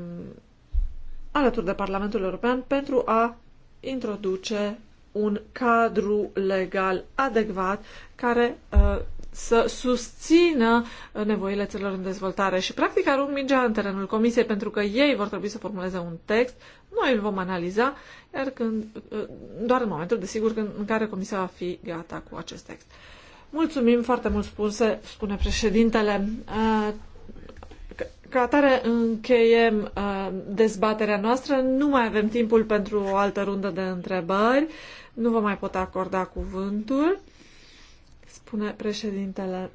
alături de Parlamentul European pentru a introduce un cadru legal adecvat care uh, să susțină uh, nevoile țărilor în dezvoltare și practic arunc mingea în terenul comisiei pentru că ei vor trebui să formuleze un text, noi îl vom analiza, iar când, uh, doar în momentul, desigur, în care comisia va fi gata cu acest text. Mulțumim foarte mult spuse, spune președintele. Uh, ca atare încheiem dezbaterea noastră. Nu mai avem timpul pentru o altă rundă de întrebări. Nu vă mai pot acorda cuvântul spune președintele.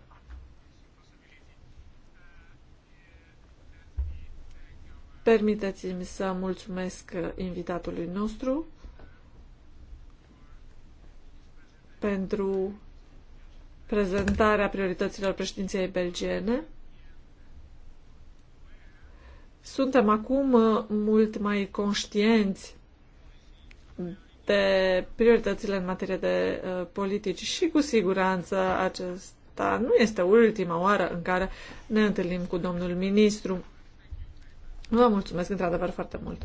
Permiteți-mi să mulțumesc invitatului nostru pentru prezentarea priorităților președinției belgiene. Suntem acum mult mai conștienți de prioritățile în materie de uh, politici și cu siguranță acesta nu este ultima oară în care ne întâlnim cu domnul ministru. Vă mulțumesc într-adevăr foarte mult.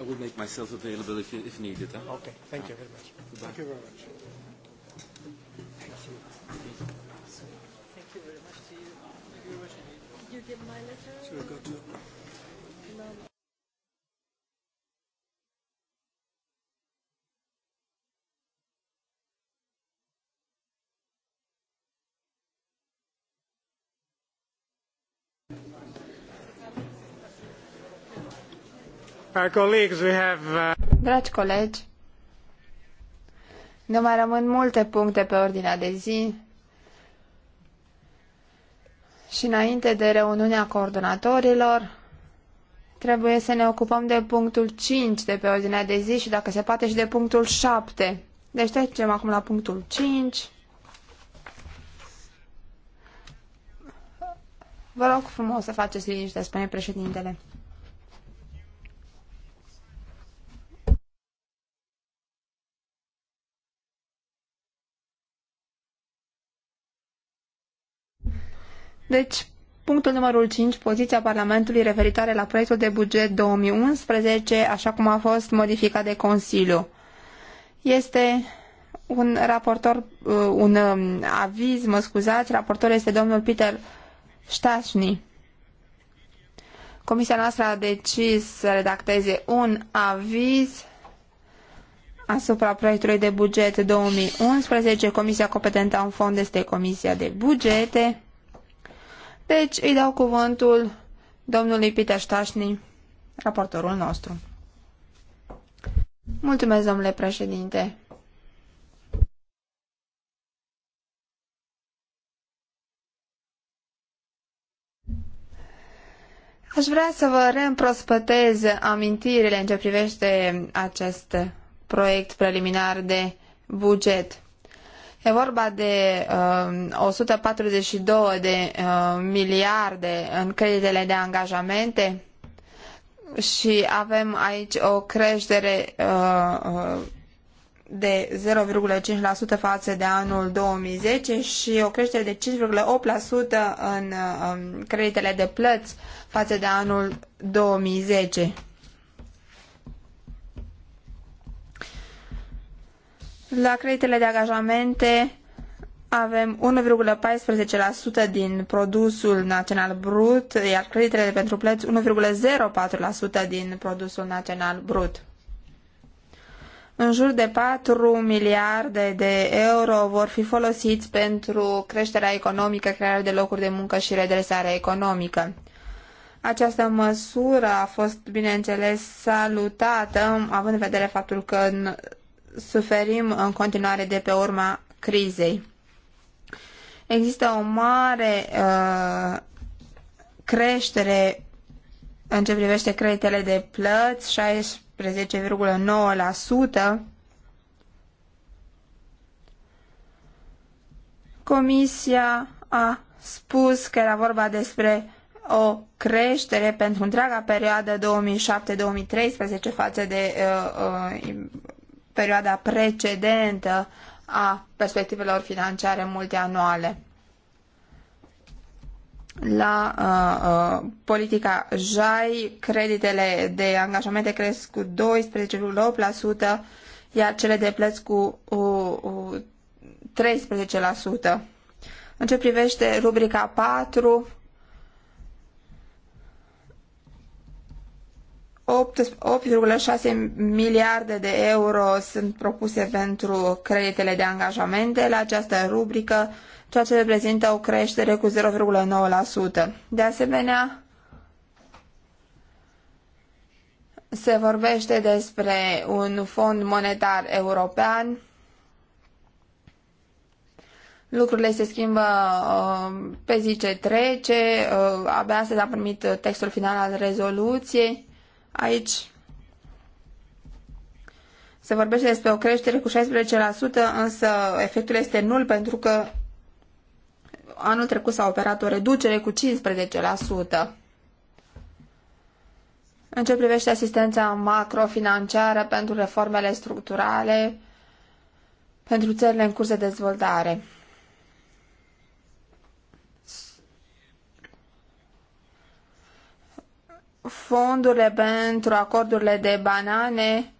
I will make myself available if, if needed. Huh? Okay, thank you very much. Goodbye. Thank you very much. Thank you. Thank you very much to you. Thank you very much indeed. You give my letter? Sure, go to? Uh, uh, Dragi colegi, ne mai rămân multe puncte pe ordinea de zi și înainte de reuniunea coordonatorilor trebuie să ne ocupăm de punctul 5 de pe ordinea de zi și dacă se poate și de punctul 7. Deci trecem acum la punctul 5. Vă rog frumos să faceți liniște, spune președintele. Deci, punctul numărul 5, poziția Parlamentului referitoare la proiectul de buget 2011, așa cum a fost modificat de Consiliu. Este un raportor, uh, un um, aviz, mă scuzați, raportor este domnul Peter Ștașni. Comisia noastră a decis să redacteze un aviz asupra proiectului de buget 2011. Comisia competentă în fond este Comisia de Bugete. Deci îi dau cuvântul domnului Peter Ștașni, raportorul nostru. Mulțumesc, domnule președinte. Aș vrea să vă reîmprospătez amintirile în ce privește acest proiect preliminar de buget. E vorba de uh, 142 de uh, miliarde în creditele de angajamente și avem aici o creștere uh, uh de 0,5% față de anul 2010 și o creștere de 5,8% în, în um, creditele de plăți față de anul 2010. La creditele de angajamente avem 1,14% din produsul național brut, iar creditele pentru plăți 1,04% din produsul național brut în jur de 4 miliarde de euro vor fi folosiți pentru creșterea economică, crearea de locuri de muncă și redresarea economică. Această măsură a fost, bineînțeles, salutată, având în vedere faptul că suferim în continuare de pe urma crizei. Există o mare uh, creștere în ce privește creditele de plăți, 18,9%, Comisia a spus că era vorba despre o creștere pentru întreaga perioadă 2007-2013 față de uh, uh, perioada precedentă a perspectivelor financiare multianuale la uh, uh, politica JAI, creditele de angajamente cresc cu 12,8%, iar cele de plăți cu uh, uh, 13%. În ce privește rubrica 4, 8,6 miliarde de euro sunt propuse pentru creditele de angajamente. La această rubrică ceea ce reprezintă o creștere cu 0,9%. De asemenea, se vorbește despre un fond monetar european. Lucrurile se schimbă uh, pe zi ce trece. Uh, abia se a primit textul final al rezoluției. Aici se vorbește despre o creștere cu 16%, însă efectul este nul pentru că anul trecut s-a operat o reducere cu 15%. În ce privește asistența macrofinanciară pentru reformele structurale pentru țările în curs de dezvoltare. Fondurile pentru acordurile de banane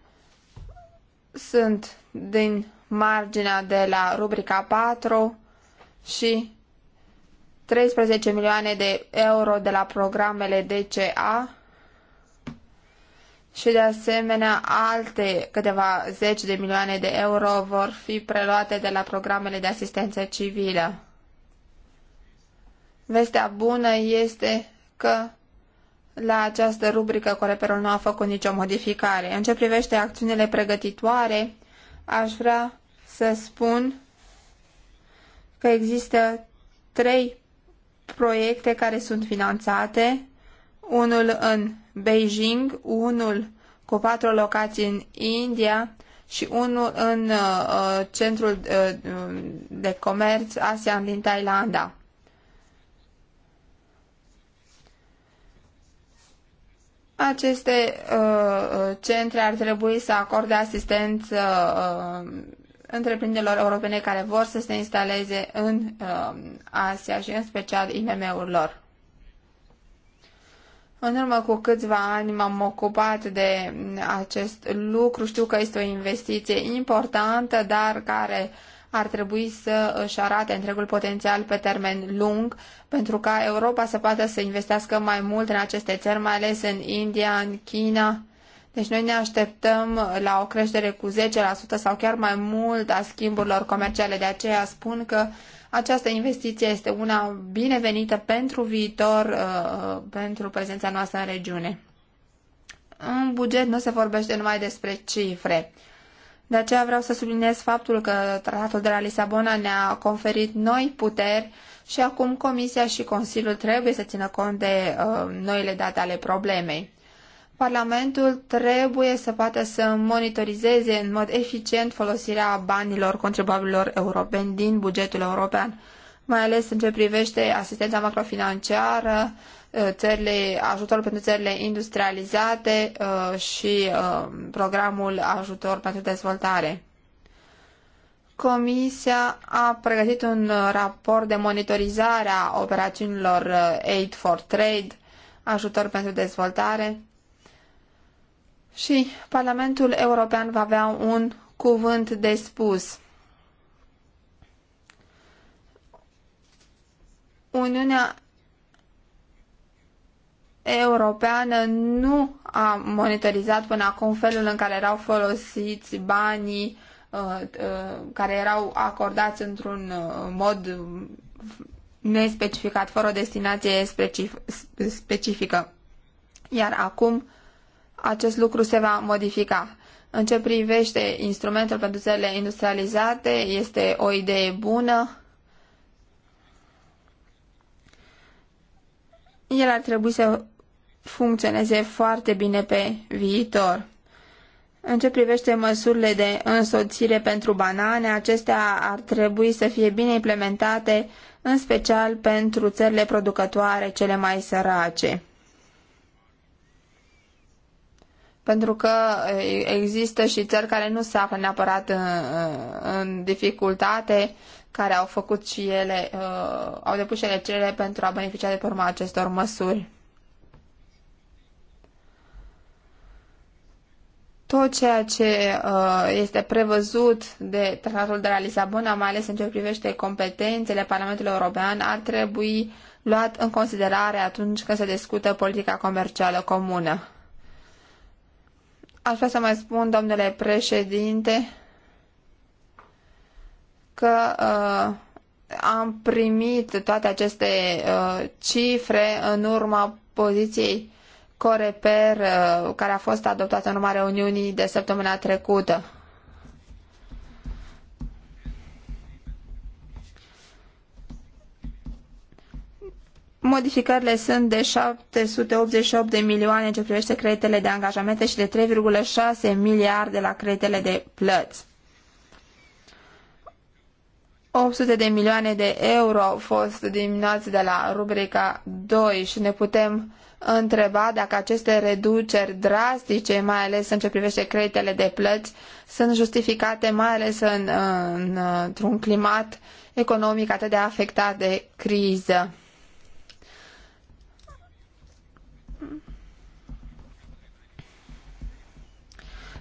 sunt din marginea de la rubrica 4 și 13 milioane de euro de la programele DCA și de asemenea alte câteva zeci de milioane de euro vor fi preluate de la programele de asistență civilă. Vestea bună este că la această rubrică Coreperul nu a făcut nicio modificare. În ce privește acțiunile pregătitoare, aș vrea să spun că există trei proiecte care sunt finanțate, unul în Beijing, unul cu patru locații în India și unul în uh, uh centrul uh, uh, de comerț ASEAN din Thailanda. Aceste uh, uh, centre ar trebui să acorde asistență uh, întreprinderilor europene care vor să se instaleze în uh, Asia și în special IMM-urilor. lor. În urmă cu câțiva ani m-am ocupat de acest lucru. Știu că este o investiție importantă, dar care ar trebui să își arate întregul potențial pe termen lung, pentru ca Europa să poată să investească mai mult în aceste țări, mai ales în India, în China deci noi ne așteptăm la o creștere cu 10% sau chiar mai mult a schimburilor comerciale. De aceea spun că această investiție este una binevenită pentru viitor, uh, uh, pentru prezența noastră în regiune. În buget nu se vorbește numai despre cifre. De aceea vreau să subliniez faptul că tratatul de la Lisabona ne-a conferit noi puteri și acum Comisia și Consiliul trebuie să țină cont de uh, noile date ale problemei. Parlamentul trebuie să poată să monitorizeze în mod eficient folosirea banilor contribuabililor europeni din bugetul european, mai ales în ce privește asistența macrofinanciară, uh, țările, ajutorul pentru țările industrializate uh, și uh, programul ajutor pentru dezvoltare. Comisia a pregătit un raport de monitorizare a operațiunilor Aid for Trade, ajutor pentru dezvoltare, și Parlamentul European va avea un cuvânt de spus. Uniunea Europeană nu a monitorizat până acum felul în care erau folosiți banii uh, uh, care erau acordați într-un uh, mod nespecificat, fără o destinație specifică. Iar acum acest lucru se va modifica. În ce privește instrumentul pentru țările industrializate, este o idee bună. El ar trebui să funcționeze foarte bine pe viitor. În ce privește măsurile de însoțire pentru banane, acestea ar trebui să fie bine implementate, în special pentru țările producătoare cele mai sărace. pentru că există și țări care nu se află neapărat în, în dificultate, care au făcut și ele, uh, au depus și ele cerere pentru a beneficia de pe urma acestor măsuri. Tot ceea ce uh, este prevăzut de Tratatul de la Lisabona, mai ales în ce privește competențele Parlamentului European, ar trebui luat în considerare atunci când se discută politica comercială comună. Aș vrea să mai spun, domnule președinte, că uh, am primit toate aceste uh, cifre în urma poziției Coreper, uh, care a fost adoptată în urma reuniunii de săptămâna trecută. Modificările sunt de 788 de milioane în ce privește creditele de angajamente și de 3,6 miliarde la creditele de plăți. 800 de milioane de euro au fost diminuați de la rubrica 2 și ne putem întreba dacă aceste reduceri drastice, mai ales în ce privește creditele de plăți, sunt justificate mai ales în, în, într-un climat economic atât de afectat de criză.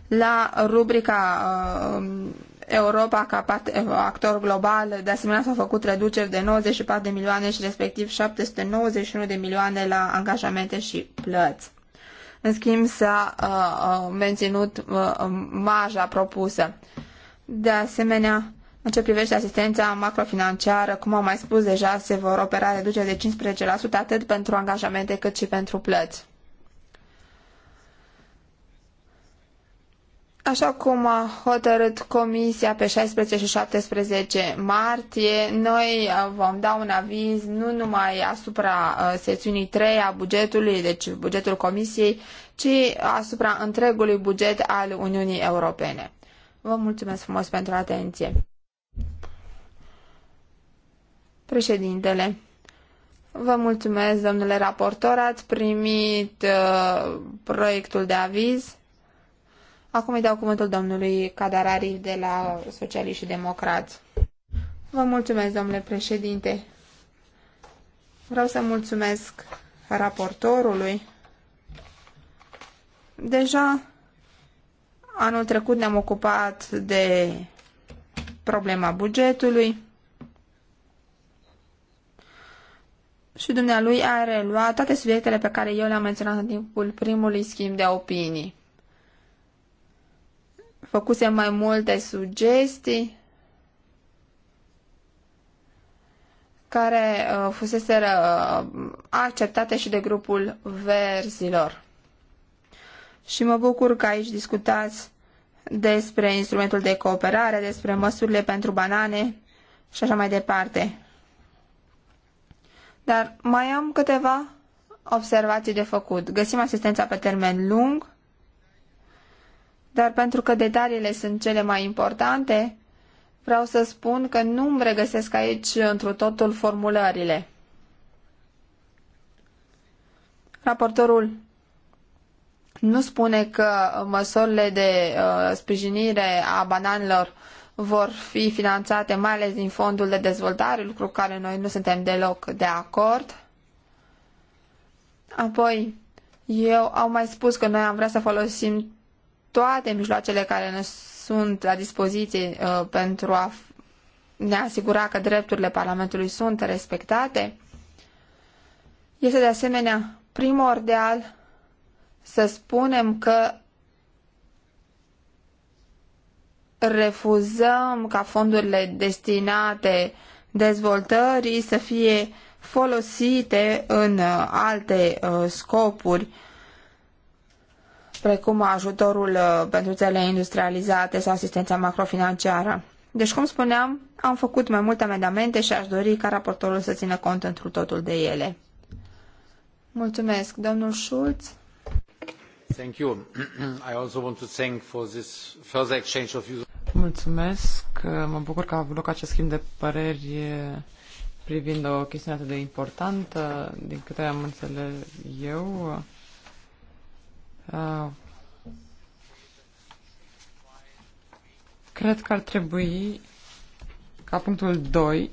la rubrica uh, Europa ca uh, actor global, de asemenea s-au făcut reduceri de 94 de milioane și respectiv 791 de milioane la angajamente și plăți. În schimb, s-a uh, uh menținut uh, marja propusă. De asemenea, în ce privește asistența macrofinanciară, cum am mai spus deja, se vor opera reduceri de 15% atât pentru angajamente cât și pentru plăți. Așa cum a hotărât Comisia pe 16 și 17 martie, noi uh, vom da un aviz nu numai asupra uh, secțiunii 3 a bugetului, deci bugetul Comisiei, ci asupra întregului buget al Uniunii Europene. Vă mulțumesc frumos pentru atenție. Președintele, vă mulțumesc, domnule raportor, ați primit uh, proiectul de aviz. Acum îi dau cuvântul domnului Cadarari de la Socialiști și Democrați. Vă mulțumesc, domnule președinte. Vreau să mulțumesc raportorului. Deja anul trecut ne-am ocupat de problema bugetului și dumnealui a reluat toate subiectele pe care eu le-am menționat în timpul primului schimb de opinii făcuse mai multe sugestii care uh, fusese uh, acceptate și de grupul verzilor. Și mă bucur că aici discutați despre instrumentul de cooperare, despre măsurile pentru banane și așa mai departe. Dar mai am câteva observații de făcut. Găsim asistența pe termen lung, dar pentru că detaliile sunt cele mai importante, vreau să spun că nu îmi regăsesc aici întru totul formulările. Raportorul nu spune că măsurile de uh, sprijinire a bananelor vor fi finanțate mai ales din fondul de dezvoltare, lucru cu care noi nu suntem deloc de acord. Apoi, eu am mai spus că noi am vrea să folosim toate mijloacele care ne sunt la dispoziție uh, pentru a ne asigura că drepturile Parlamentului sunt respectate, este de asemenea primordial să spunem că refuzăm ca fondurile destinate dezvoltării să fie folosite în uh, alte uh, scopuri precum ajutorul uh, pentru țările industrializate sau asistența macrofinanciară. Deci, cum spuneam, am făcut mai multe amendamente și aș dori ca raportorul să țină cont întru totul de ele. Mulțumesc, domnul Schulz. Thank you. *clears throat* I also want to thank for this further exchange of views. Mulțumesc. Mă bucur că a avut loc acest schimb de păreri privind o chestiune atât de importantă, din câte am înțeles eu. Uh, cred că ar trebui ca punctul 2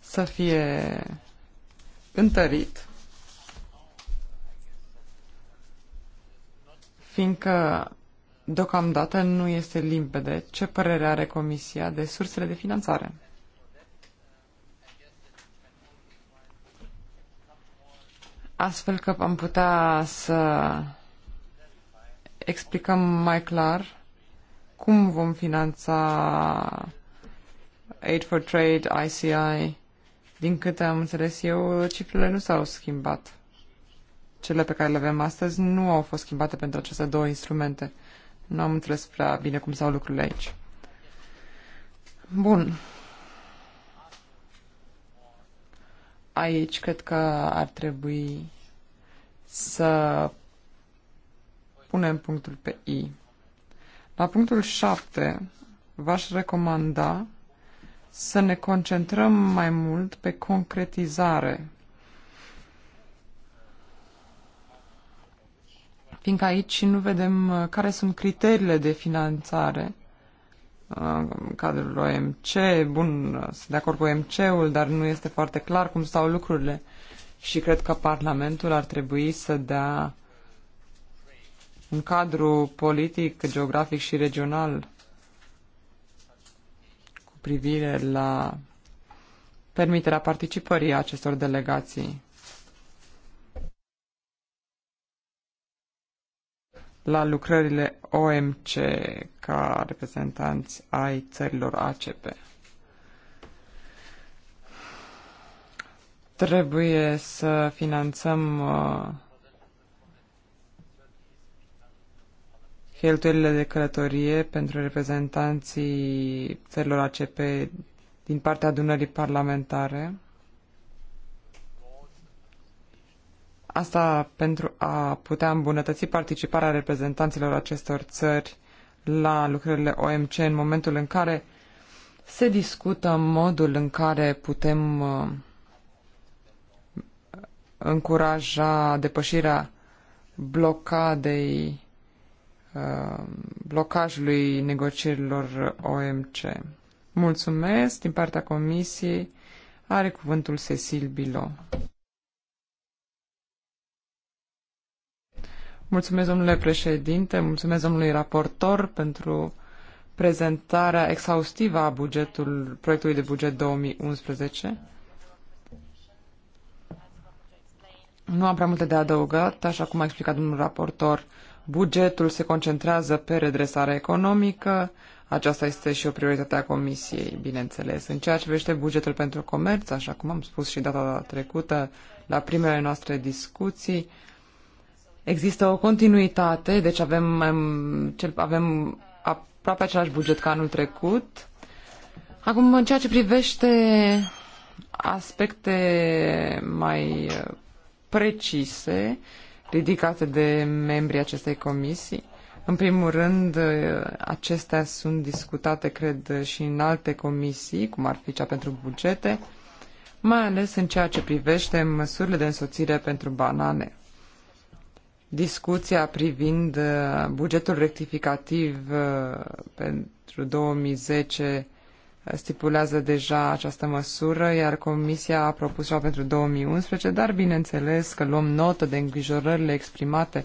să fie întărit, fiindcă deocamdată nu este limpede ce părere are Comisia de sursele de finanțare. astfel că am putea să explicăm mai clar cum vom finanța Aid for Trade, ICI. Din câte am înțeles eu, cifrele nu s-au schimbat. Cele pe care le avem astăzi nu au fost schimbate pentru aceste două instrumente. Nu am înțeles prea bine cum s-au lucrurile aici. Bun. Aici cred că ar trebui să punem punctul pe I. La punctul 7 v-aș recomanda să ne concentrăm mai mult pe concretizare. Fiindcă aici nu vedem care sunt criteriile de finanțare în uh, cadrul OMC. Bun, sunt de acord cu OMC-ul, dar nu este foarte clar cum stau lucrurile și cred că Parlamentul ar trebui să dea un cadru politic, geografic și regional cu privire la permiterea participării acestor delegații. la lucrările OMC ca reprezentanți ai țărilor ACP. Trebuie să finanțăm uh, cheltuielile de călătorie pentru reprezentanții țărilor ACP din partea adunării parlamentare. Asta pentru a putea îmbunătăți participarea reprezentanților acestor țări la lucrările OMC în momentul în care se discută modul în care putem uh, încuraja depășirea blocadei uh, blocajului negocierilor OMC. Mulțumesc din partea Comisiei. Are cuvântul Cecil Bilo. Mulțumesc, domnule președinte, mulțumesc domnului raportor pentru prezentarea exhaustivă a bugetul, proiectului de buget 2011. Nu am prea multe de adăugat, așa cum a explicat domnul raportor, bugetul se concentrează pe redresarea economică, aceasta este și o prioritate a Comisiei, bineînțeles. În ceea ce privește bugetul pentru comerț, așa cum am spus și data trecută la primele noastre discuții, Există o continuitate, deci avem, mai, cel, avem aproape același buget ca anul trecut. Acum, în ceea ce privește aspecte mai uh, precise ridicate de membrii acestei comisii, în primul rând, uh, acestea sunt discutate, cred, și în alte comisii, cum ar fi cea pentru bugete, mai ales în ceea ce privește măsurile de însoțire pentru banane discuția privind uh, bugetul rectificativ uh, pentru 2010 uh, stipulează deja această măsură, iar Comisia a propus-o pentru 2011, dar bineînțeles că luăm notă de îngrijorările exprimate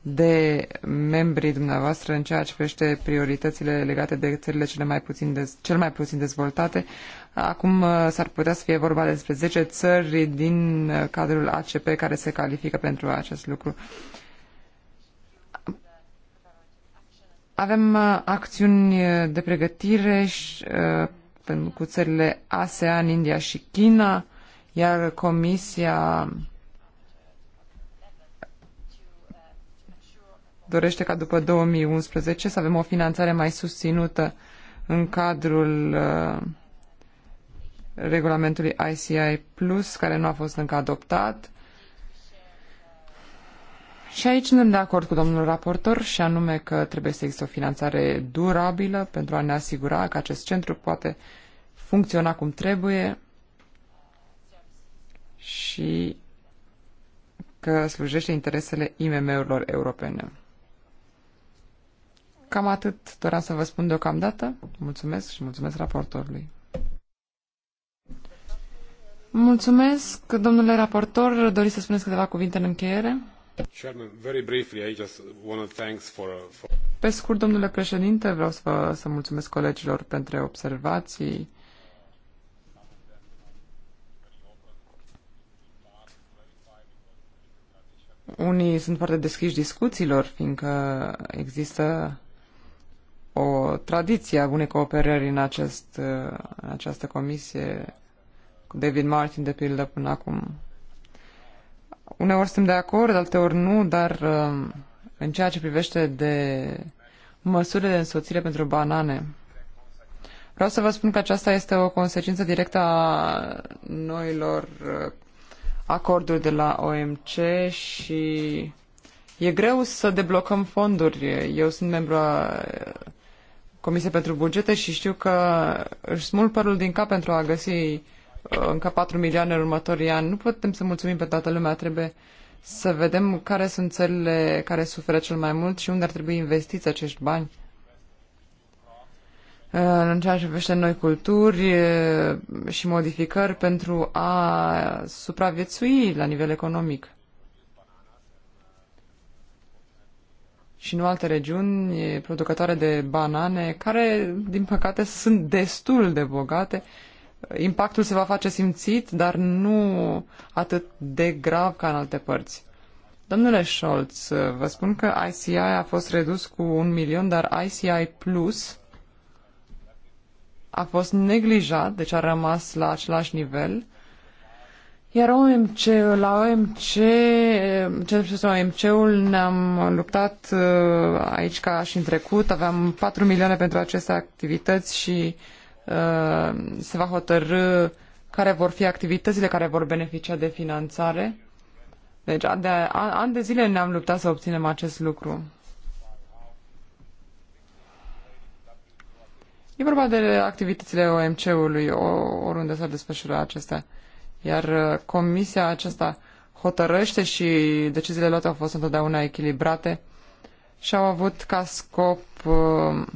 de membrii dumneavoastră în ceea ce privește prioritățile legate de țările cele mai puțin de, cel mai puțin dezvoltate. Acum s-ar putea să fie vorba despre 10 țări din cadrul ACP care se califică pentru acest lucru. Uh, Avem uh, acțiuni uh, de pregătire și, uh, cu țările ASEAN, India și China, iar Comisia dorește ca după 2011 să avem o finanțare mai susținută în cadrul regulamentului ICI Plus, care nu a fost încă adoptat. Și aici suntem de acord cu domnul raportor și anume că trebuie să există o finanțare durabilă pentru a ne asigura că acest centru poate funcționa cum trebuie și că slujește interesele IMM-urilor europene. Cam atât doream să vă spun deocamdată. Mulțumesc și mulțumesc raportorului. Mulțumesc, domnule raportor. Doriți să spuneți câteva cuvinte în încheiere? Pe scurt, domnule președinte, vreau să, vă, să mulțumesc colegilor pentru observații. Unii sunt foarte deschiși discuțiilor, fiindcă există o tradiție a bunei cooperări în, acest, în această comisie cu David Martin, de pildă, până acum. Uneori sunt de acord, alteori nu, dar uh, în ceea ce privește de măsurile de însoțire pentru banane, vreau să vă spun că aceasta este o consecință directă a noilor uh, acorduri de la OMC și e greu să deblocăm fonduri. Eu sunt membru a uh, Comisiei pentru Bugete și știu că își smul părul din cap pentru a găsi încă 4 milioane în următorii ani. Nu putem să mulțumim pe toată lumea, trebuie să vedem care sunt țările care suferă cel mai mult și unde ar trebui investiți acești bani. În ceea ce privește noi culturi și modificări pentru a supraviețui la nivel economic. și în alte regiuni producătoare de banane, care, din păcate, sunt destul de bogate impactul se va face simțit, dar nu atât de grav ca în alte părți. Domnule Scholz, vă spun că ICI a fost redus cu un milion, dar ICI Plus a fost neglijat, deci a rămas la același nivel. Iar OMC, la OMC, ce OMC-ul ne-am luptat uh, aici ca și în trecut, aveam 4 milioane pentru aceste activități și se va hotărâ care vor fi activitățile care vor beneficia de finanțare. Deci, de ani de zile ne-am luptat să obținem acest lucru. E vorba de activitățile OMC-ului, oriunde s-ar desfășura acestea. Iar uh, comisia aceasta hotărăște și deciziile luate au fost întotdeauna echilibrate și au avut ca scop uh,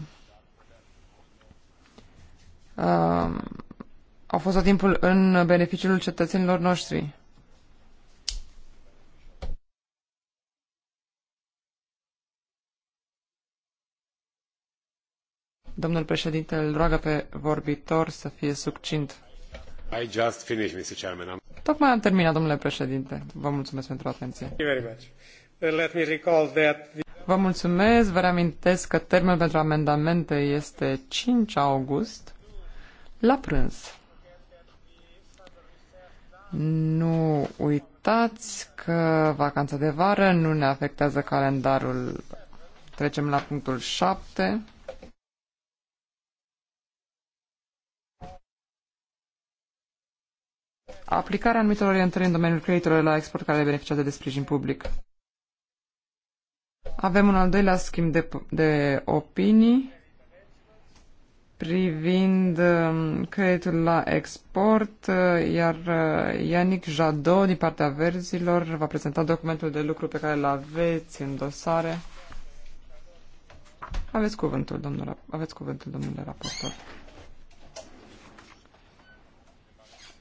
uh, au fost tot timpul în beneficiul cetățenilor noștri. Domnul președinte îl roagă pe vorbitor să fie succint. I just finished, Mr. Chairman. Tocmai am terminat, domnule președinte. Vă mulțumesc pentru atenție. Vă mulțumesc, vă reamintesc că termenul pentru amendamente este 5 august la prânz. Nu uitați că vacanța de vară nu ne afectează calendarul. Trecem la punctul 7. Aplicarea anumitor orientări în domeniul creditelor la export care beneficiază de sprijin public. Avem un al doilea schimb de, de opinii privind um, creditul la export, uh, iar uh, Yannick Jadot din partea verzilor va prezenta documentul de lucru pe care îl aveți în dosare. Aveți cuvântul, domnule, aveți cuvântul, domnule raportor.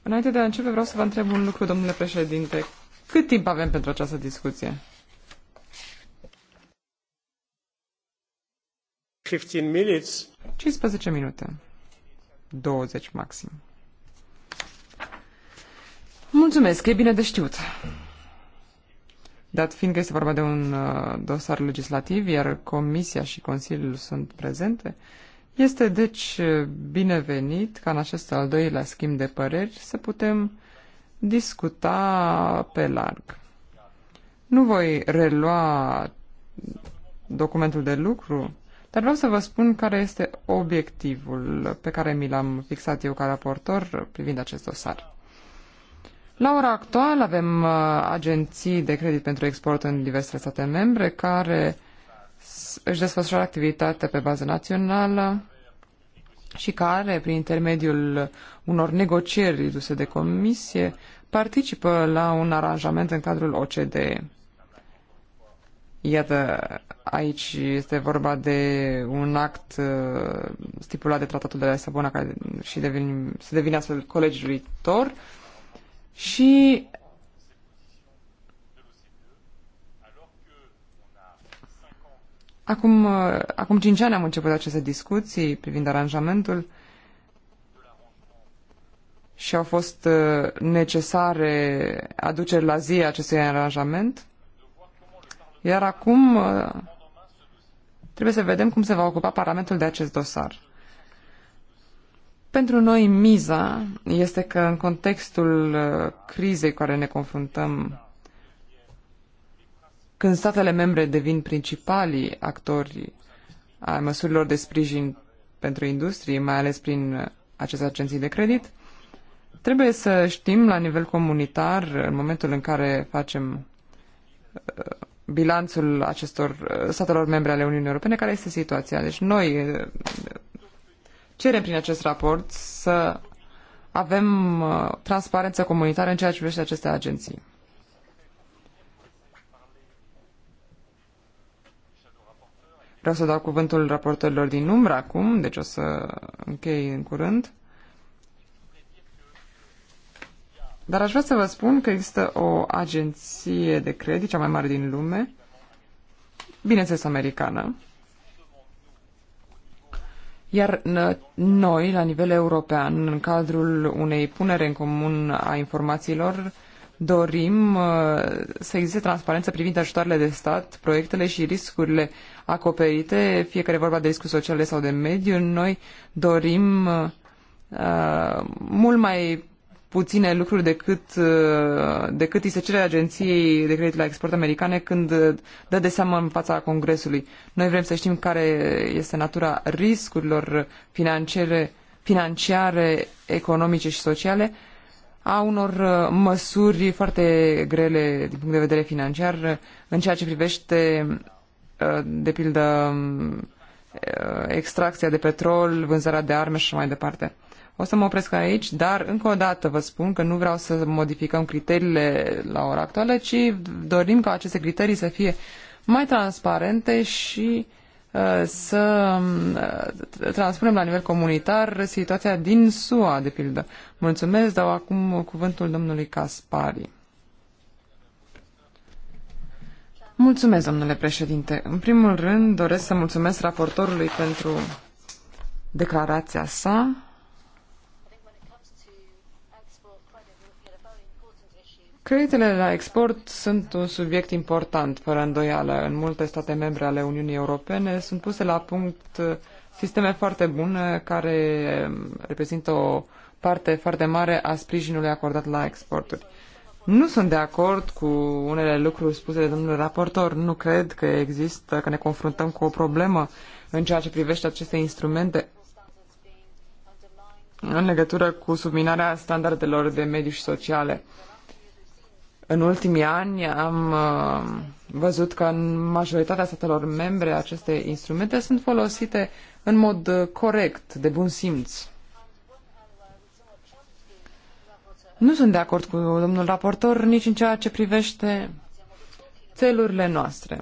Înainte de a începe, vreau să vă întreb un lucru, domnule președinte. Cât timp avem pentru această discuție? 15 minute. 20 maxim. Mulțumesc, e bine de știut. Dat că este vorba de un uh, dosar legislativ, iar Comisia și Consiliul sunt prezente, este deci binevenit ca în acest al doilea schimb de păreri să putem discuta pe larg. Nu voi relua documentul de lucru, dar vreau să vă spun care este obiectivul pe care mi l-am fixat eu ca raportor privind acest dosar. La ora actuală avem uh, agenții de credit pentru export în diverse state membre care își desfășoară activitatea pe bază națională și care, prin intermediul unor negocieri duse de comisie, participă la un aranjament în cadrul OCDE. Iată, aici este vorba de un act uh, stipulat de tratatul de la Lisabona care și devin, se devine astfel colegiuitor și Acum, uh, acum cinci ani am început aceste discuții privind aranjamentul și au fost uh, necesare aduceri la zi acestui aranjament. Iar acum uh, trebuie să vedem cum se va ocupa Parlamentul de acest dosar. Pentru noi, miza este că în contextul uh, crizei cu care ne confruntăm, când statele membre devin principalii actori ai măsurilor de sprijin pentru industrie, mai ales prin uh, aceste agenții de credit, trebuie să știm la nivel comunitar, în momentul în care facem bilanțul acestor uh, statelor membre ale Uniunii Europene, care este situația. Deci noi uh, cerem prin acest raport să avem uh, transparență comunitară în ceea ce privește aceste agenții. Vreau să dau cuvântul raportorilor din umbră acum, deci o să închei în curând. Dar aș vrea să vă spun că există o agenție de credit, cea mai mare din lume, bineînțeles americană, iar noi, la nivel european, în cadrul unei punere în comun a informațiilor, dorim uh, să existe transparență privind ajutoarele de stat, proiectele și riscurile acoperite, fie că e vorba de riscuri sociale sau de mediu. Noi dorim uh, mult mai puține lucruri decât, uh, decât îi se cere agenției de credit la export americane când uh, dă de seamă în fața Congresului. Noi vrem să știm care este natura riscurilor financiare, financiare economice și sociale a unor uh, măsuri foarte grele din punct de vedere financiar în ceea ce privește, de pildă, extracția de petrol, vânzarea de arme și așa mai departe. O să mă opresc aici, dar încă o dată vă spun că nu vreau să modificăm criteriile la ora actuală, ci dorim ca aceste criterii să fie mai transparente și uh, să uh, transpunem la nivel comunitar situația din SUA, de pildă. Mulțumesc, dau acum cuvântul domnului Caspari. Mulțumesc, domnule președinte. În primul rând, doresc să mulțumesc raportorului pentru declarația sa Creditele la export sunt un subiect important, fără îndoială. În multe state membre ale Uniunii Europene sunt puse la punct uh, sisteme foarte bune care um, reprezintă o parte foarte mare a sprijinului acordat la exporturi. Nu sunt de acord cu unele lucruri spuse de domnul raportor. Nu cred că există, că ne confruntăm cu o problemă în ceea ce privește aceste instrumente în legătură cu subminarea standardelor de mediu și sociale. În ultimii ani am uh, văzut că în majoritatea statelor membre aceste instrumente sunt folosite în mod uh, corect, de bun simț. Nu sunt de acord cu domnul raportor nici în ceea ce privește țelurile noastre.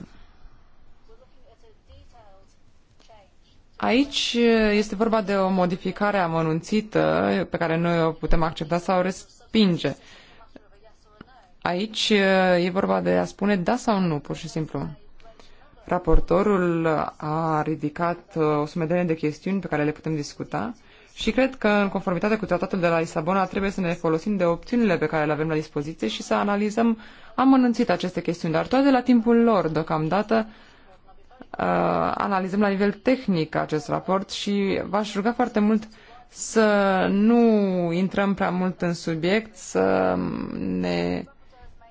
Aici uh, este vorba de o modificare amănunțită pe care noi o putem accepta sau respinge. Aici uh, e vorba de a spune da sau nu, pur și simplu. Raportorul a ridicat uh, o sumedenie de chestiuni pe care le putem discuta și cred că, în conformitate cu tratatul de la Lisabona, trebuie să ne folosim de opțiunile pe care le avem la dispoziție și să analizăm amănânțit aceste chestiuni, dar toate la timpul lor, deocamdată, uh, analizăm la nivel tehnic acest raport și v-aș ruga foarte mult să nu intrăm prea mult în subiect, să ne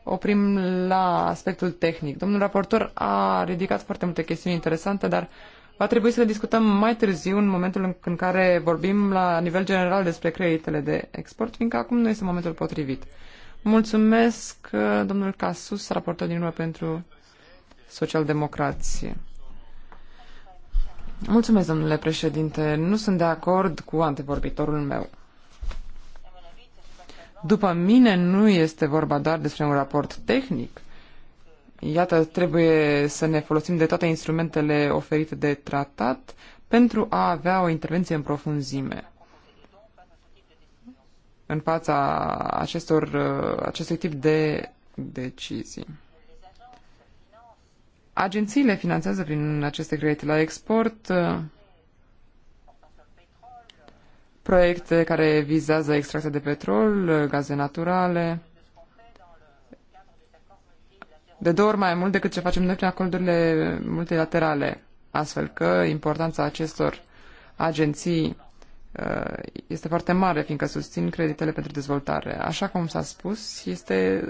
oprim la aspectul tehnic. Domnul raportor a ridicat foarte multe chestiuni interesante, dar va trebui să le discutăm mai târziu, în momentul în care vorbim la nivel general despre creditele de export, fiindcă acum nu este momentul potrivit. Mulțumesc, domnul Casus, raportor din urmă pentru socialdemocrație. Mulțumesc, domnule președinte. Nu sunt de acord cu antevorbitorul meu. După mine, nu este vorba doar despre un raport tehnic. Iată, trebuie să ne folosim de toate instrumentele oferite de tratat pentru a avea o intervenție în profunzime în fața acestor, acestui tip de decizii. Agențiile finanțează prin aceste credite la export proiecte care vizează extracția de petrol, gaze naturale, de două ori mai mult decât ce facem noi prin acordurile multilaterale. Astfel că importanța acestor agenții uh, este foarte mare, fiindcă susțin creditele pentru dezvoltare. Așa cum s-a spus, este...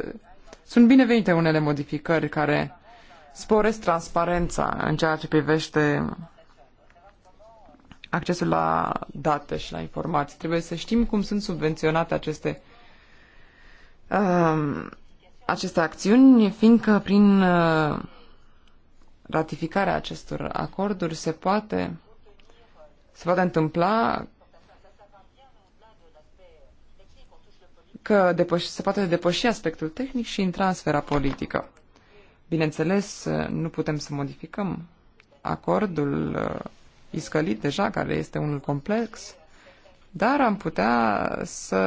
sunt binevenite unele modificări care sporesc transparența în ceea ce privește accesul la date și la informații. Trebuie să știm cum sunt subvenționate aceste, uh, aceste acțiuni, fiindcă prin uh, ratificarea acestor acorduri se poate, se poate întâmpla că se poate depăși aspectul tehnic și intra în sfera politică. Bineînțeles, nu putem să modificăm acordul uh, iscălit deja, care este unul complex, dar am putea să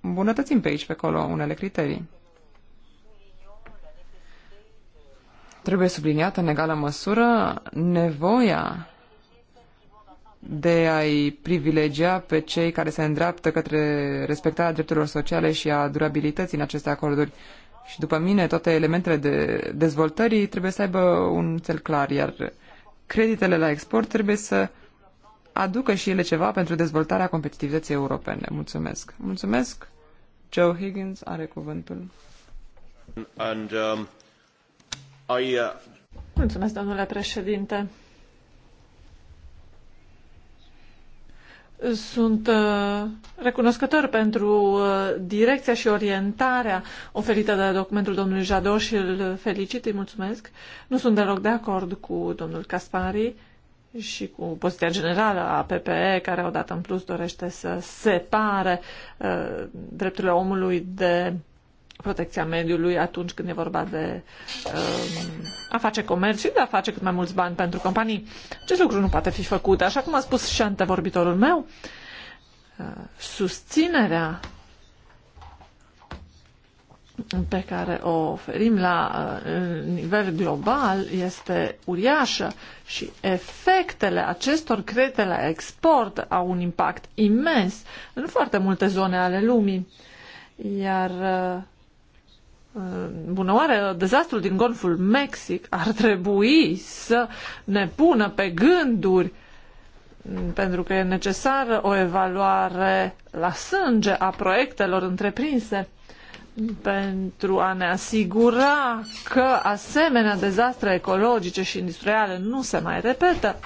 îmbunătățim pe aici, pe acolo, unele criterii. Trebuie subliniată în egală măsură nevoia de a-i privilegia pe cei care se îndreaptă către respectarea drepturilor sociale și a durabilității în aceste acorduri. Și după mine, toate elementele de dezvoltării trebuie să aibă un cel clar, iar creditele la export trebuie să aducă și ele ceva pentru dezvoltarea competitivității europene. Mulțumesc. Mulțumesc. Joe Higgins are cuvântul. And, um, I, uh... Mulțumesc, domnule președinte. Sunt uh, recunoscător pentru uh, direcția și orientarea oferită de documentul domnului Jado și îl felicit, îi mulțumesc. Nu sunt deloc de acord cu domnul Caspari și cu poziția generală a PPE, care odată în plus dorește să separe uh, drepturile omului de protecția mediului atunci când e vorba de uh, a face comerț și de a face cât mai mulți bani pentru companii. Acest lucru nu poate fi făcut. Așa cum a spus și antevorbitorul meu, uh, susținerea pe care o oferim la uh, nivel global este uriașă și efectele acestor credite la export au un impact imens în foarte multe zone ale lumii. Iar uh, Uh, bună oare, dezastrul din Golful Mexic ar trebui să ne pună pe gânduri mm, pentru că e necesară o evaluare la sânge a proiectelor întreprinse pentru a ne asigura că asemenea dezastre ecologice și industriale nu se mai repetă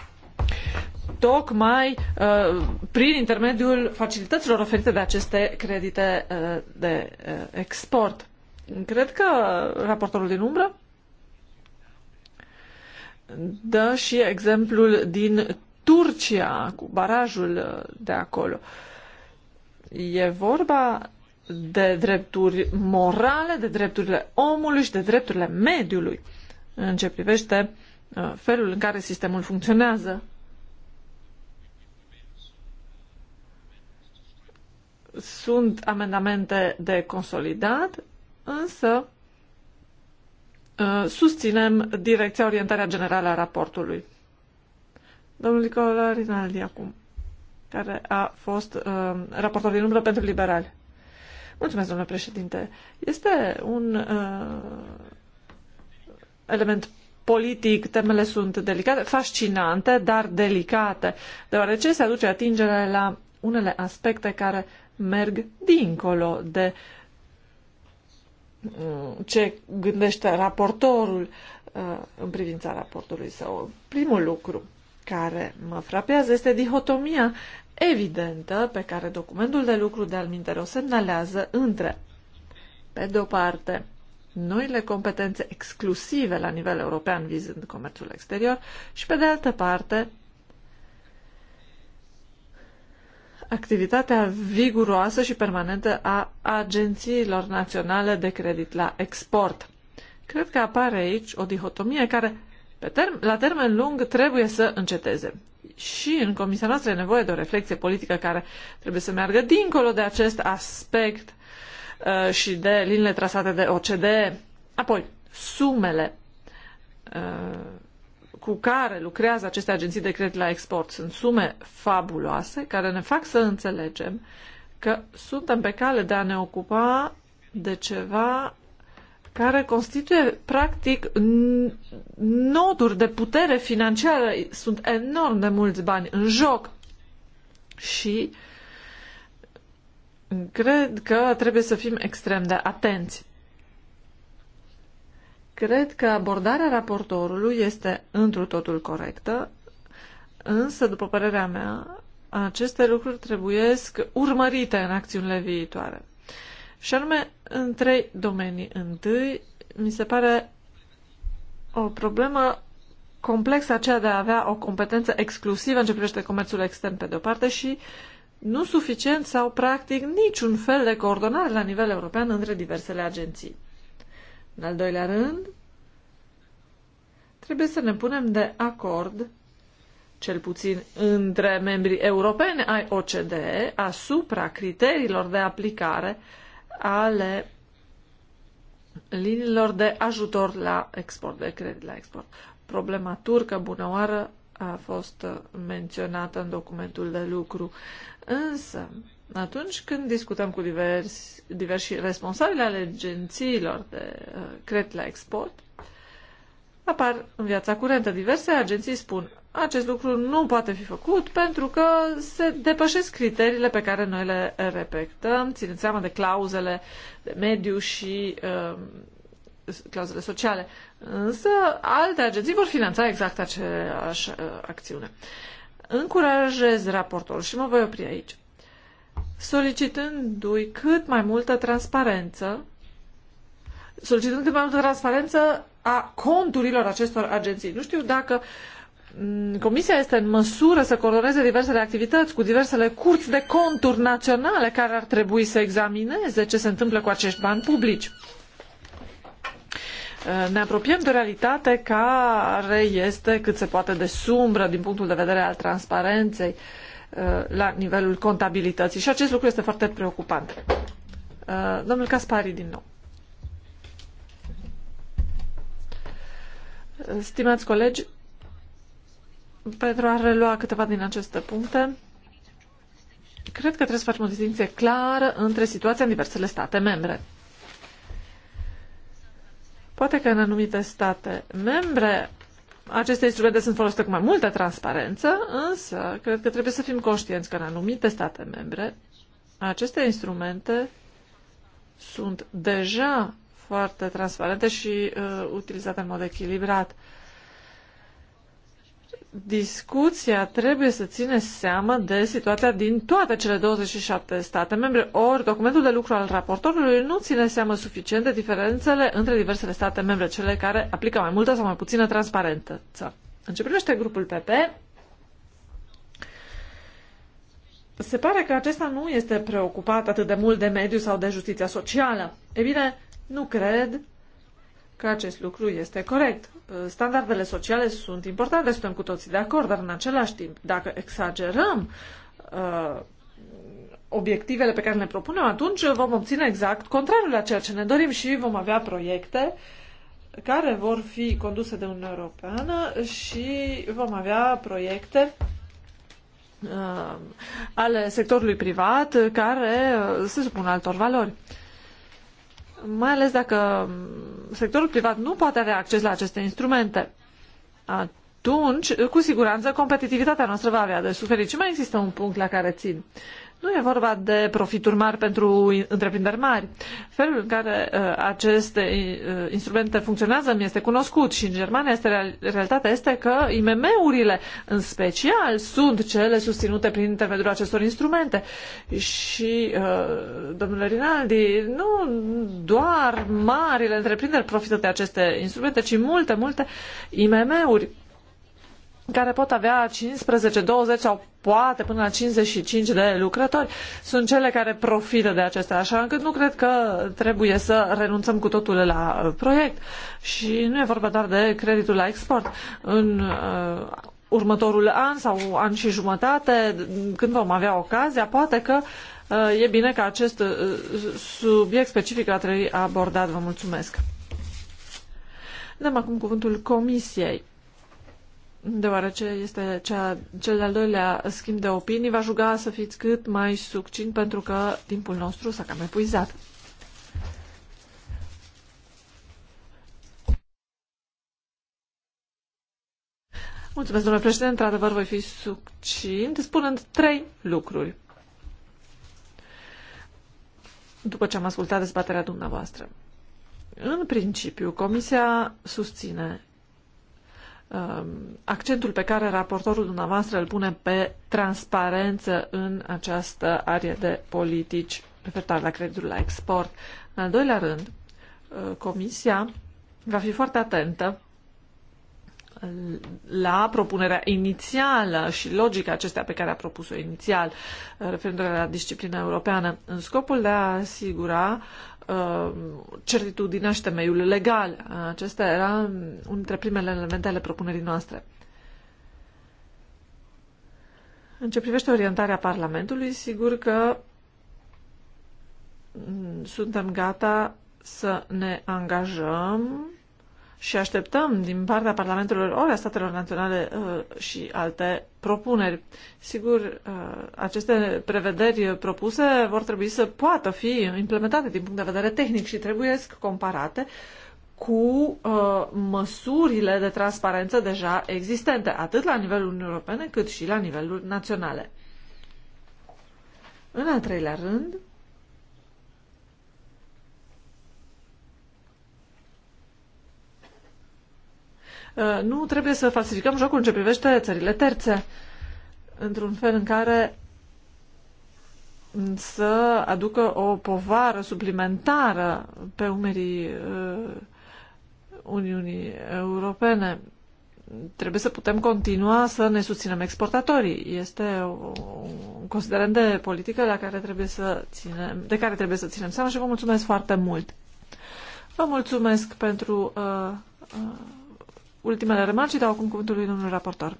tocmai uh, prin intermediul facilităților oferite de aceste credite uh, de uh, export. Cred că raportorul din umbră dă și exemplul din Turcia cu barajul uh, de acolo. E vorba de drepturi morale, de drepturile omului și de drepturile mediului în ce privește uh, felul în care sistemul funcționează. Sunt amendamente de consolidat însă uh, susținem direcția orientarea generală a raportului. Domnul Nicola Rinaldi acum, care a fost uh, raportor din umbră pentru liberali. Mulțumesc, domnule președinte. Este un uh, element politic, temele sunt delicate, fascinante, dar delicate, deoarece se aduce atingere la unele aspecte care merg dincolo de uh, ce gândește raportorul uh, în privința raportului său. Primul lucru care mă frapează este dihotomia evidentă pe care documentul de lucru de almintere o semnalează între, pe de o parte, noile competențe exclusive la nivel european vizând comerțul exterior și, pe de altă parte, activitatea viguroasă și permanentă a agențiilor naționale de credit la export. Cred că apare aici o dihotomie care, pe term- la termen lung, trebuie să înceteze. Și în comisia noastră e nevoie de o reflexie politică care trebuie să meargă dincolo de acest aspect uh, și de liniile trasate de OCDE. Apoi, sumele. Uh, cu care lucrează aceste agenții de credit la export sunt sume fabuloase care ne fac să înțelegem că suntem pe cale de a ne ocupa de ceva care constituie practic noduri de putere financiară. Sunt enorm de mulți bani în joc și cred că trebuie să fim extrem de atenți. Cred că abordarea raportorului este întru totul corectă, însă, după părerea mea, aceste lucruri trebuiesc urmărite în acțiunile viitoare. Și anume, în trei domenii. Întâi, mi se pare o problemă complexă aceea de a avea o competență exclusivă în ce privește comerțul extern pe de-o parte și nu suficient sau practic niciun fel de coordonare la nivel european între diversele agenții. În al doilea rând, trebuie să ne punem de acord, cel puțin între membrii europeni ai OCDE, asupra criteriilor de aplicare ale liniilor de ajutor la export, de credit la export. Problema turcă, bună oară, a fost menționată în documentul de lucru. Însă, atunci când discutăm cu diversi, diversi responsabili ale agențiilor de uh, credit la export, apar în viața curentă. Diverse agenții spun acest lucru nu poate fi făcut pentru că se depășesc criteriile pe care noi le respectăm, ținând seama de clauzele de mediu și uh, clauzele sociale. Însă alte agenții vor finanța exact aceeași ă, acțiune. Încurajez raportorul și mă voi opri aici, solicitându-i cât mai multă transparență, solicitând cât mai multă transparență a conturilor acestor agenții. Nu știu dacă Comisia este în măsură să coordoneze diversele activități cu diversele curți de conturi naționale care ar trebui să examineze ce se întâmplă cu acești bani publici ne apropiem de o realitate care este cât se poate de sumbră din punctul de vedere al transparenței uh, la nivelul contabilității și acest lucru este foarte preocupant. Uh, domnul Caspari, din nou. Stimați colegi, pentru a relua câteva din aceste puncte, cred că trebuie să facem o distinție clară între situația în diversele state membre. Poate că în anumite state membre aceste instrumente sunt folosite cu mai multă transparență, însă cred că trebuie să fim conștienți că în anumite state membre aceste instrumente sunt deja foarte transparente și uh, utilizate în mod echilibrat. Uh, discuția trebuie să ține seama de situația din toate cele 27 state membre, ori documentul de lucru al raportorului nu ține seama suficient de diferențele între diversele state membre, cele care aplică mai multă sau mai puțină transparență. În ce privește grupul PP, se pare că acesta nu este preocupat atât de mult de mediu sau de justiția socială. E bine, nu cred că acest lucru este corect. Standardele sociale sunt importante, suntem cu toții de acord, dar în același timp, dacă exagerăm uh, obiectivele pe care le propunem, atunci vom obține exact contrariul la ceea ce ne dorim și vom avea proiecte care vor fi conduse de Uniunea Europeană și vom avea proiecte uh, ale sectorului privat care uh, se supun altor valori. Uh, mai ales dacă sectorul privat nu poate avea acces la aceste instrumente. Atunci, cu siguranță, competitivitatea noastră va avea de suferit și mai există un punct la care țin. Uh, nu e vorba de profituri mari pentru întreprinderi mari. Felul în care uh, aceste uh, instrumente funcționează mi este cunoscut și în Germania este real, realitatea este că IMM-urile în special sunt cele susținute prin intermediul acestor instrumente. Și, uh, domnule Rinaldi, nu doar marile întreprinderi profită de aceste instrumente, ci multe, multe IMM-uri care pot avea 15, 20 sau poate până la 55 de lucrători, sunt cele care profită de acestea, așa încât nu cred că trebuie să renunțăm cu totul la uh, proiect. Și nu e vorba doar de creditul la export. În uh, următorul an sau an și jumătate, când vom avea ocazia, poate că uh, e bine că acest uh, subiect specific a trebui abordat. Vă mulțumesc. Dăm acum cuvântul Comisiei deoarece este cea, cel de-al doilea schimb de opinii, va juga să fiți cât mai succint pentru că timpul nostru s-a cam epuizat. Mulțumesc, domnule președinte. Într-adevăr, voi fi succint, spunând trei lucruri. După ce am ascultat dezbaterea dumneavoastră. În principiu, Comisia susține Um, accentul pe care raportorul dumneavoastră îl pune pe transparență în această arie de politici referitoare la creditul la export. În al doilea rând, uh, Comisia va fi foarte atentă la propunerea inițială și logica acestea pe care a propus-o inițial, uh, referindu-se la disciplina europeană, în scopul de a asigura Uh, certitudinea și temeiul legal. Acesta era unul dintre primele elemente ale propunerii noastre. În ce privește orientarea Parlamentului, sigur că mm, suntem gata să ne angajăm și așteptăm din partea Parlamentului ori a statelor naționale uh, și alte propuneri. Sigur, uh, aceste prevederi propuse vor trebui să poată fi implementate din punct de vedere tehnic și trebuie comparate cu uh, măsurile de transparență deja existente, atât la nivelul Uniunii Europene cât și la nivelul naționale. În al treilea rând, Uh, nu trebuie să falsificăm jocul în ce privește țările terțe, într-un fel în care să aducă o povară suplimentară pe umerii uh, Uniunii Europene. Trebuie să putem continua să ne susținem exportatorii. Este un considerent de politică la care trebuie să ținem, de care trebuie să ținem seama și vă mulțumesc foarte mult. Vă mulțumesc pentru uh, uh, ultimele remarci, dau acum cuvântul lui domnul raportor.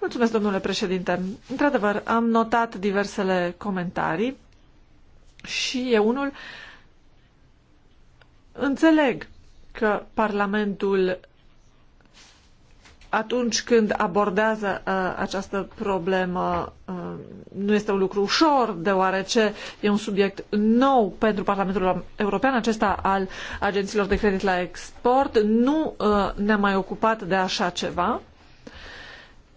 Mulțumesc, domnule președinte. Într-adevăr, am notat diversele comentarii și e unul înțeleg că Parlamentul atunci când abordează uh, această problemă uh, nu este un lucru ușor, deoarece e un subiect nou pentru Parlamentul European, acesta al agențiilor de credit la export. Nu uh, ne a mai ocupat de așa ceva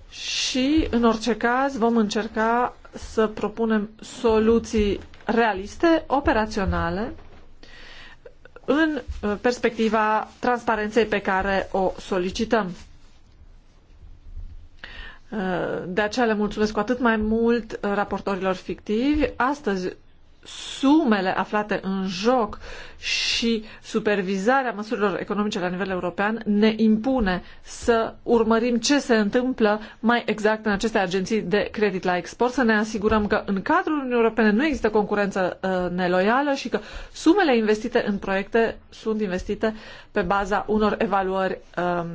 și, în orice caz, vom încerca să propunem soluții realiste, operaționale, în uh, perspectiva transparenței pe care o solicităm. De aceea le mulțumesc cu atât mai mult uh, raportorilor fictivi. Astăzi sumele aflate în joc și supervizarea măsurilor economice la nivel european ne impune să urmărim ce se întâmplă mai exact în aceste agenții de credit la export, să ne asigurăm că în cadrul Uniunii Europene nu există concurență uh, neloială și că sumele investite în proiecte sunt investite pe baza unor evaluări um,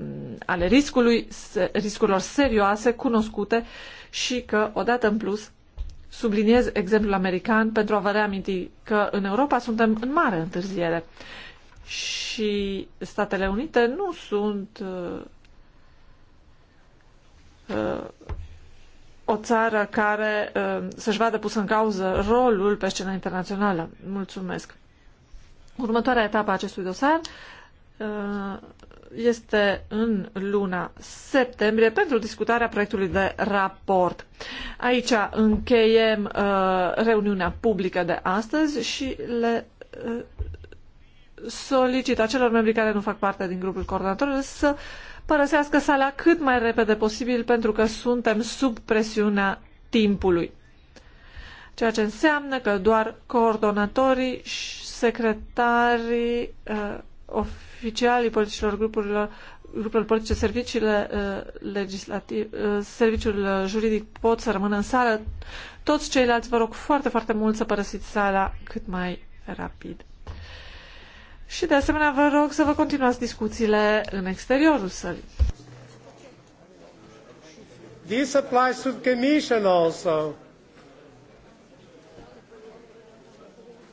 ale riscului, riscurilor serioase, cunoscute și că, odată în plus, Subliniez exemplul american pentru a vă reaminti că în Europa suntem în mare întârziere și Statele Unite nu sunt uh, uh, o țară care uh, să-și vadă pus în cauză rolul pe scena internațională. Mulțumesc. Următoarea etapă a acestui dosar uh, este în luna septembrie pentru discutarea proiectului de raport. Aici încheiem uh, reuniunea publică de astăzi și le uh, solicit acelor membri care nu fac parte din grupul coordonatorilor să părăsească sala cât mai repede posibil pentru că suntem sub presiunea timpului. Ceea ce înseamnă că doar coordonatorii și secretarii uh, oficialii politicilor grupurilor grupurilor politice, serviciile uh, legislative, uh, serviciul uh, juridic pot să rămână în sală. Toți ceilalți vă rog foarte, foarte mult să părăsiți sala cât mai rapid. Și de asemenea vă rog să vă continuați discuțiile în exteriorul sălii. This applies to the commission also.